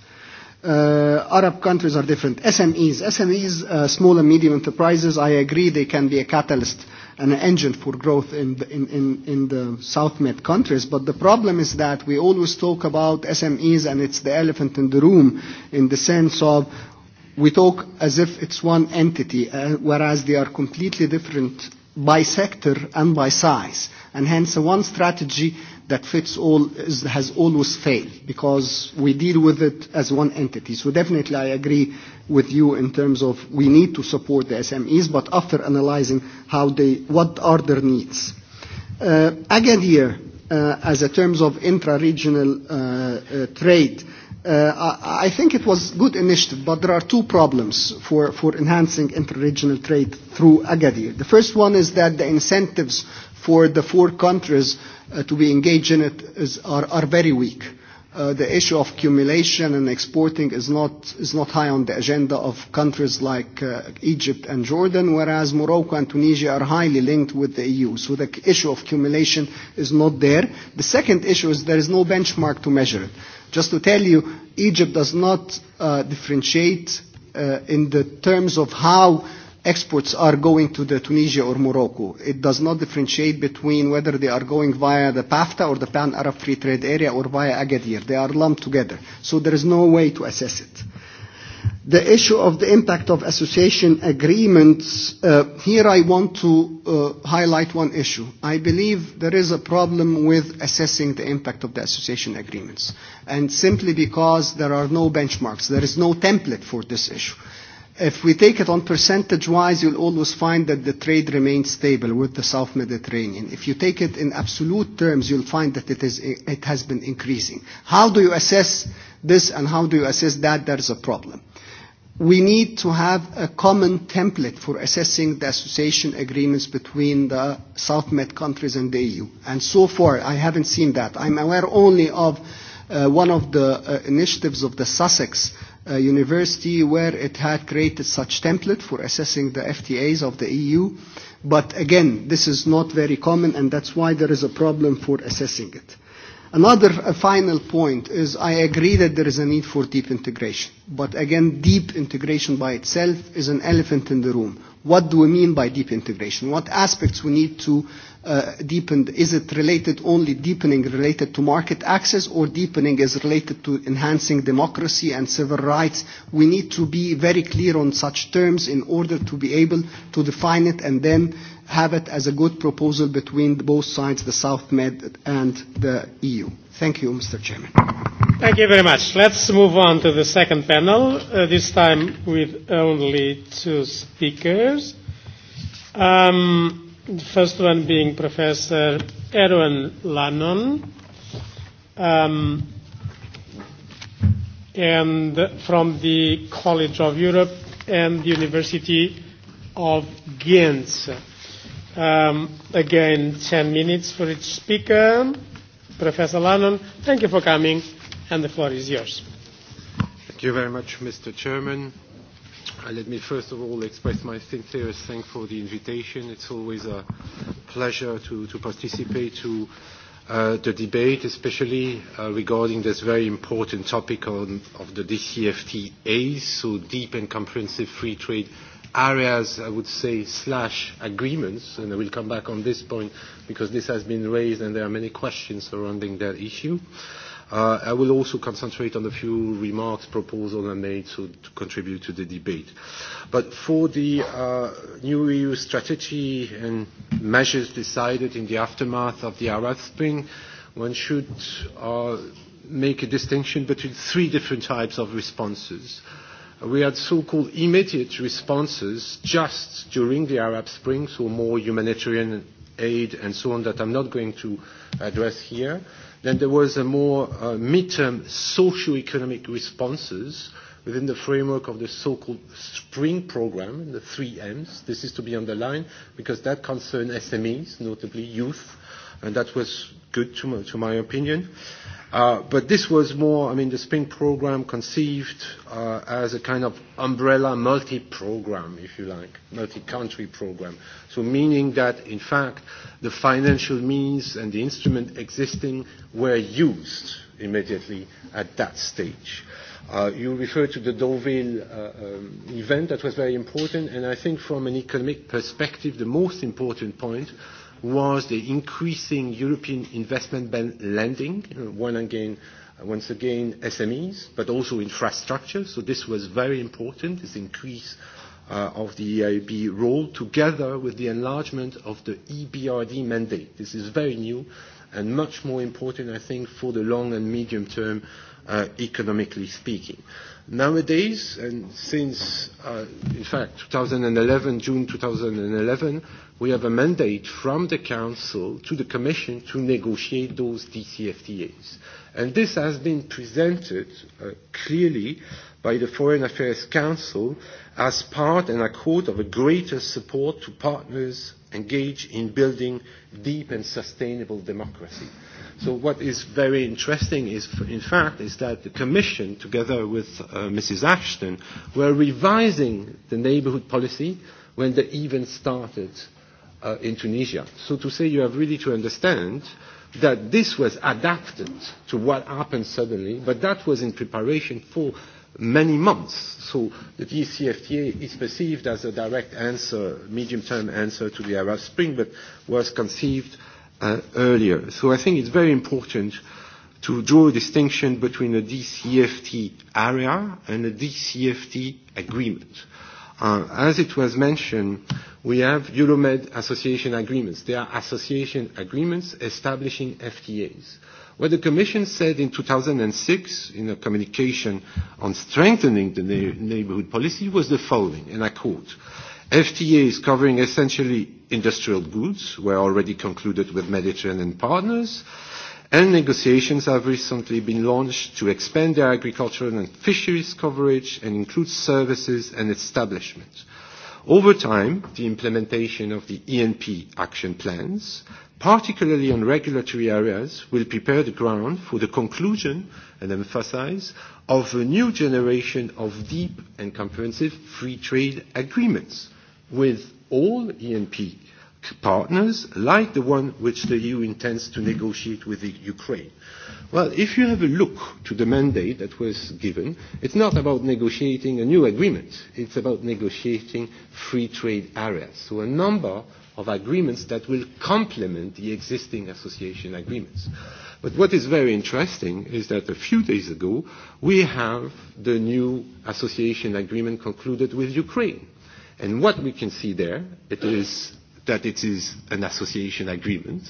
uh, Arab countries are different. SMEs, SMEs, uh, small and medium enterprises, I agree they can be a catalyst an engine for growth in the, in, in, in the South Med countries. But the problem is that we always talk about SMEs and it's the elephant in the room in the sense of we talk as if it's one entity, uh, whereas they are completely different by sector and by size. And hence, one strategy that fits all is, has always failed because we deal with it as one entity. So definitely I agree with you in terms of we need to support the SMEs, but after analyzing how they, what are their needs. Uh, Agadir, uh, as a terms of intra-regional uh, uh, trade, uh, I, I think it was good initiative, but there are two problems for, for enhancing intra-regional trade through Agadir. The first one is that the incentives for the four countries uh, to be engaged in it is, are, are very weak. Uh, the issue of accumulation and exporting is not, is not high on the agenda of countries like uh, Egypt and Jordan, whereas Morocco and Tunisia are highly linked with the EU. So the issue of accumulation is not there. The second issue is there is no benchmark to measure it. Just to tell you, Egypt does not uh, differentiate uh, in the terms of how exports are going to the Tunisia or Morocco. It does not differentiate between whether they are going via the PAFTA or the Pan-Arab Free Trade Area or via Agadir. They are lumped together. So there is no way to assess it. The issue of the impact of association agreements, uh, here I want to uh, highlight one issue. I believe there is a problem with assessing the impact of the association agreements, and simply because there are no benchmarks, there is no template for this issue. Uh, If we take it on percentage-wise, you'll always find that the trade remains stable with the South Mediterranean. If you take it in absolute terms, you'll find that it, is, it has been increasing. How do you assess this and how do you assess that? There's a problem. We need to have a common template for assessing the association agreements between the South Med countries and the EU. And so far, I haven't seen that. I'm aware only of uh, one of the uh, initiatives of the Sussex uh, university where it had created such template for assessing the FTAs of the EU. But again, this is not very common and that's why there is a problem for assessing it. Another a final point is I agree that there is a need for deep integration. But again, deep integration by itself is an elephant in the room. What do we mean by deep integration? What aspects we need to uh, deepened, is it related only deepening related to market access or deepening is related to enhancing democracy and civil rights? We need to be very clear on such terms in order to be able to define it and then have it as a good proposal between both sides, the South Med and the EU. Thank you, Mr. Chairman. Thank you very much. Let's move on to the second panel, uh, this time with only two speakers. Um, The first one being Professor Erwin Lannon. Um, and from the College of Europe and the University of Ghent. Um, again, 10 minutes for each speaker. Professor Lannon, thank you for coming, and the floor is yours. Thank you very much, Mr. Chairman. Uh, let me first of all express my sincerest thanks for the invitation. It's always a pleasure to, to participate to uh, the debate, especially uh, regarding this very important topic on, of the DCFTAs, so deep and comprehensive free trade areas, I would say, slash agreements, and I will come back on this point because this has been raised and there are many questions surrounding that issue. Uh, Uh, I will also concentrate on a few remarks, proposals I made to, to contribute to the debate. But for the uh, new EU strategy and measures decided in the aftermath of the Arab Spring, one should uh, make a distinction between three different types of responses. We had so-called immediate responses just during the Arab Spring, so more humanitarian aid and so on that I'm not going to address here. Then there was a more uh, mid-term socio-economic responses within the framework of the so-called SPRING program, the three M's. This is to be underlined because that concerned SMEs, notably youth, and that was good to my, to my opinion. Uh, but this was more, I mean, the SPIN program conceived uh, as a kind of umbrella multi-program, if you like, multi-country program. So meaning that, in fact, the financial means and the instrument existing were used immediately at that stage. Uh, you referred to the Deauville uh, um, event that was very important, and I think from an economic perspective, the most important point was the increasing European investment ban lending, one again, uh, once again SMEs, but also infrastructure. So this was very important, this increase uh, of the EIB role, together with the enlargement of the EBRD mandate. This is very new and much more important, I think, for the long and medium term, uh, economically speaking. Uh, Nowadays, and since, uh, in fact, 2011, June 2011, we have a mandate from the Council to the Commission to negotiate those DCFTAs. And this has been presented uh, clearly by the Foreign Affairs Council as part, and I quote, of a greater support to partners engaged in building deep and sustainable democracy. So what is very interesting is, in fact, is that the Commission, together with uh, Mrs. Ashton, were revising the neighborhood policy when they even started uh, in Tunisia. So to say you have really to understand that this was adapted to what happened suddenly, but that was in preparation for many months. So the DCFTA is perceived as a direct answer, medium-term answer to the Arab Spring, but was conceived – uh, earlier. So I think it's very important to draw a distinction between a DCFT area and a DCFT agreement. Uh, as it was mentioned, we have Euromed association agreements. They are association agreements establishing FTAs. What the Commission said in 2006 in a communication on strengthening the neighborhood policy was the following, and I quote, FTAs covering essentially industrial goods were already concluded with Mediterranean partners, and negotiations have recently been launched to expand their agricultural and fisheries coverage and include services and establishments. Over time, the implementation of the ENP action plans, particularly on regulatory areas, will prepare the ground for the conclusion and emphasize of a new generation of deep and comprehensive free trade agreements with all ENP partners like the one which the EU intends to negotiate with the Ukraine. Well, if you have a look to the mandate that was given, it's not about negotiating a new agreement. It's about negotiating free trade areas. So a number of agreements that will complement the existing association agreements. But what is very interesting is that a few days ago, we have the new association agreement concluded with Ukraine. And what we can see there, it is that it is an association agreement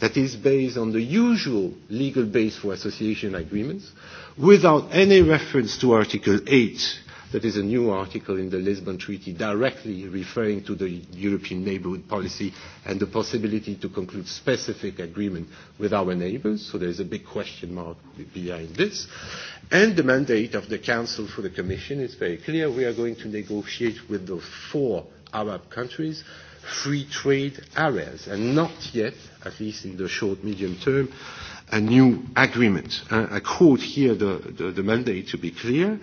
that is based on the usual legal base for association agreements without any reference to Article 8, that is a new article in the Lisbon Treaty directly referring to the European neighbourhood policy and the possibility to conclude specific agreement with our neighbours. So there is a big question mark behind this. And the mandate of the Council for the Commission is very clear. We are going to negotiate with the four Arab countries free trade areas and not yet, at least in the short, medium term, a new agreement. Uh, I quote here the, the, the mandate to be clear.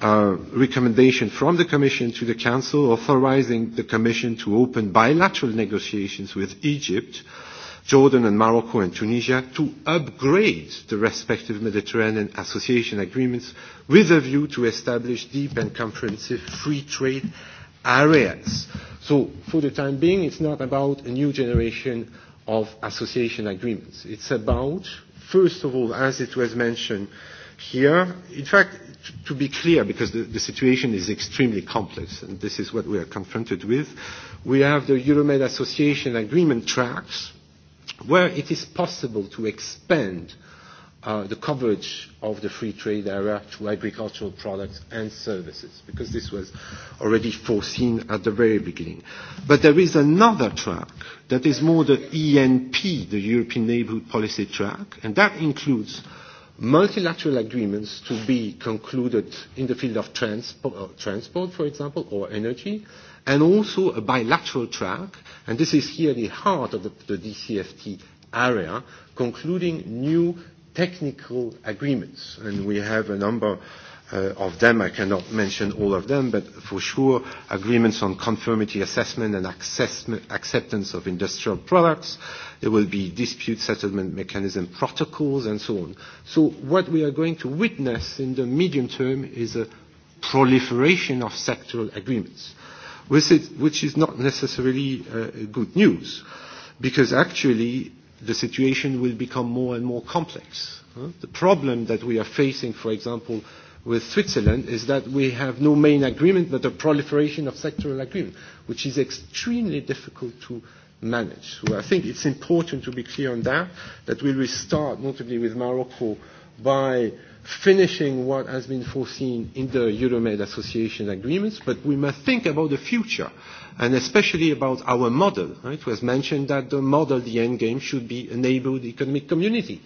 Uh, recommendation from the Commission to the Council authorizing the Commission to open bilateral negotiations with Egypt, Jordan and Morocco and Tunisia to upgrade the respective Mediterranean association agreements with a view to establish deep and comprehensive free trade areas. So for the time being, it's not about a new generation of association agreements. It's about, first of all, as it was mentioned here, in fact, to be clear, because the, the situation is extremely complex, and this is what we are confronted with, we have the Euromed Association Agreement tracks, where it is possible to expand uh, Uh, the coverage of the free trade area to agricultural products and services, because this was already foreseen at the very beginning. But there is another track that is more the ENP, the European Neighbourhood Policy track, and that includes multilateral agreements to be concluded in the field of transpo- uh, transport, for example, or energy, and also a bilateral track, and this is here the heart of the, the DCFT area, concluding new technical agreements, and we have a number uh, of them. I cannot mention all of them, but for sure, agreements on conformity assessment and access, acceptance of industrial products. There will be dispute settlement mechanism protocols and so on. So what we are going to witness in the medium term is a proliferation of sectoral agreements, which is, which is not necessarily uh, good news, because actually the situation will become more and more complex. Huh? The problem that we are facing, for example, with Switzerland is that we have no main agreement but a proliferation of sectoral agreement, which is extremely difficult to manage. So I think it's important to be clear on that, that we will start, notably with Morocco, by finishing what has been foreseen in the Euromed Association agreements, but we must think about the future and especially about our model. It was mentioned that the model, the end game, should be a economic community.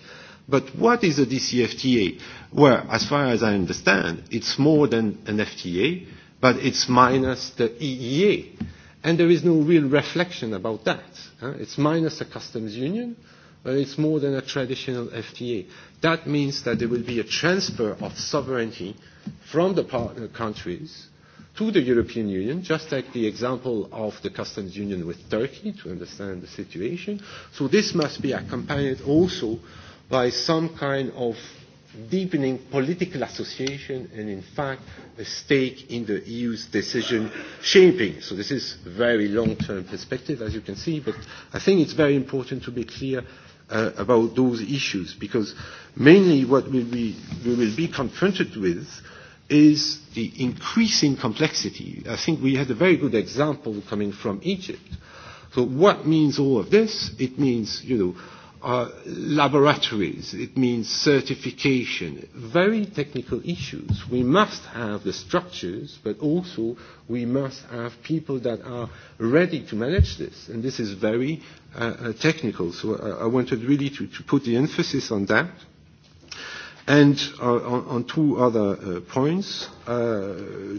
But what is a DCFTA? Well, as far as I understand, it's more than an FTA, but it's minus the EEA. And there is no real reflection about that. It's minus a customs union, but it's more than a traditional FTA. That means that there will be a transfer of sovereignty from the partner countries – to the European Union, just like the example of the customs union with Turkey to understand the situation. So this must be accompanied also by some kind of deepening political association and in fact a stake in the EU's decision shaping. So this is very long-term perspective as you can see, but I think it's very important to be clear uh, about those issues because mainly what we, we, we will be confronted with is the increasing complexity. I think we had a very good example coming from Egypt. So what means all of this? It means, you know, uh, laboratories, it means certification, very technical issues. We must have the structures, but also we must have people that are ready to manage this. And this is very uh, uh, technical. So I, uh, I wanted really to, to put the emphasis on that. And uh, on, on two other uh, points, uh,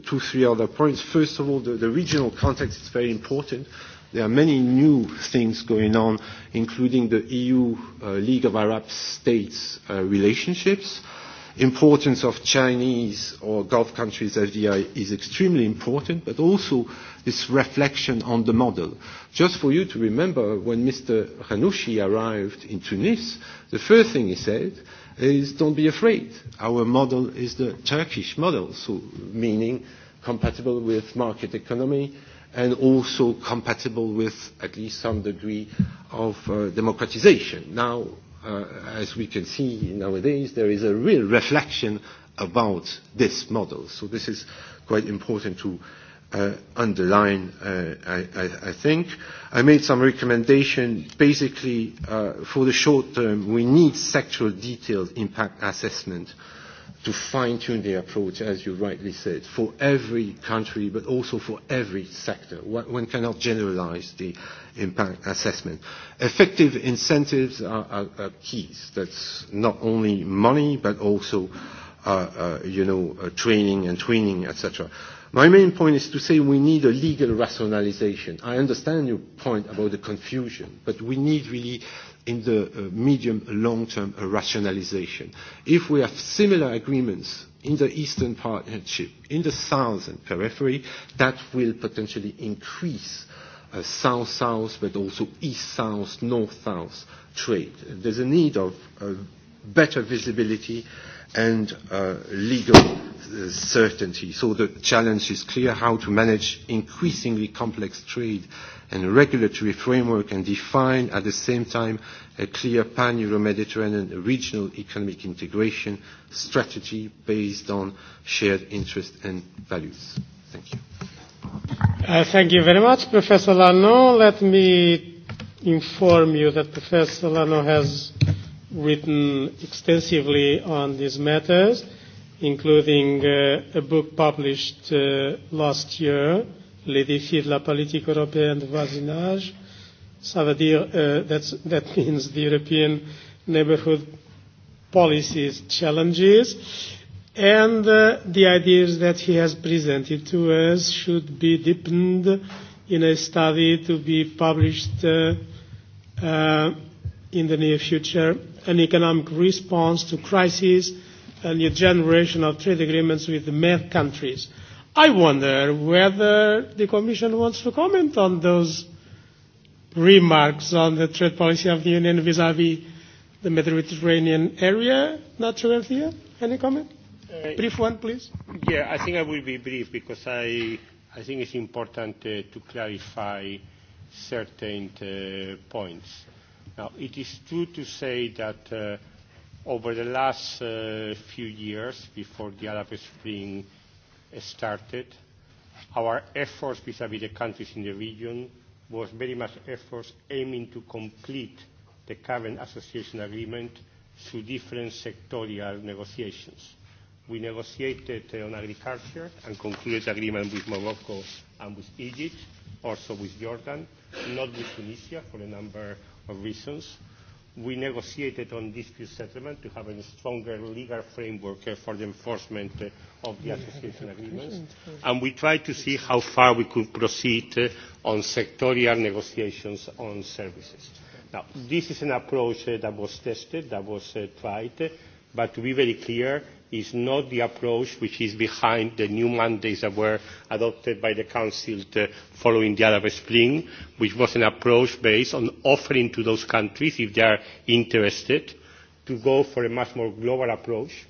two, three other points. First of all, the, the regional context is very important. There are many new things going on, including the EU uh, League of Arab States uh, relationships importance of Chinese or Gulf countries FDI is extremely important, but also this reflection on the model. Just for you to remember, when Mr. Hanouchi arrived in Tunis, the first thing he said is, don't be afraid. Our model is the Turkish model, so meaning compatible with market economy and also compatible with at least some degree of uh, democratization. Now, uh, as we can see nowadays, there is a real reflection about this model. So this is quite important to uh, underline, uh, I, I, I think. I made some recommendation. Basically, uh, for the short term, we need sectoral detailed impact assessment uh, to fine-tune the approach, as you rightly said, for every country, but also for every sector. One cannot generalize the impact assessment. Effective incentives are, are, are keys. That's not only money, but also, uh, uh, you know, uh, training and training, etc. My main point is to say we need a legal rationalization. I understand your point about the confusion, but we need really in the uh, medium long-term uh, rationalization. If we have similar agreements in the Eastern Partnership, in the South and periphery, that will potentially increase uh, South-South, but also East-South, North-South trade. There's a need of uh, better visibility and uh, legal uh, certainty. So the challenge is clear how to manage increasingly complex trade and regulatory framework and define at the same time a clear pan-Euro-Mediterranean regional economic integration strategy based on shared interests and values. Thank you. Uh, thank you very much, Professor Lano. Let me inform you that Professor Lano has written extensively on these matters, including uh, a book published uh, last year, Les défis de la politique européenne de voisinage. Ça veut dire, uh, that's, that means the European neighborhood policies challenges. And uh, the ideas that he has presented to us should be deepened in a study to be published uh, uh, in the near future an economic response to crises a the generation of trade agreements with the MED countries. I wonder whether the Commission wants to comment on those remarks on the trade policy of the Union vis-à-vis -vis the Mediterranean area. Not sure if any comment. Uh, brief one, please. Yeah, I think I will be brief because I, I think it's important uh, to clarify certain uh, points. Now, it is true to say that uh, over the last uh, few years, before the Arab Spring started, our efforts vis-à-vis -vis the countries in the region was very much efforts aiming to complete the current association agreement through different sectorial negotiations. We negotiated uh, on agriculture and concluded agreement with Morocco and with Egypt, also with Jordan, not with Tunisia for a number of of reasons. We negotiated on dispute settlement to have a stronger legal framework eh, for the enforcement eh, of the association agreements. And we tried to see how far we could proceed eh, on sectorial negotiations on services. Now, this is an approach that was tested, that was tried, but to be very clear, is not the approach which is behind the new mandates that were adopted by the Council uh, following the Arab Spring, which was an approach based on offering to those countries, if they are interested, to go for a much more global approach,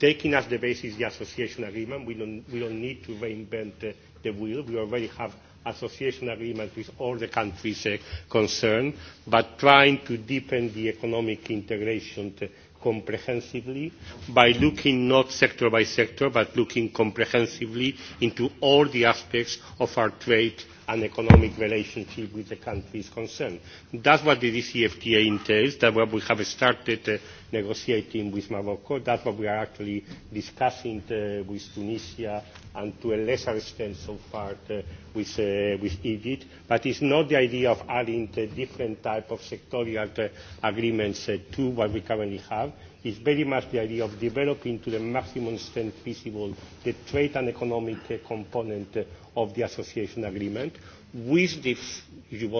taking as the basis the association agreement. We don't, we don't need to reinvent the, uh, the wheel. We already have association agreements with all the countries uh, concerned, but trying to deepen the economic integration uh, comprehensively by looking not sector by sector, but looking comprehensively into all the aspects of our trade an economic relationship with the countries concerned. That's what the DCFTA entails. That's what we have started uh, negotiating with Morocco. That's what we are actually discussing uh, with Tunisia and to a lesser extent so far uh, with, uh, with Egypt. But it's not the idea of adding uh, different type of sectorial uh, agreements uh, to what we currently have is very much the idea of developing to the maximum extent feasible the trade and economic uh, component uh, of the association agreement with the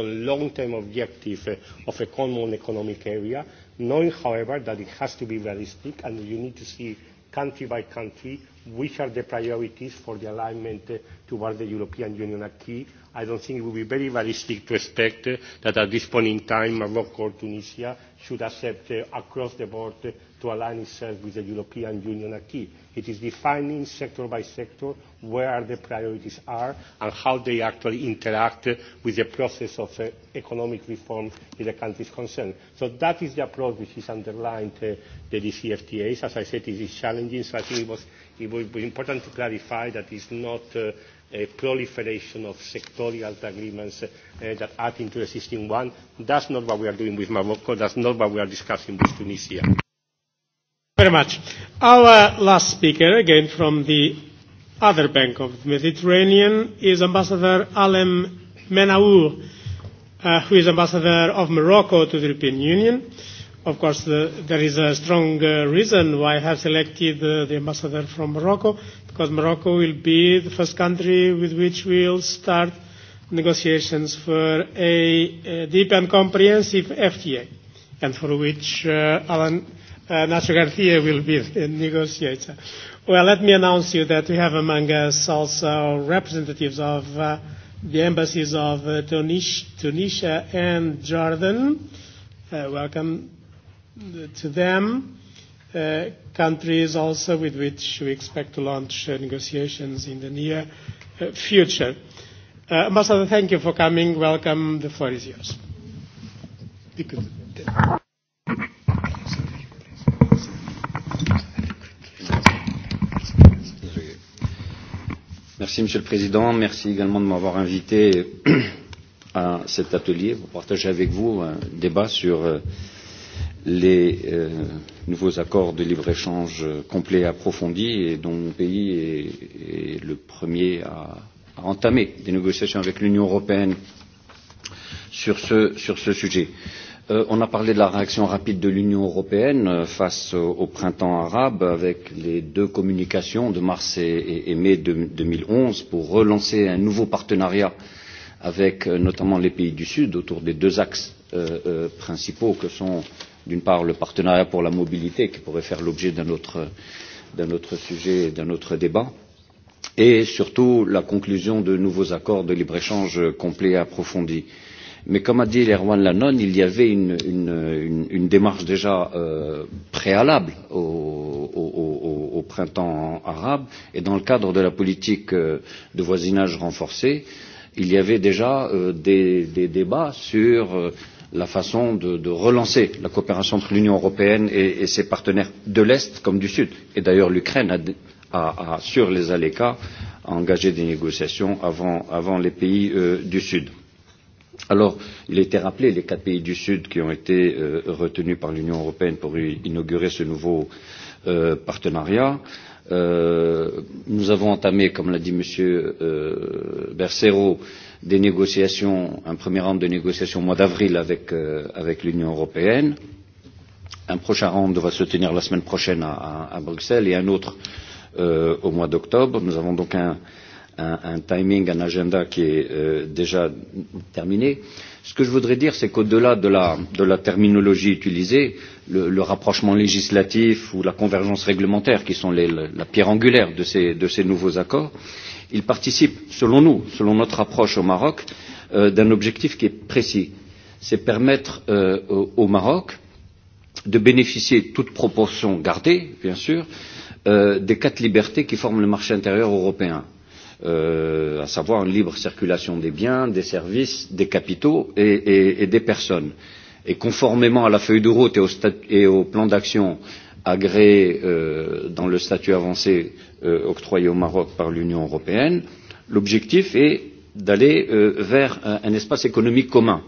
long-term objective uh, of a common economic area, knowing, however, that it has to be realistic and you need to see country by country which are the priorities for the alignment uh, towards the European Union acquis. I don't think it would be very realistic to expect uh, that at this point in time Morocco or Tunisia should accept uh, across the board uh, to align itself with the European Union acquis. It is defining sector by sector where the priorities are and how they actually interact uh, with the process of uh, economic reform in the countries concerned. So that is the approach which is underlined uh, the DCFTAs. As I said, it is challenging, so I think it was it would be important to clarify that it's not uh, a proliferation of sectorial agreements uh, that add into the existing one. That's not what we are doing with Morocco. That's not what we are discussing with Tunisia. Very much. Our last speaker, again from the other bank of the Mediterranean, is Ambassador Alem Menaou, uh, who is Ambassador of Morocco to the European Union. Of course, uh, there is a strong uh, reason why I have selected uh, the ambassador from Morocco, because Morocco will be the first country with which we will start negotiations for a, a deep and comprehensive FTA, and for which uh, Alan uh, Nacho Garcia will be the negotiator. Well, let me announce you that we have among us also representatives of uh, the embassies of uh, Tunis- Tunisia and Jordan. Uh, welcome to them. Uh, countries also with which we expect to launch uh, negotiations in the near uh, future. Uh, Ambassador, thank you for coming. Welcome. The floor is yours. Merci, Monsieur le Président. Merci également de m'avoir invité à cet atelier pour partager avec vous un débat sur euh, les euh, nouveaux accords de libre-échange complets et approfondis et dont mon pays est, est le premier à, à entamer des négociations avec l'Union européenne sur ce, sur ce sujet. Euh, on a parlé de la réaction rapide de l'Union européenne face au, au printemps arabe avec les deux communications de mars et, et, et mai de, 2011 pour relancer un nouveau partenariat avec euh, notamment les pays du Sud autour des deux axes euh, euh, principaux que sont euh, d'une part le partenariat pour la mobilité qui pourrait faire l'objet d'un autre, d'un autre sujet, d'un autre débat, et surtout la conclusion de nouveaux accords de libre-échange complets et approfondis. Mais comme a dit Erwan Lannon, il y avait une, une, une, une démarche déjà euh, préalable au, au, au, au printemps arabe et dans le cadre de la politique euh, de voisinage renforcée, il y avait déjà euh, des, des débats sur euh, la façon de, de relancer la coopération entre l'Union européenne et, et ses partenaires de l'Est comme du Sud. Et d'ailleurs, l'Ukraine a, a, a, sur les ALECA, engagé des négociations avant, avant les pays euh, du Sud. Alors, il a été rappelé les quatre pays du Sud qui ont été euh, retenus par l'Union européenne pour inaugurer ce nouveau euh, partenariat. Euh, nous avons entamé, comme l'a dit M. Euh, Bercero, euh, des négociations, un premier round de négociations au mois d'avril avec, euh, avec l'Union européenne. Un prochain round va se tenir la semaine prochaine à, à, à Bruxelles et un autre euh, au mois d'octobre. Nous avons donc un, un, un timing, un agenda qui est euh, déjà terminé. Ce que je voudrais dire, c'est qu'au-delà de la, de la terminologie utilisée, le, le rapprochement législatif ou la convergence réglementaire, qui sont les, la, la pierre angulaire de ces, de ces nouveaux accords, Il participe, selon nous, selon notre approche au Maroc, euh, d'un objectif qui est précis. C'est permettre euh, au Maroc de bénéficier, toute proportion gardée, bien sûr, euh, des quatre libertés qui forment le marché intérieur européen euh, à savoir une libre circulation des biens, des services, des capitaux et, et, et des personnes. Et conformément à la feuille de route et au, et au plan d'action agréé euh, dans le statut avancé euh, octroyée au Maroc par l'Union européenne. L'objectif est d'aller euh, vers un, un espace économique commun.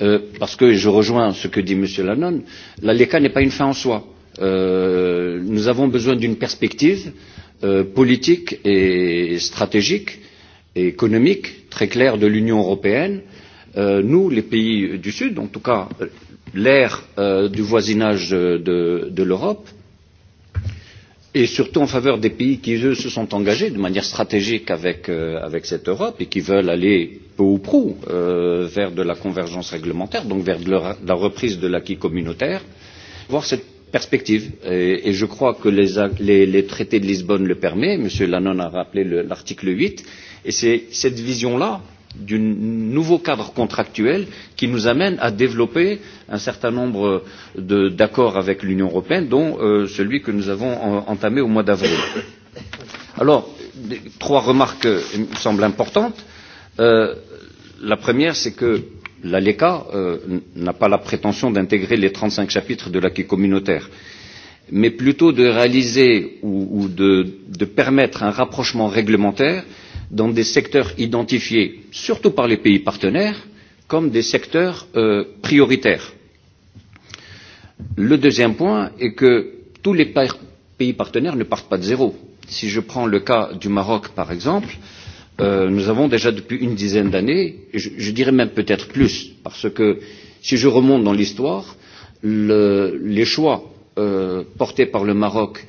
Euh, parce que je rejoins ce que dit M. Lannon, l'ALECA n'est pas une fin en soi. Euh, nous avons besoin d'une perspective euh, politique et stratégique et économique très claire de l'Union européenne. Euh, nous, les pays du Sud, en tout cas euh, l'ère euh, du voisinage de, de l'Europe, et surtout en faveur des pays qui, eux, se sont engagés de manière stratégique avec, euh, avec cette Europe et qui veulent aller peu ou prou euh, vers de la convergence réglementaire, donc vers de la, reprise de l'acquis communautaire, voir cette perspective. Et, et je crois que les, les, les traités de Lisbonne le permettent. M. Lannon a rappelé l'article 8. Et c'est cette vision-là du nouveau cadre contractuel qui nous amène à développer un certain nombre d'accords avec l'Union européenne, dont euh, celui que nous avons euh, entamé au mois d'avril. Alors, trois remarques euh, me semblent importantes. Euh, la première, c'est que l'ALECA euh, n'a pas la prétention d'intégrer les 35 chapitres de l'acquis communautaire, mais plutôt de réaliser ou, ou de, de permettre un rapprochement réglementaire dans des secteurs identifiés, surtout par les pays partenaires, comme des secteurs euh, prioritaires. Le deuxième point est que tous les pays partenaires ne partent pas de zéro. Si je prends le cas du Maroc, par exemple, euh, nous avons déjà depuis une dizaine d'années, je, je dirais même peut-être plus, parce que si je remonte dans l'histoire, le, les choix euh, portés par le Maroc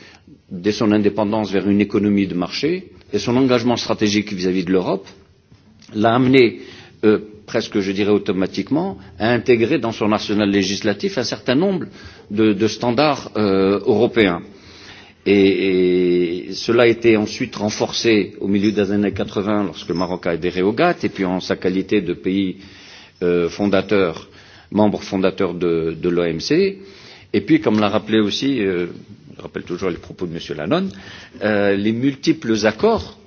dès son indépendance vers une économie de marché et son engagement stratégique vis-à-vis de l'Europe l'a amené euh, presque, je dirais, automatiquement à intégrer dans son arsenal législatif un certain nombre de, de standards euh, européens. Et, et cela a été ensuite renforcé au milieu des années 80 lorsque le Maroc a adhéré au GATT et puis en sa qualité de pays euh, fondateur, membre fondateur de, de l'OMC. Et puis, comme l'a rappelé aussi euh, je rappelle toujours les propos de M. Lannon, euh, les multiples accords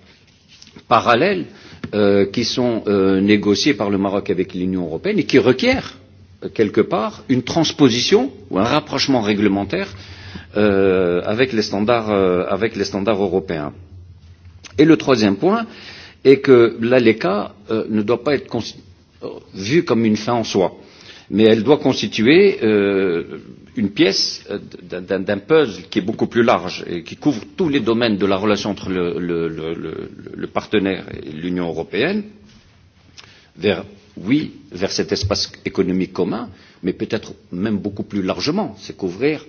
parallèles euh, qui sont euh, négociés par le Maroc avec l'Union européenne et qui requièrent euh, quelque part une transposition ou un rapprochement réglementaire euh, avec, les standards, euh, avec les standards européens. Et le troisième point est que l'ALECA euh, ne doit pas être euh, vu comme une fin en soi mais elle doit constituer euh, une pièce euh, d'un puzzle qui est beaucoup plus large et qui couvre tous les domaines de la relation entre le, le, le, le, le partenaire et l'Union européenne vers oui, vers cet espace économique commun, mais peut-être même beaucoup plus largement, c'est couvrir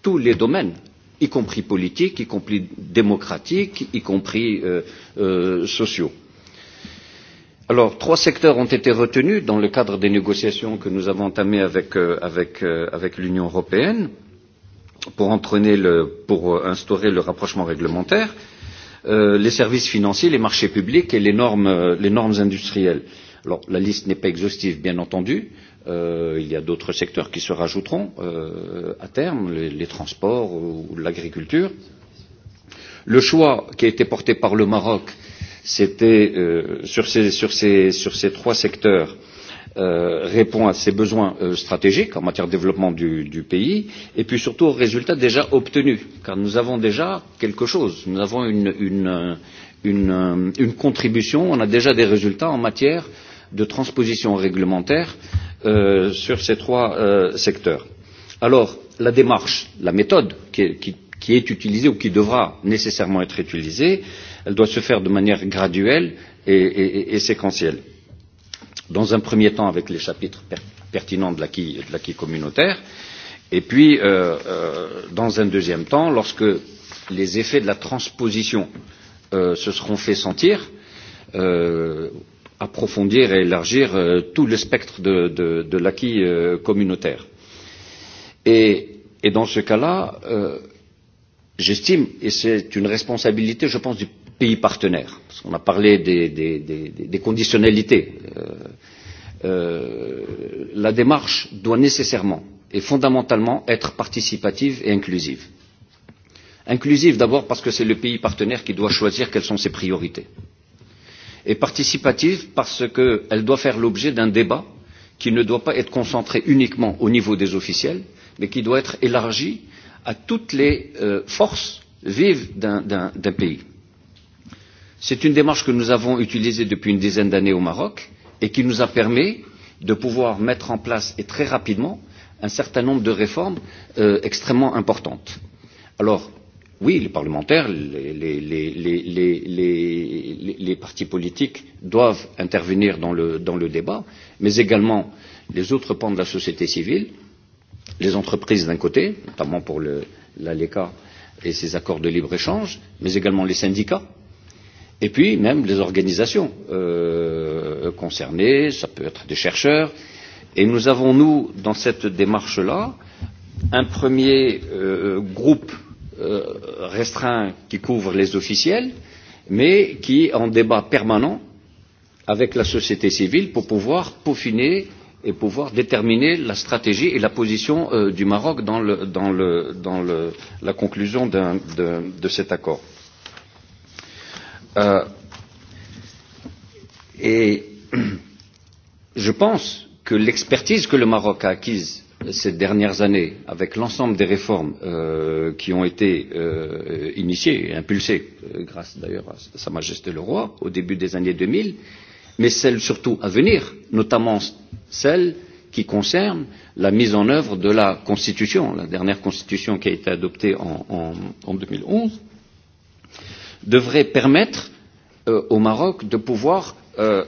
tous les domaines, y compris politiques, y compris démocratiques, y compris euh, euh, sociaux. Alors, trois secteurs ont été retenus dans le cadre des négociations que nous avons entamées avec, euh, avec, euh, avec l'Union européenne pour, entraîner le, pour euh, instaurer le rapprochement réglementaire, euh, les services financiers, les marchés publics et les normes, euh, les normes industrielles. Alors, la liste n'est pas exhaustive, bien entendu. Euh, il y a d'autres secteurs qui se rajouteront euh, à terme, les, les transports ou l'agriculture. Le choix qui a été porté par le Maroc euh, c'était euh, sur, ces, sur, ces, sur ces trois secteurs euh, répond à ses besoins euh, stratégiques en matière de développement du, du pays et puis surtout aux résultats déjà obtenus car nous avons déjà quelque chose nous avons une, une, une, euh, une contribution on a déjà des résultats en matière de transposition réglementaire euh, sur ces trois euh, secteurs. Alors, la démarche, la méthode qui est, qui, qui est utilisée ou qui devra nécessairement être utilisée, euh, elle doit se faire de manière graduelle et, et, et séquentielle. Dans un premier temps avec les chapitres per pertinents de l'acquis communautaire, et puis euh, euh, dans un deuxième temps, lorsque les effets de la transposition euh, se seront fait sentir, euh, approfondir et élargir euh, tout le spectre de, de, de l'acquis euh, communautaire. Et, et dans ce cas-là, euh, j'estime, et c'est une responsabilité, je pense, du pays partenaires. Parce qu'on a parlé des, des, des, des conditionnalités. Euh, euh, la démarche doit nécessairement et fondamentalement être participative et inclusive. Inclusive d'abord parce que c'est le pays partenaire qui doit choisir quelles sont ses priorités. Et participative parce qu'elle doit faire l'objet d'un débat qui ne doit pas être concentré uniquement au niveau des officiels, mais qui doit être élargi à toutes les euh, forces vives d'un pays. C'est une démarche que nous avons utilisée depuis une dizaine d'années au Maroc et qui nous a permis de pouvoir mettre en place et très rapidement un certain nombre de réformes euh, extrêmement importantes. Alors, oui, les parlementaires, les, les, les, les, les, les, les partis politiques doivent intervenir dans le, dans le débat, mais également les autres pans de la société civile, les entreprises d'un côté, notamment pour l'ALECA et ses accords de libre-échange, mais également les syndicats, et puis même les organisations euh, concernées, ça peut être des chercheurs. Et nous avons, nous, dans cette démarche-là, un premier euh, groupe euh, restreint qui couvre les officiels, mais qui est en débat permanent avec la société civile pour pouvoir peaufiner et pouvoir déterminer la stratégie et la position euh, du Maroc dans, le, dans, le, dans le, la conclusion d un, d un, de cet accord. Euh, et je pense que l'expertise que le Maroc a acquise ces dernières années avec l'ensemble des réformes euh, qui ont été euh, initiées et impulsées, euh, grâce d'ailleurs à Sa Majesté le Roi, au début des années 2000, mais celles surtout à venir, notamment celles qui concernent la mise en œuvre de la Constitution, la dernière Constitution qui a été adoptée en, en, en 2011, devrait permettre euh, au Maroc de pouvoir euh,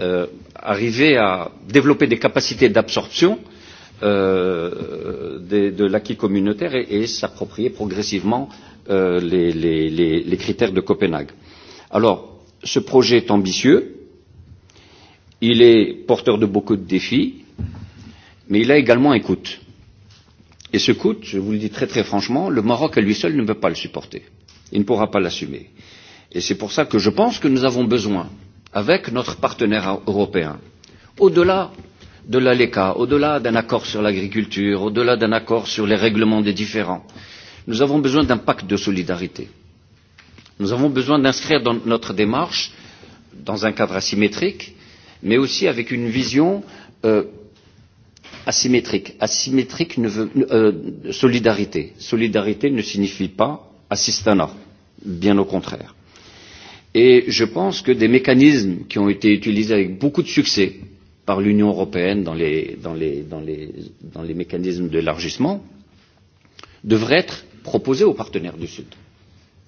euh, arriver à développer des capacités d'absorption euh, de, de l'acquis communautaire et, et s'approprier progressivement euh, les, les, les, les critères de Copenhague. Alors, ce projet est ambitieux, il est porteur de beaucoup de défis, mais il a également un coût. Et ce coût, je vous le dis très très franchement, le Maroc à lui seul ne peut pas le supporter. Il ne pourra pas l'assumer. Et c'est pour ça que je pense que nous avons besoin, avec notre partenaire européen, au-delà de la LECA, au-delà d'un accord sur l'agriculture, au-delà d'un accord sur les règlements des différends, nous avons besoin d'un pacte de solidarité. Nous avons besoin d'inscrire dans notre démarche, dans un cadre asymétrique, mais aussi avec une vision euh, asymétrique. Asymétrique ne veut euh, solidarité. Solidarité ne signifie pas assistanat, bien au contraire. Et je pense que des mécanismes qui ont été utilisés avec beaucoup de succès par l'Union européenne dans les, dans les, dans les, dans les mécanismes d'élargissement devraient être proposés aux partenaires du Sud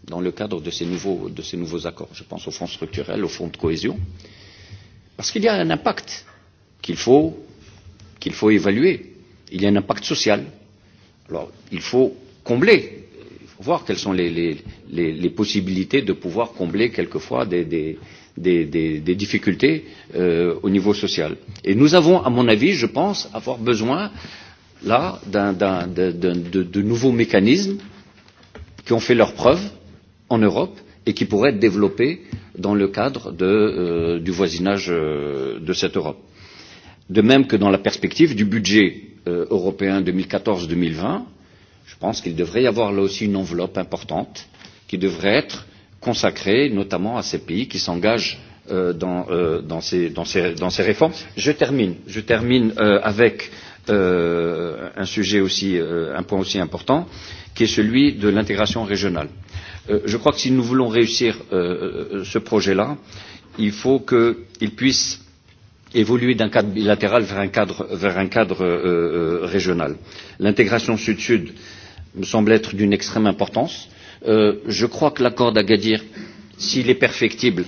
dans le cadre de ces nouveaux, de ces nouveaux accords. Je pense aux fonds structurels, aux fonds de cohésion, parce qu'il y a un impact qu'il faut, qu'il faut évaluer. Il y a un impact social. Alors, il faut combler voir quelles sont les, les, les, les possibilités de pouvoir combler quelquefois des, des, des, des, des difficultés euh, au niveau social. Et nous avons, à mon avis, je pense, avoir besoin là d'un, d'un, d'un, d'un, de, de nouveaux mécanismes qui ont fait leurs preuves en Europe et qui pourraient être développés dans le cadre de, euh, du voisinage euh, de cette Europe. De même que dans la perspective du budget euh, européen 2014-2020, je pense qu'il devrait y avoir là aussi une enveloppe importante qui devrait être consacrée notamment à ces pays qui s'engagent euh, dans, euh, dans, ces, dans, ces, dans ces réformes. Je termine, je termine euh, avec euh, un sujet aussi, euh, un point aussi important, qui est celui de l'intégration régionale. Euh, je crois que si nous voulons réussir euh, euh ce projet-là, il faut qu'il puisse évoluer d'un cadre bilatéral vers un cadre, vers un cadre euh, euh, régional. L'intégration sud-sud euh, me semble être d'une extrême importance. Euh, je crois que l'accord d'Agadir, s'il est perfectible,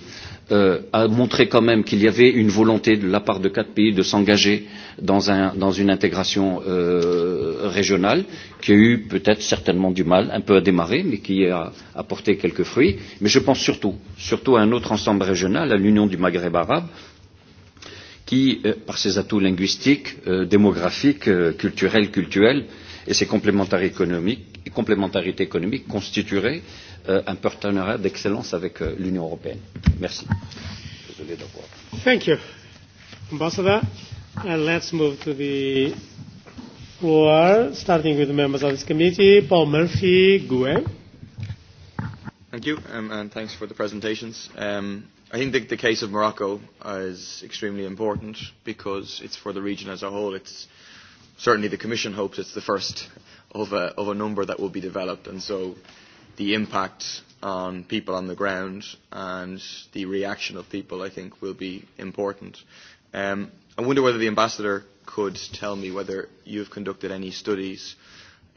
euh, a montré quand même qu'il y avait une volonté de la part de quatre pays de s'engager dans, un, dans une intégration euh, régionale qui a eu peut-être certainement du mal un peu à démarrer mais qui a apporté quelques fruits. Mais je pense surtout, surtout à un autre ensemble régional, à l'Union du Maghreb arabe, qui, euh, par ses atouts linguistiques, euh, démographiques, euh, culturels, culturels, et ces complémentarités économiques, constitueraient euh, un partenariat d'excellence avec euh, l'Union européenne. Merci. Uh, floor, starting with the members of this committee. Paul Murphy, e. Thank you, um, and thanks for the presentations. Um, I think the, the case of Morocco is extremely important because it's for the region as a whole. It's certainly the Commission hopes it's the first of a, of a number that will be developed. And so the impact on people on the ground and the reaction of people, I think, will be important. Um, I wonder whether the Ambassador could tell me whether you have conducted any studies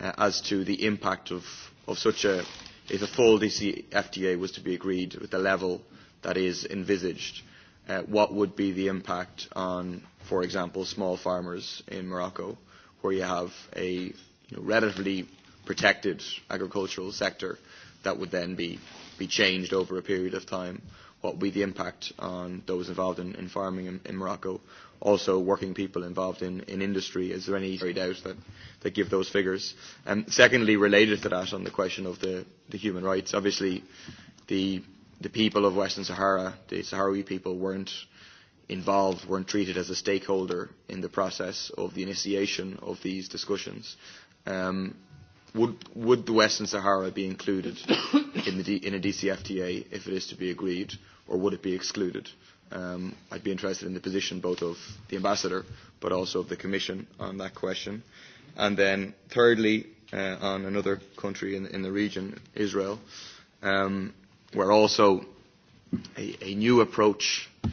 uh, as to the impact of, of such a, if a full DC FTA was to be agreed with the level that is envisaged, uh, what would be the impact on, for example, small farmers in Morocco? where you have a you know, relatively protected agricultural sector that would then be, be changed over a period of time. What would be the impact on those involved in, in farming in, in Morocco? Also, working people involved in, in industry. Is there any carried out that, that give those figures? Um, secondly, related to that, on the question of the, the human rights, obviously the, the people of Western Sahara, the Sahrawi people, weren't involved weren't treated as a stakeholder in the process of the initiation of these discussions. Um, would, would the Western Sahara be included in, the D, in a DCFTA if it is to be agreed, or would it be excluded? Um, I'd be interested in the position both of the ambassador, but also of the Commission on that question. And then, thirdly, uh, on another country in, in the region, Israel, um, where also a, a new approach uh,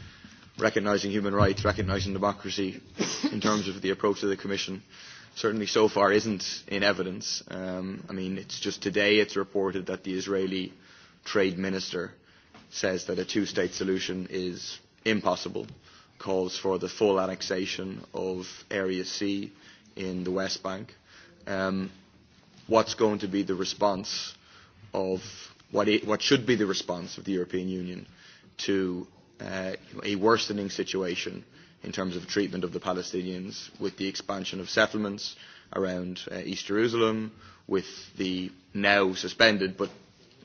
recognising human rights, recognising democracy in terms of the approach of the Commission certainly so far isn't in evidence. Um, I mean, it's just today it's reported that the Israeli trade minister says that a two-state solution is impossible, calls for the full annexation of Area C in the West Bank. Um, what's going to be the response of what, it, what should be the response of the European Union to uh, a worsening situation in terms of treatment of the Palestinians with the expansion of settlements around uh, East Jerusalem, with the now suspended but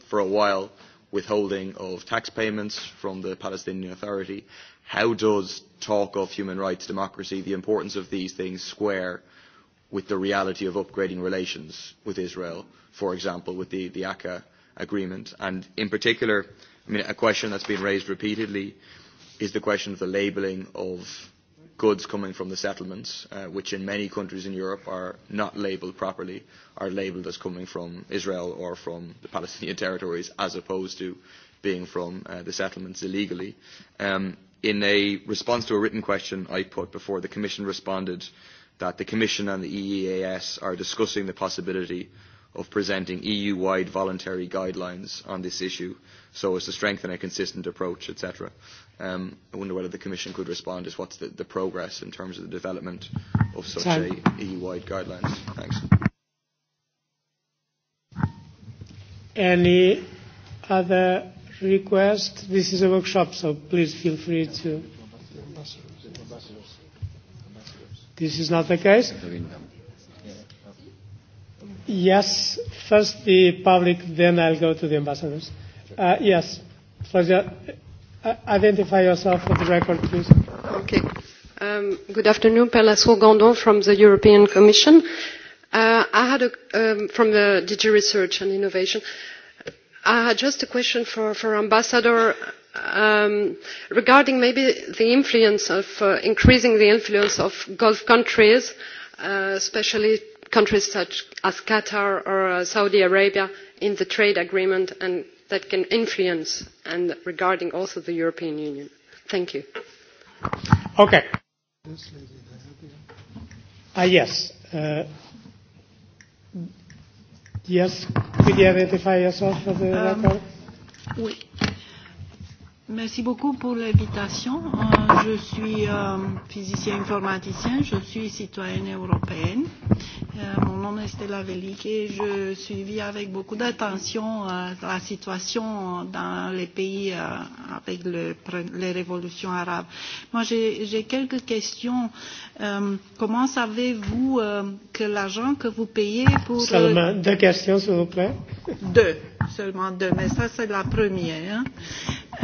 for a while withholding of tax payments from the Palestinian Authority. How does talk of human rights, democracy, the importance of these things square with the reality of upgrading relations with Israel, for example, with the, the ACCA agreement. And in particular, I mean, a question that's been raised repeatedly is the question of the labelling of goods coming from the settlements, uh, which in many countries in Europe are not labelled properly, are labelled as coming from Israel or from the Palestinian territories, as opposed to being from uh, the settlements illegally. Um, in a response to a written question I put before, the Commission responded that the Commission and the EEAS are discussing the possibility of presenting EU-wide voluntary guidelines on this issue so as to strengthen a consistent approach, etc. Um, I wonder whether the Commission could respond as what's the, the progress in terms of the development of such Sorry. a e EU-wide guidelines. Thanks. Any other request? This is a workshop, so please feel free to. This is not the case. Yes, first the public, then I'll go to the ambassadors. Uh, yes, first, uh, identify yourself for the record, please. Okay. Um, good afternoon, Perla Sourgandon from the European Commission. Uh, I had a, um, from the DG Research and Innovation. I had just a question for, for Ambassador um, regarding maybe the influence of uh, increasing the influence of Gulf countries, uh, especially countries such as qatar or uh, saudi arabia in the trade agreement and that can influence and regarding also the european union. thank you. okay. Ah, yes. Uh, yes. Could you identify yourself for the um, record? Oui. Merci beaucoup pour l'invitation. Euh, je suis euh, physicien informaticien, je suis citoyenne européenne. Euh, mon nom est Stella Velik et je suis avec beaucoup d'attention euh, la situation dans les pays euh, avec le, les révolutions arabes. Moi, j'ai quelques questions. Euh, comment savez-vous euh, que l'argent que vous payez pour... Euh, Seulement deux questions, s'il vous plaît. Deux seulement deux, mais ça c'est la première.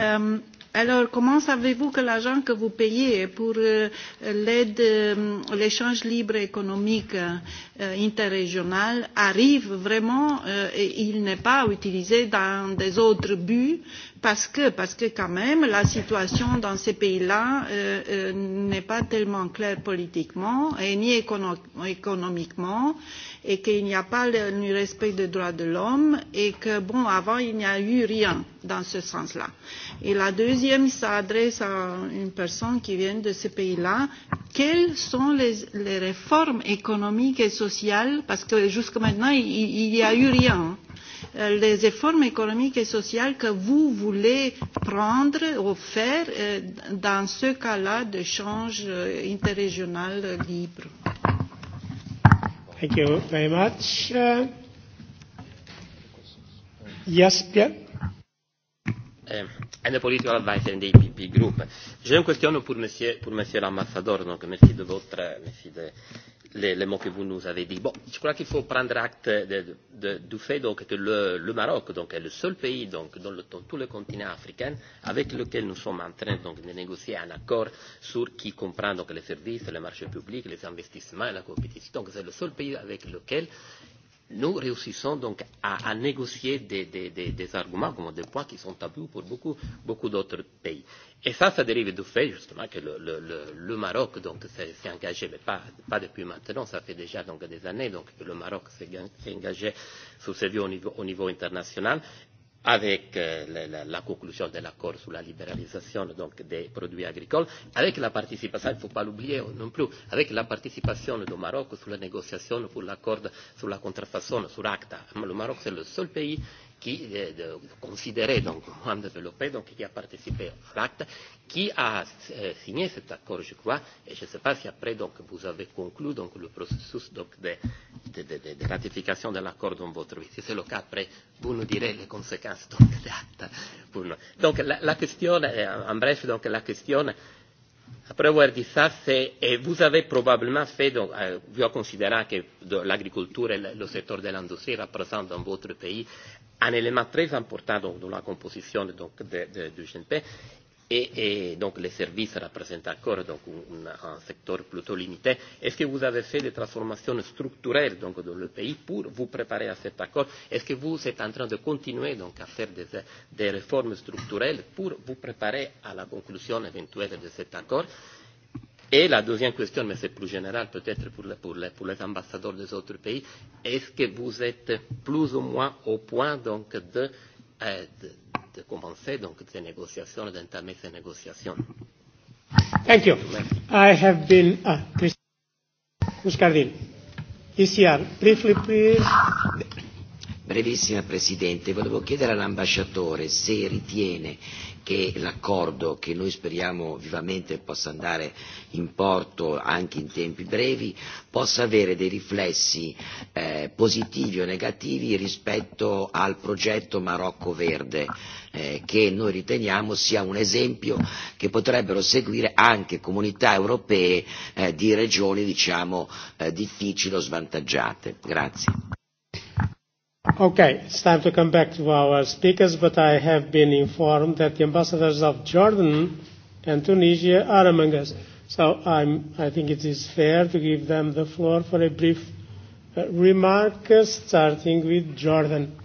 Euh, alors, comment savez-vous que l'argent que vous payez pour euh, l'aide, euh, l'échange libre économique euh, interrégional arrive vraiment euh, et il n'est pas utilisé dans des autres buts parce que, parce que quand même, la situation dans ces pays-là euh, euh, n'est pas tellement claire politiquement et ni écono économiquement, et qu'il n'y a pas le, le respect des droits de l'homme, et que, bon, avant, il n'y a eu rien dans ce sens-là. Et la deuxième s'adresse à une personne qui vient de ces pays-là. Quelles sont les, les réformes économiques et sociales Parce que jusqu'à maintenant, il n'y a eu rien. Euh, les réformes économiques et sociales que vous voulez prendre ou faire euh, dans ce cas-là de d'échange euh, interrégional libre. Thank you very much. Uh, yes, Pierre? Uh, and the political advisor in the EPP group. J'ai une question pour monsieur, pour monsieur l'ambassadeur, donc merci de votre, merci de, les, les mots que vous nous avez dit. Bon, je crois qu'il faut prendre acte de, de, du fait donc, que le, le Maroc donc, est le seul pays donc, dans, le, dans tout le continent africain avec lequel nous sommes en train donc, de négocier un accord sur qui comprend donc, les services, les marchés publics, les investissements et la compétition. Donc c'est le seul pays avec lequel nous réussissons donc à, à négocier des, des, des, des arguments comme des points qui sont tabous pour beaucoup, beaucoup d'autres pays. Et ça, ça dérive du fait justement que le, le, le, le Maroc donc s'est engagé, mais pas, pas depuis maintenant, ça fait déjà donc des années donc que le Maroc s'est engagé sur ce lieu au niveau, au niveau international avec euh, la, la, conclusion de l'accord sur la libéralisation donc, des produits agricoles, avec la participation, il ne faut pas l'oublier euh, non plus, avec la participation du Maroc sur la négociation pour l'accord sur la contrefaçon, sur ACTA. Le Maroc, c'est le seul pays qui euh, de, considéré donc en développé, donc qui a participé à l'acte, qui a euh, signé cet accord, je crois, et je ne sais pas si après donc vous avez conclu donc le processus donc de, de, de, de, de ratification de l'accord dans votre vie. Si c'est le cas, après vous nous direz les conséquences donc de l'acte. Donc la, la question, euh, en bref, donc la question. Après avoir dit ça, c'est, et vous avez probablement fait, donc, euh, vous considérez que l'agriculture et le, le secteur de l'industrie représentent dans votre pays un élément très important donc, dans la composition donc, de, de, du GNP et, et donc les services représentent encore donc, un, un secteur plutôt limité. Est-ce que vous avez fait des transformations structurelles donc, dans le pays pour vous préparer à cet accord Est-ce que vous êtes en train de continuer donc, à faire des, des réformes structurelles pour vous préparer à la conclusion éventuelle de cet accord euh, Et la deuxième question, mais c'est plus général peut-être pour, le, pour, le, pour les ambassadeurs des autres pays, est-ce que vous êtes plus ou moins au point donc, de, euh, de, de commencer donc, ces négociations, d'entamer ces négociations Thank you. I have been... Ah, Ms. Cardin, ECR, briefly please. Brevissima Presidente, volevo chiedere all'ambasciatore se ritiene che l'accordo che noi speriamo vivamente possa andare in porto anche in tempi brevi possa avere dei riflessi eh, positivi o negativi rispetto al progetto Marocco Verde eh, che noi riteniamo sia un esempio che potrebbero seguire anche comunità europee eh, di regioni diciamo eh, difficili o svantaggiate. Grazie. Okay, it's time to come back to our speakers, but I have been informed that the ambassadors of Jordan and Tunisia are among us. So I'm, I think it is fair to give them the floor for a brief uh, remark, uh, starting with Jordan.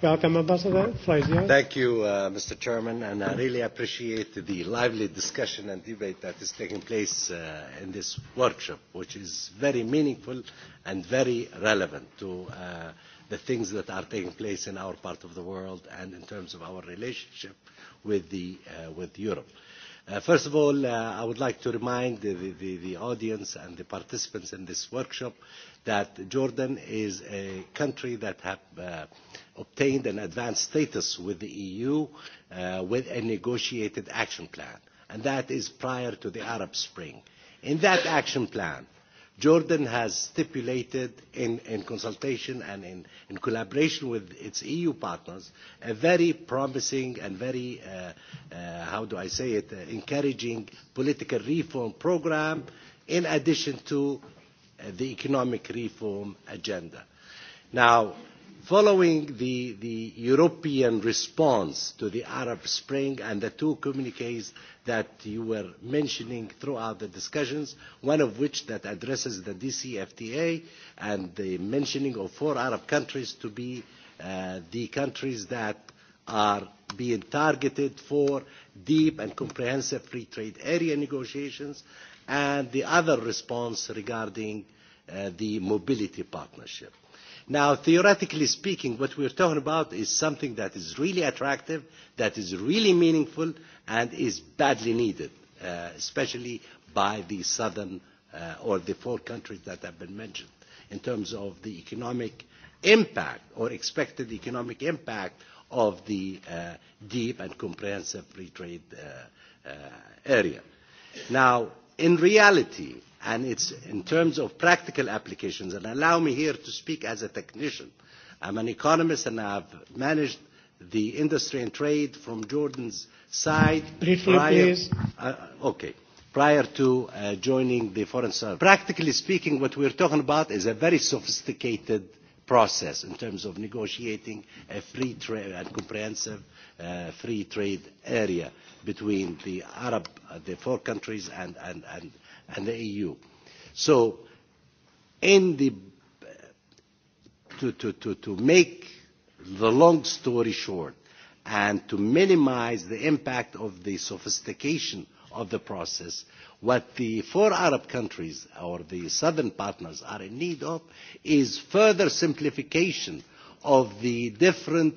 Welcome, Ambassador. Floor is yours. Thank you, uh, Mr. Chairman, and I really appreciate the lively discussion and debate that is taking place uh, in this workshop, which is very meaningful and very relevant to uh, the things that are taking place in our part of the world and in terms of our relationship with, the, uh, with Europe. Uh, first of all, uh, I would like to remind the, the, the audience and the participants in this workshop that Jordan is a country that have uh, obtained an advanced status with the EU uh, with a negotiated action plan, and that is prior to the Arab Spring. In that action plan, Jordan has stipulated in, in consultation and in, in collaboration with its EU partners a very promising and very, uh, uh, how do I say it, uh, encouraging political reform program in addition to uh, the economic reform agenda. Now, following the, the European response to the Arab Spring and the two communiques that you were mentioning throughout the discussions, one of which that addresses the DCFTA and the mentioning of four Arab countries to be uh, the countries that are being targeted for deep and comprehensive free trade area negotiations, and the other response regarding uh, the mobility partnership. Now, theoretically speaking, what we're talking about is something that is really attractive, that is really meaningful, and is badly needed, uh, especially by the southern uh, or the four countries that have been mentioned in terms of the economic impact or expected economic impact of the uh, deep and comprehensive free trade uh, uh, area. Now, in reality, And it's in terms of practical applications, and allow me here to speak as a technician. I'm an economist and I've managed the industry and trade from Jordan's side. Briefly, prior, please. Uh, okay. Prior to uh, joining the Foreign Service. Practically speaking, what we're talking about is a very sophisticated process in terms of negotiating a free trade and comprehensive uh, free trade area between the Arab, uh, the four countries and, and, and and the EU. So, in the, to, to, to, to make the long story short and to minimize the impact of the sophistication of the process, what the four Arab countries or the southern partners are in need of is further simplification of the different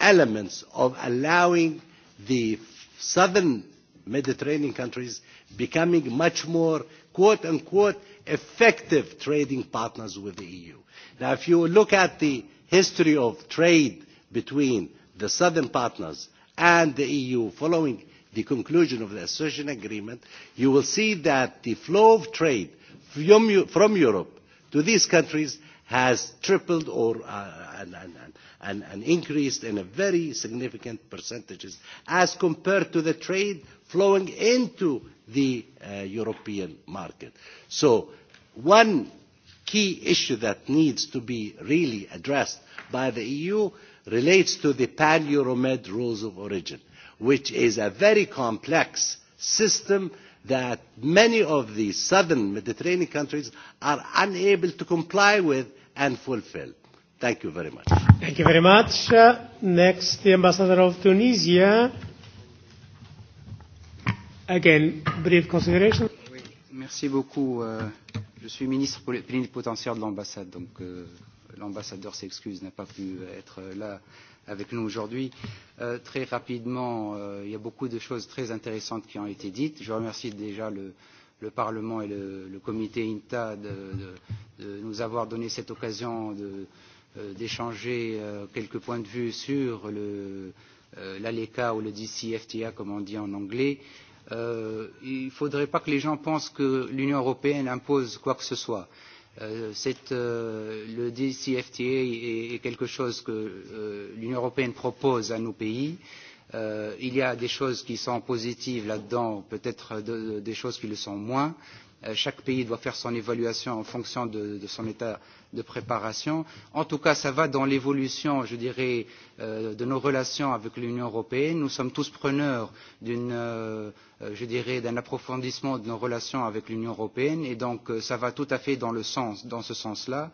elements of allowing the southern Mediterranean countries becoming much more, quote unquote, effective trading partners with the EU. Now, if you look at the history of trade between the southern partners and the EU following the conclusion of the association agreement, you will see that the flow of trade from, Europe to these countries has tripled or uh, and, and, and, and, and increased in a very significant percentages as compared to the trade flowing into the uh, European market. So one key issue that needs to be really addressed by the EU relates to the pan-Euromed rules of origin, which is a very complex system that many of the southern Mediterranean countries are unable to comply with and fulfill. Thank you very much. Thank you very much. Uh, next, the ambassador of Tunisia. Again, brief consideration. merci beaucoup. Euh, je suis ministre plénipotentiaire de l'ambassade, donc euh, l'ambassadeur s'excuse, n'a pas pu être là avec nous aujourd'hui. Euh, très rapidement, euh, il y a beaucoup de choses très intéressantes qui ont été dites. Je remercie déjà le, le Parlement et le, le comité INTA de, de, de nous avoir donné cette occasion de, euh, Euh, d'échanger euh, quelques points de vue sur euh, l'ALECA ou le DCFTA, comme on dit en anglais. Euh, il ne faudrait pas que les gens pensent que l'Union européenne impose quoi que ce soit. Euh, euh, le DCFTA est, est quelque chose que euh, l'Union européenne propose à nos pays. Euh, il y a des choses qui sont positives là-dedans, peut-être de, de, des choses qui le sont moins. Euh, chaque pays doit faire son évaluation en fonction de, de son état euh, de préparation. En tout cas, ça va dans l'évolution, je dirais, euh, de nos relations avec l'Union européenne. Nous sommes tous preneurs d'une, euh, euh, je dirais, d'un approfondissement de nos relations avec l'Union européenne et donc euh, ça va tout à fait dans, le sens, dans ce sens-là.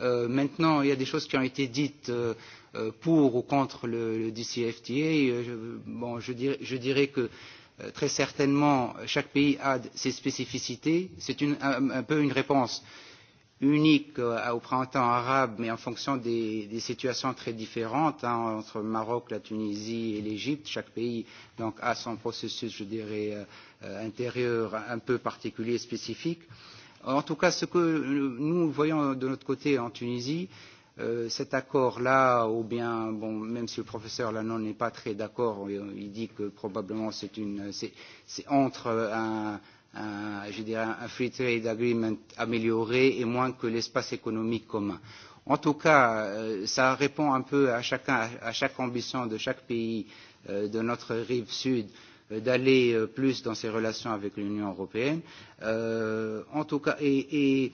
Euh, maintenant, il y a des choses qui ont été dites euh, euh pour ou contre le, le DCFTA. Euh, bon, je, dirais, je dirais que euh, très certainement, chaque pays a ses spécificités. C'est un, un peu une réponse euh, unique euh, au printemps arabe, mais en fonction des, des situations très différentes hein, entre le Maroc, la Tunisie et l'Égypte. Chaque pays donc, a son processus, je dirais, euh, intérieur un peu particulier, spécifique. En tout cas, ce que nous voyons de notre côté en Tunisie, euh, cet accord-là, ou bien, bon, même si le professeur Lannon n'est pas très d'accord, euh, il dit que probablement c'est c'est entre un, un, je dirais un free trade agreement amélioré et moins que l'espace économique commun. En tout cas, euh, ça répond un peu à chacun, à chaque ambition de chaque pays euh, de notre rive sud euh, d'aller plus dans ses relations avec l'Union européenne. Euh, en tout cas, et, et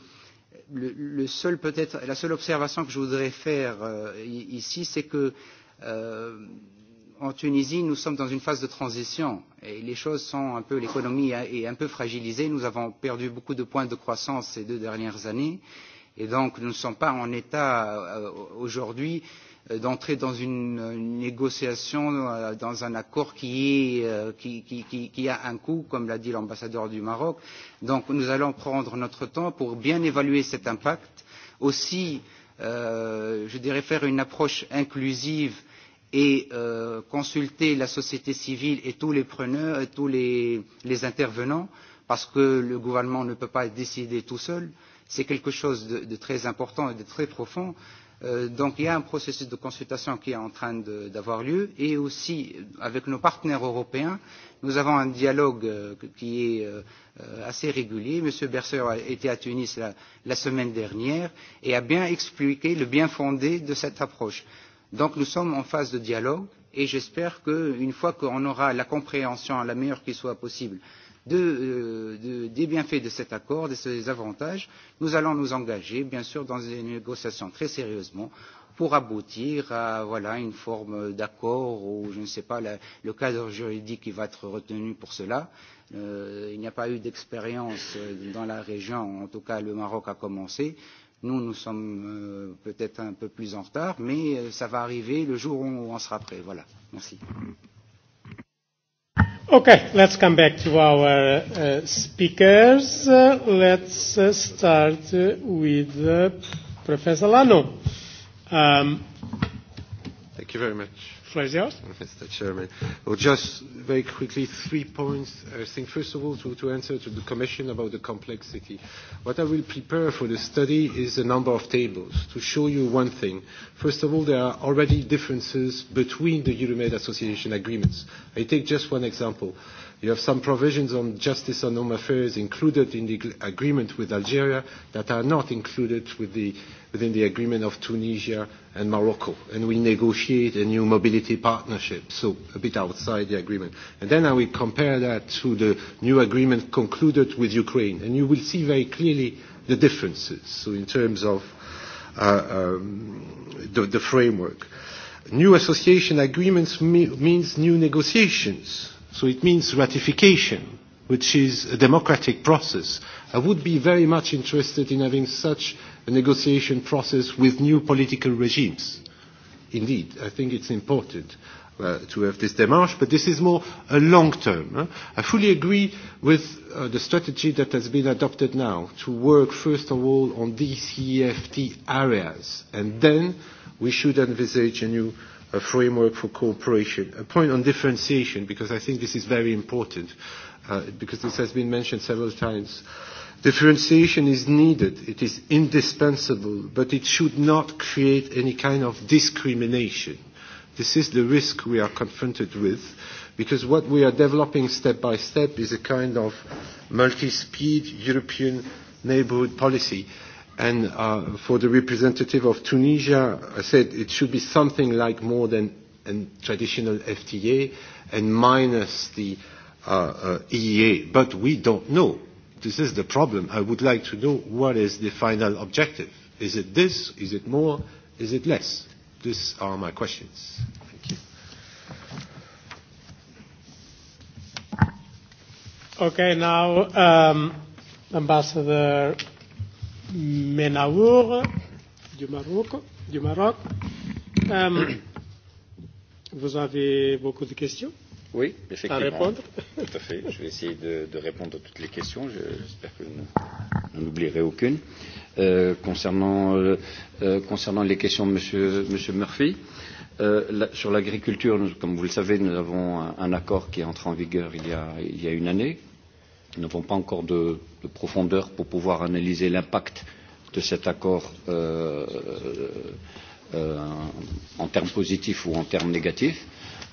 le, le seul peut-être, la seule observation que je voudrais faire euh, ici, c'est que euh, en Tunisie, nous sommes dans une phase de transition et les choses sont un peu, l'économie est un peu fragilisée. Nous avons perdu beaucoup de points de croissance ces deux dernières années et donc nous ne sommes pas en état euh, aujourd'hui euh, d'entrer dans une négociation, euh, dans un accord qui, est, qui, qui, qui, qui a un coût, comme l'a dit l'ambassadeur du Maroc. Donc nous allons prendre notre temps pour bien évaluer cet impact, aussi, euh, je dirais, faire une approche inclusive euh, et euh, consulter la société civile et tous les preneurs et tous les, les intervenants parce que le gouvernement ne peut pas décider tout seul c'est quelque chose de, de très important et de très profond. Euh, donc il y a un processus de consultation qui est en train d'avoir lieu et aussi avec nos partenaires européens nous avons un dialogue euh, qui est euh, assez régulier. M. Bercer a été à Tunis la, la semaine dernière et a bien expliqué le bien fondé de cette approche Donc nous sommes en phase de dialogue et j'espère qu'une fois qu'on aura la compréhension la meilleure qui soit possible de, euh, de, des bienfaits de cet accord, de ses avantages, nous allons nous engager bien sûr dans des négociations très sérieusement pour aboutir à voilà, une forme d'accord ou je ne sais pas la, le cadre juridique qui va être retenu pour cela. Euh, il n'y a pas eu d'expérience dans la région, en tout cas le Maroc a commencé. Nous, nous sommes euh, peut-être un peu plus en retard, mais euh, ça va arriver le jour où on sera prêt. Voilà. Merci. Okay, let's come back to our uh, speakers. Uh, let's uh, start uh, with uh, Professor Lano. Um, Thank you very much floor is yours. Mr. Chairman. Well, just very quickly, three points. I think, first of all, to, to answer to the Commission about the complexity. What I will prepare for the study is a number of tables to show you one thing. First of all, there are already differences between the Euromed Association agreements. I take just one example You have some provisions on justice and home affairs included in the agreement with Algeria that are not included with the, within the agreement of Tunisia and Morocco. And we negotiate a new mobility partnership, so a bit outside the agreement. And then I will compare that to the new agreement concluded with Ukraine. And you will see very clearly the differences, so in terms of uh, um, the, the framework. New association agreements me means new negotiations So it means ratification, which is a democratic process. I would be very much interested in having such a negotiation process with new political regimes. Indeed, I think it's important uh, to have this démarche, but this is more a long term. Huh? I fully agree with uh, the strategy that has been adopted now to work first of all on DCEFT e areas, and then we should envisage a new a framework for cooperation. A point on differentiation, because I think this is very important, uh, because this has been mentioned several times. Differentiation is needed, it is indispensable, but it should not create any kind of discrimination. This is the risk we are confronted with, because what we are developing step by step is a kind of multi-speed European neighborhood policy. Uh, And uh, for the representative of Tunisia, I said it should be something like more than a traditional FTA and minus the uh, uh, EEA. But we don't know. This is the problem. I would like to know what is the final objective. Is it this? Is it more? Is it less? These are my questions. Thank you. Okay, now um, Ambassador Menaour du Maroc. Du Maroc. Euh, vous avez beaucoup de questions Oui, effectivement. À répondre Tout à fait. Je vais essayer de, de répondre à toutes les questions. J'espère que je n'oublierai aucune. Euh, concernant, euh, euh, concernant les questions de M. Monsieur Murphy, euh, la, sur l'agriculture, comme vous le savez, nous avons un, un accord qui est entré en vigueur il y a, il y a une année, Nous n'avons pas encore de, de profondeur pour pouvoir analyser l'impact de cet accord euh, euh, en termes positifs ou en termes négatifs.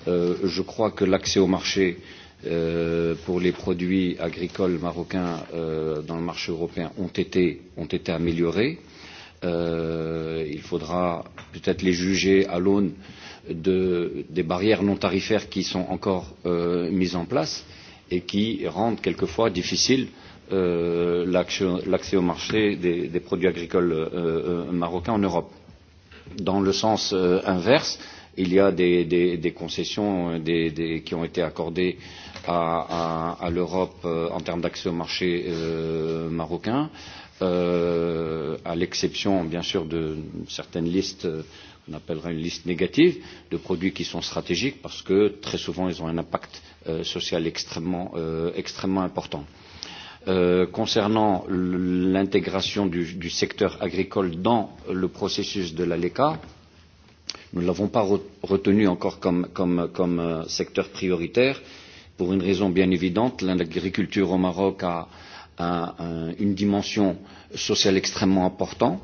Euh, je crois que l'accès au marché euh, pour les produits agricoles marocains euh, dans le marché européen ont été, ont été améliorés. Euh, il faudra peut-être les juger à l'aune de, des barrières non tarifaires qui sont encore euh, mises en place. Euh, et qui rendent quelquefois difficile euh, l'accès au marché des, des produits agricoles euh, euh, marocains en Europe. Dans le sens euh, inverse, il y a des, des, des concessions euh, des, des, qui ont été accordées à, à, à l'Europe euh, en termes d'accès au marché euh, marocain, euh, à l'exception bien sûr de certaines listes euh, on appellera une liste négative de produits qui sont stratégiques parce que très souvent ils ont un impact euh, social extrêmement, euh, extrêmement important. Euh, concernant l'intégration du, du secteur agricole dans le processus de l'ALECA, nous ne l'avons pas re retenu encore comme, comme, comme euh, secteur prioritaire pour une raison bien évidente. L'agriculture au Maroc a a, a une dimension sociale extrêmement importante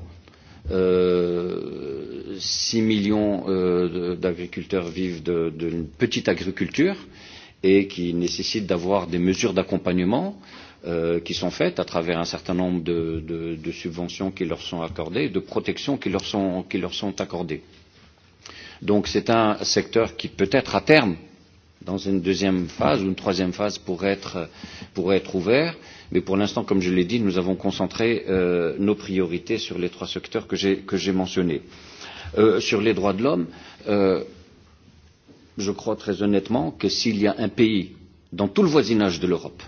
6 euh, millions euh, d'agriculteurs vivent d'une petite agriculture et qui nécessitent d'avoir des mesures d'accompagnement euh, qui sont faites à travers un certain nombre de, de, de subventions qui leur sont accordées, de protections qui leur sont, qui leur sont accordées. Donc c'est un secteur qui peut-être à terme, dans une deuxième phase ou une troisième phase, pourrait être, pourrait être ouvert. Euh, Mais pour l'instant, comme je l'ai dit, nous avons concentré euh, nos priorités sur les trois secteurs que j'ai mentionnés. Euh, sur les droits de l'homme, euh, je crois très honnêtement que s'il y a un pays dans tout le voisinage de l'Europe,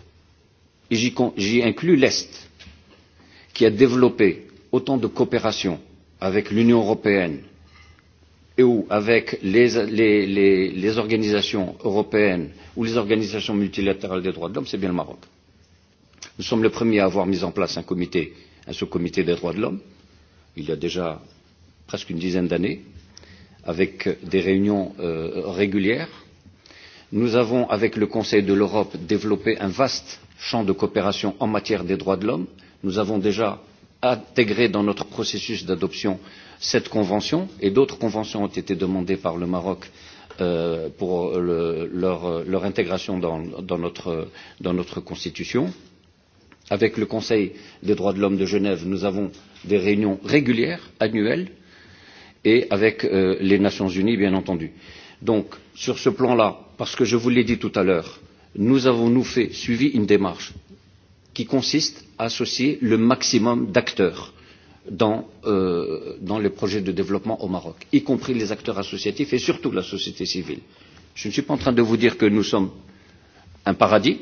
et j'y inclus l'Est, qui a développé autant de coopération avec l'Union européenne et ou avec les, les, les, les organisations européennes ou les organisations multilatérales des droits de l'homme, c'est bien le Maroc. Euh, Nous sommes les premiers à avoir mis en place un comité, un sous-comité des droits de l'homme, il y a déjà presque une dizaine d'années, avec des réunions euh, régulières. Nous avons, avec le Conseil de l'Europe, développé un vaste champ de coopération en matière des droits de l'homme. Nous avons déjà intégré dans notre processus d'adoption cette convention et d'autres conventions ont été demandées par le Maroc euh, pour le, leur, leur intégration dans, dans, notre, dans notre constitution. Euh, Avec le Conseil des droits de l'homme de Genève, nous avons des réunions régulières, annuelles, et avec euh, les Nations Unies, bien entendu. Donc, sur ce plan-là, parce que je vous l'ai dit tout à l'heure, nous avons nous fait suivi une démarche qui consiste à associer le maximum d'acteurs dans, euh, dans les projets de développement au Maroc, y compris les acteurs associatifs et surtout la société civile. Je ne suis pas en train de vous dire que nous sommes un paradis,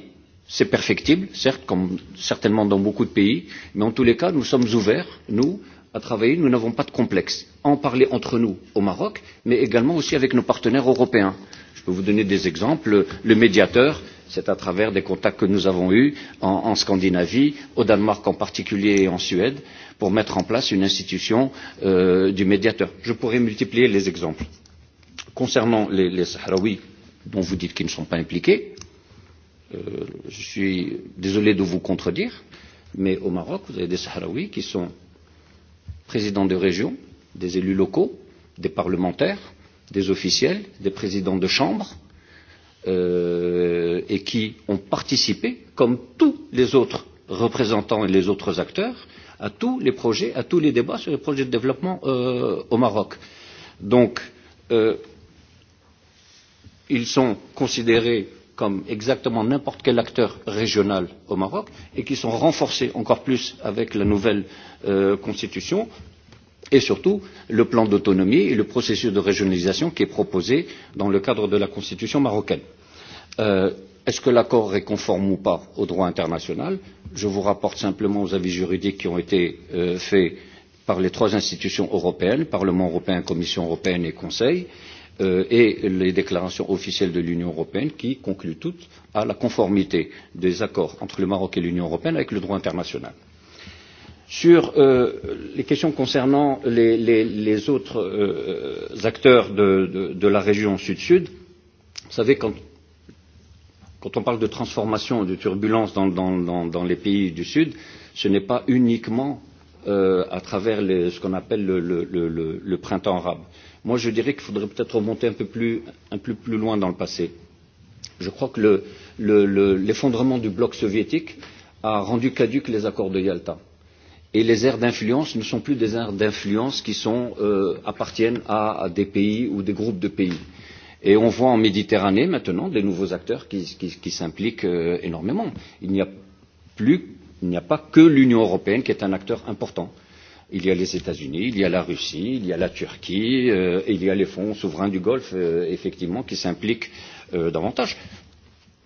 C'est perfectible, certes, comme certainement dans beaucoup de pays, mais en tous les cas, nous sommes ouverts, nous, à travailler, nous n'avons pas de complexe. À en parler entre nous au Maroc, mais également aussi avec nos partenaires européens. Je peux vous donner des exemples. Le médiateur, c'est à travers des contacts que nous avons eus en, en Scandinavie, au Danemark en particulier et en Suède, pour mettre en place une institution euh, du médiateur. Je pourrais multiplier les exemples. Concernant les, les Sahraouis, dont vous dites qu'ils ne sont pas impliqués, Euh, je suis désolé de vous contredire, mais au Maroc, vous avez des Sahraouis qui sont présidents de région, des élus locaux, des parlementaires, des officiels, des présidents de chambres, euh, et qui ont participé, comme tous les autres représentants et les autres acteurs, à tous les projets, à tous les débats sur les projets de développement euh, au Maroc. Donc, euh, ils sont considérés comme exactement n'importe quel acteur régional au Maroc et qui sont renforcés encore plus avec la nouvelle euh, constitution et surtout le plan d'autonomie et le processus de régionalisation qui est proposé dans le cadre de la constitution marocaine. Euh, Est-ce que l'accord est conforme ou pas au droit international Je vous rapporte simplement aux avis juridiques qui ont été euh, faits par les trois institutions européennes, Parlement européen, Commission européenne et Conseil. Euh, euh, et les déclarations officielles de l'Union européenne qui concluent toutes à la conformité des accords entre le Maroc et l'Union européenne avec le droit international. Sur euh, les questions concernant les, les, les autres euh, acteurs de, de, de la région sud-sud, vous savez, quand, quand on parle de transformation et de turbulence dans, dans, dans, dans les pays du Sud, ce n'est pas uniquement euh, à travers les, ce qu'on appelle le, le, le, le printemps arabe. Moi, je dirais qu'il faudrait peut-être remonter un peu, plus, un peu plus loin dans le passé. Je crois que l'effondrement le, le, le, du bloc soviétique a rendu caduques les accords de Yalta. Et les aires d'influence ne sont plus des aires d'influence qui sont, euh, appartiennent à, à des pays ou des groupes de pays. Et on voit en Méditerranée maintenant des nouveaux acteurs qui, qui, qui s'impliquent euh, énormément. Il n'y a plus, il n'y a pas que l'Union européenne qui est un acteur important. Il y a les États-Unis, il y a la Russie, il y a la Turquie, euh, et il y a les fonds souverains du Golfe, euh, effectivement, qui s'impliquent euh, davantage.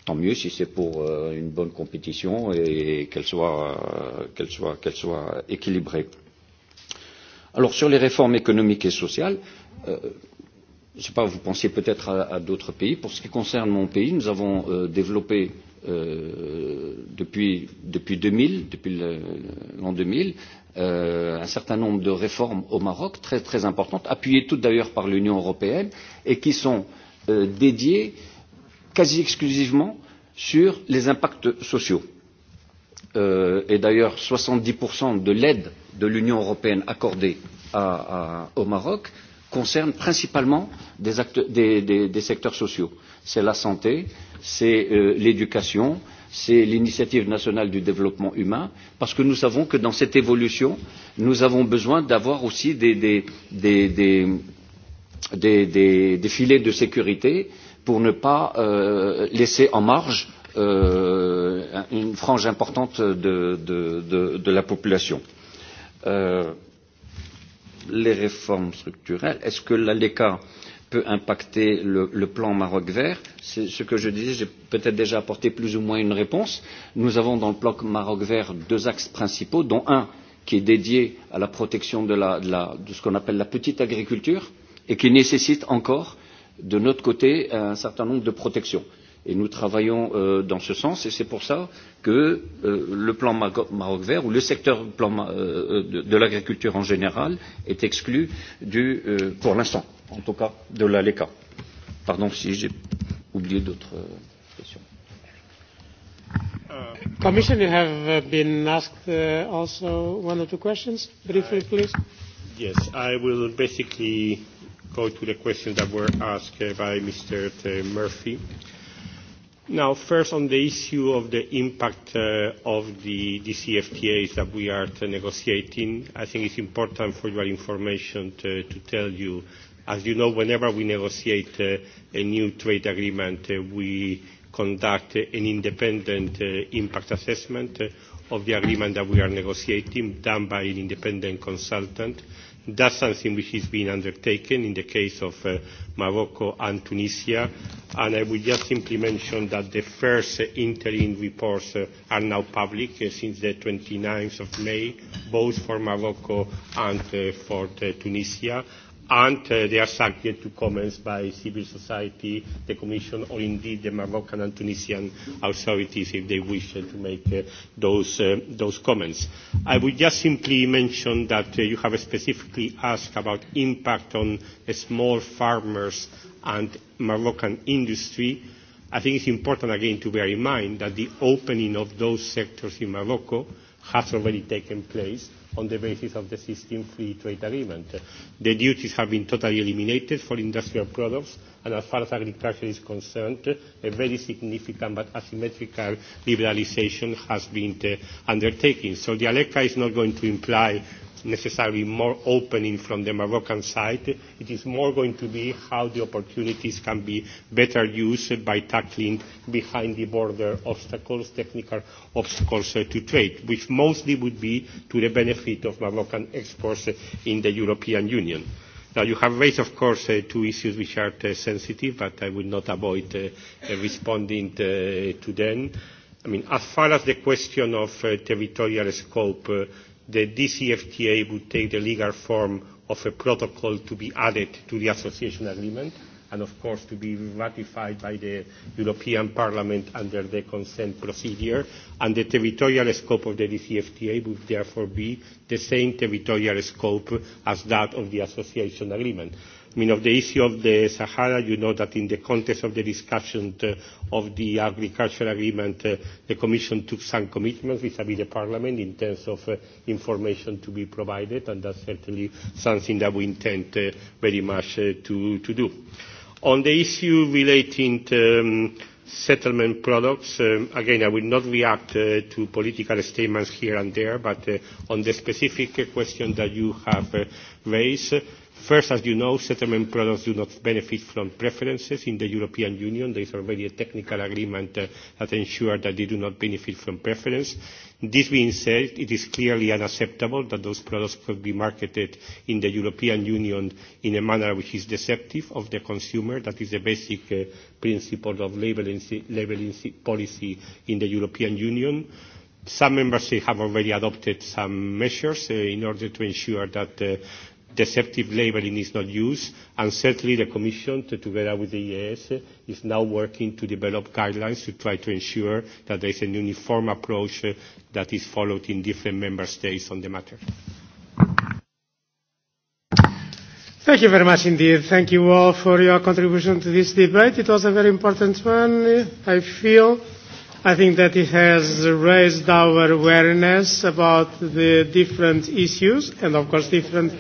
Tant mieux si c'est pour euh, une bonne compétition et, et qu'elle soit, euh, qu soit, qu soit équilibrée. Alors sur les réformes économiques et sociales, euh, je ne sais pas, vous pensez peut-être à, à d'autres pays. Pour ce qui concerne mon pays, nous avons euh, développé euh, depuis, depuis 2000, depuis l'an 2000, euh, un certain nombre de réformes au Maroc, très très importantes, appuyées toutes d'ailleurs par l'Union européenne, et qui sont euh, dédiées quasi exclusivement sur les impacts sociaux. Euh, et d'ailleurs, 70% de l'aide de l'Union européenne accordée à, à, au Maroc concerne principalement des, acteurs, des, des, des secteurs sociaux. C'est la santé, c'est euh, l'éducation, euh, c'est l'initiative nationale du développement humain, parce que nous savons que dans cette évolution, nous avons besoin d'avoir aussi des, des, des, des, des, des, des filets de sécurité pour ne pas euh, laisser en marge euh, une frange importante de, de, de, de la population. Euh, les réformes structurelles, est-ce que l'ALECA euh, peut impacter le, le plan Maroc vert. C'est ce que je disais, j'ai peut-être déjà apporté plus ou moins une réponse. Nous avons dans le plan Maroc vert deux axes principaux, dont un qui est dédié à la protection de, la, de, la, de ce qu'on appelle la petite agriculture et qui nécessite encore, de notre côté, un certain nombre de protections. Et nous travaillons euh, dans ce sens et c'est pour ça que euh, le plan Maroc vert ou le secteur plan, euh, euh, de, de l'agriculture en général est exclu du, euh, pour l'instant en tout cas de l'ALECA. Pardon si j'ai oublié d'autres euh, questions. Uh, Commission, you have uh, been asked uh, also one or two questions. Briefly, please. Yes, I will basically go to the questions that were asked uh, by Mr. T. Uh, Murphy. Now, first on the issue of the impact uh, of the, the CFTAs that we are negotiating, I think it's important for your information to, to tell you As you know, whenever we negotiate uh, a new trade agreement, uh, we conduct uh, an independent uh, impact assessment uh, of the agreement that we are negotiating, done by an independent consultant. That's something which is being undertaken in the case of uh, Morocco and Tunisia. And I would just simply mention that the first uh, interim reports uh, are now public uh, since the 29th of May, both for Morocco and uh, for uh, Tunisia and uh, they are subject to comments by civil society, the Commission, or indeed the Moroccan and Tunisian authorities if they wish uh, to make uh, those, uh, those comments. I would just simply mention that uh, you have specifically asked about impact on uh, small farmers and Moroccan industry. I think it's important again to bear in mind that the opening of those sectors in Morocco has already taken place on the basis of the system free trade agreement. The duties have been totally eliminated for industrial products, and as far as agriculture is concerned, a very significant but asymmetrical liberalization has been uh, undertaken. So the ALECA is not going to imply necessarily more opening from the Moroccan side. It is more going to be how the opportunities can be better used by tackling behind the border obstacles, technical obstacles uh, to trade, which mostly would be to the benefit of Moroccan exports in the European Union. Now, you have raised, of course, uh, two issues which are uh, sensitive, but I will not avoid uh, uh, responding uh, to them. I mean, as far as the question of uh, territorial scope uh, the DCFTA would take the legal form of a protocol to be added to the association agreement and of course to be ratified by the European Parliament under the consent procedure, and the territorial scope of the DCFTA would therefore be the same territorial scope as that of the association agreement. I mean, of the issue of the Sahara, you know that in the context of the discussion to, uh, of the agricultural agreement, uh, the Commission took some commitments vis-à-vis -vis the Parliament in terms of uh, information to be provided, and that's certainly something that we intend uh, very much uh, to, to do. On the issue relating to um, settlement products, um, again, I will not react uh, to political statements here and there, but uh, on the specific question that you have uh, raised, uh, First, as you know, settlement products do not benefit from preferences in the European Union. There is already a technical agreement uh, that ensures that they do not benefit from preference. This being said, it is clearly unacceptable that those products could be marketed in the European Union in a manner which is deceptive of the consumer. That is the basic uh, principle of labeling, labeling policy in the European Union. Some member states have already adopted some measures uh, in order to ensure that uh, deceptive labelling is not used. And certainly the Commission, together with the EAS, is now working to develop guidelines to try to ensure that there is a uniform approach uh, that is followed in different member states on the matter. Thank you very much indeed. Thank you all for your contribution to this debate. It was a very important one, I feel. I think that it has raised our awareness about the different issues and, of course, different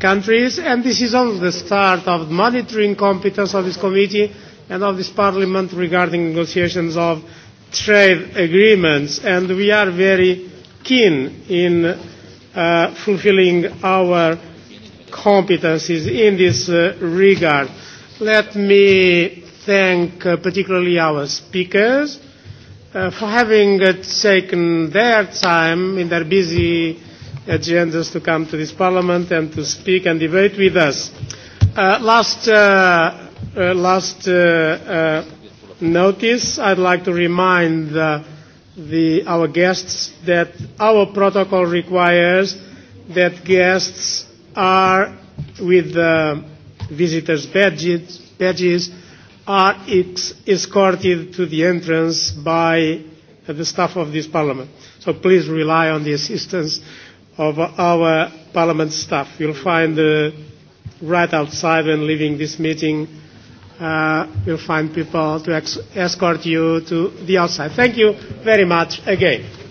countries, and this is only the start of monitoring competence of this committee and of this parliament regarding negotiations of trade agreements, and we are very keen in uh, fulfilling our competencies in this uh, regard. Let me thank uh, particularly our speakers uh, for having uh, taken their time in their busy agendas to come to this Parliament and to speak and debate with us. Uh, last uh, uh, last uh, uh, notice, I'd like to remind uh, the, our guests that our protocol requires that guests are with the uh, visitors' badges, badges are ex- escorted to the entrance by uh, the staff of this parliament. So please rely on the assistance of our Parliament staff. You'll find uh, right outside when leaving this meeting, uh, you'll find people to ex- escort you to the outside. Thank you very much again.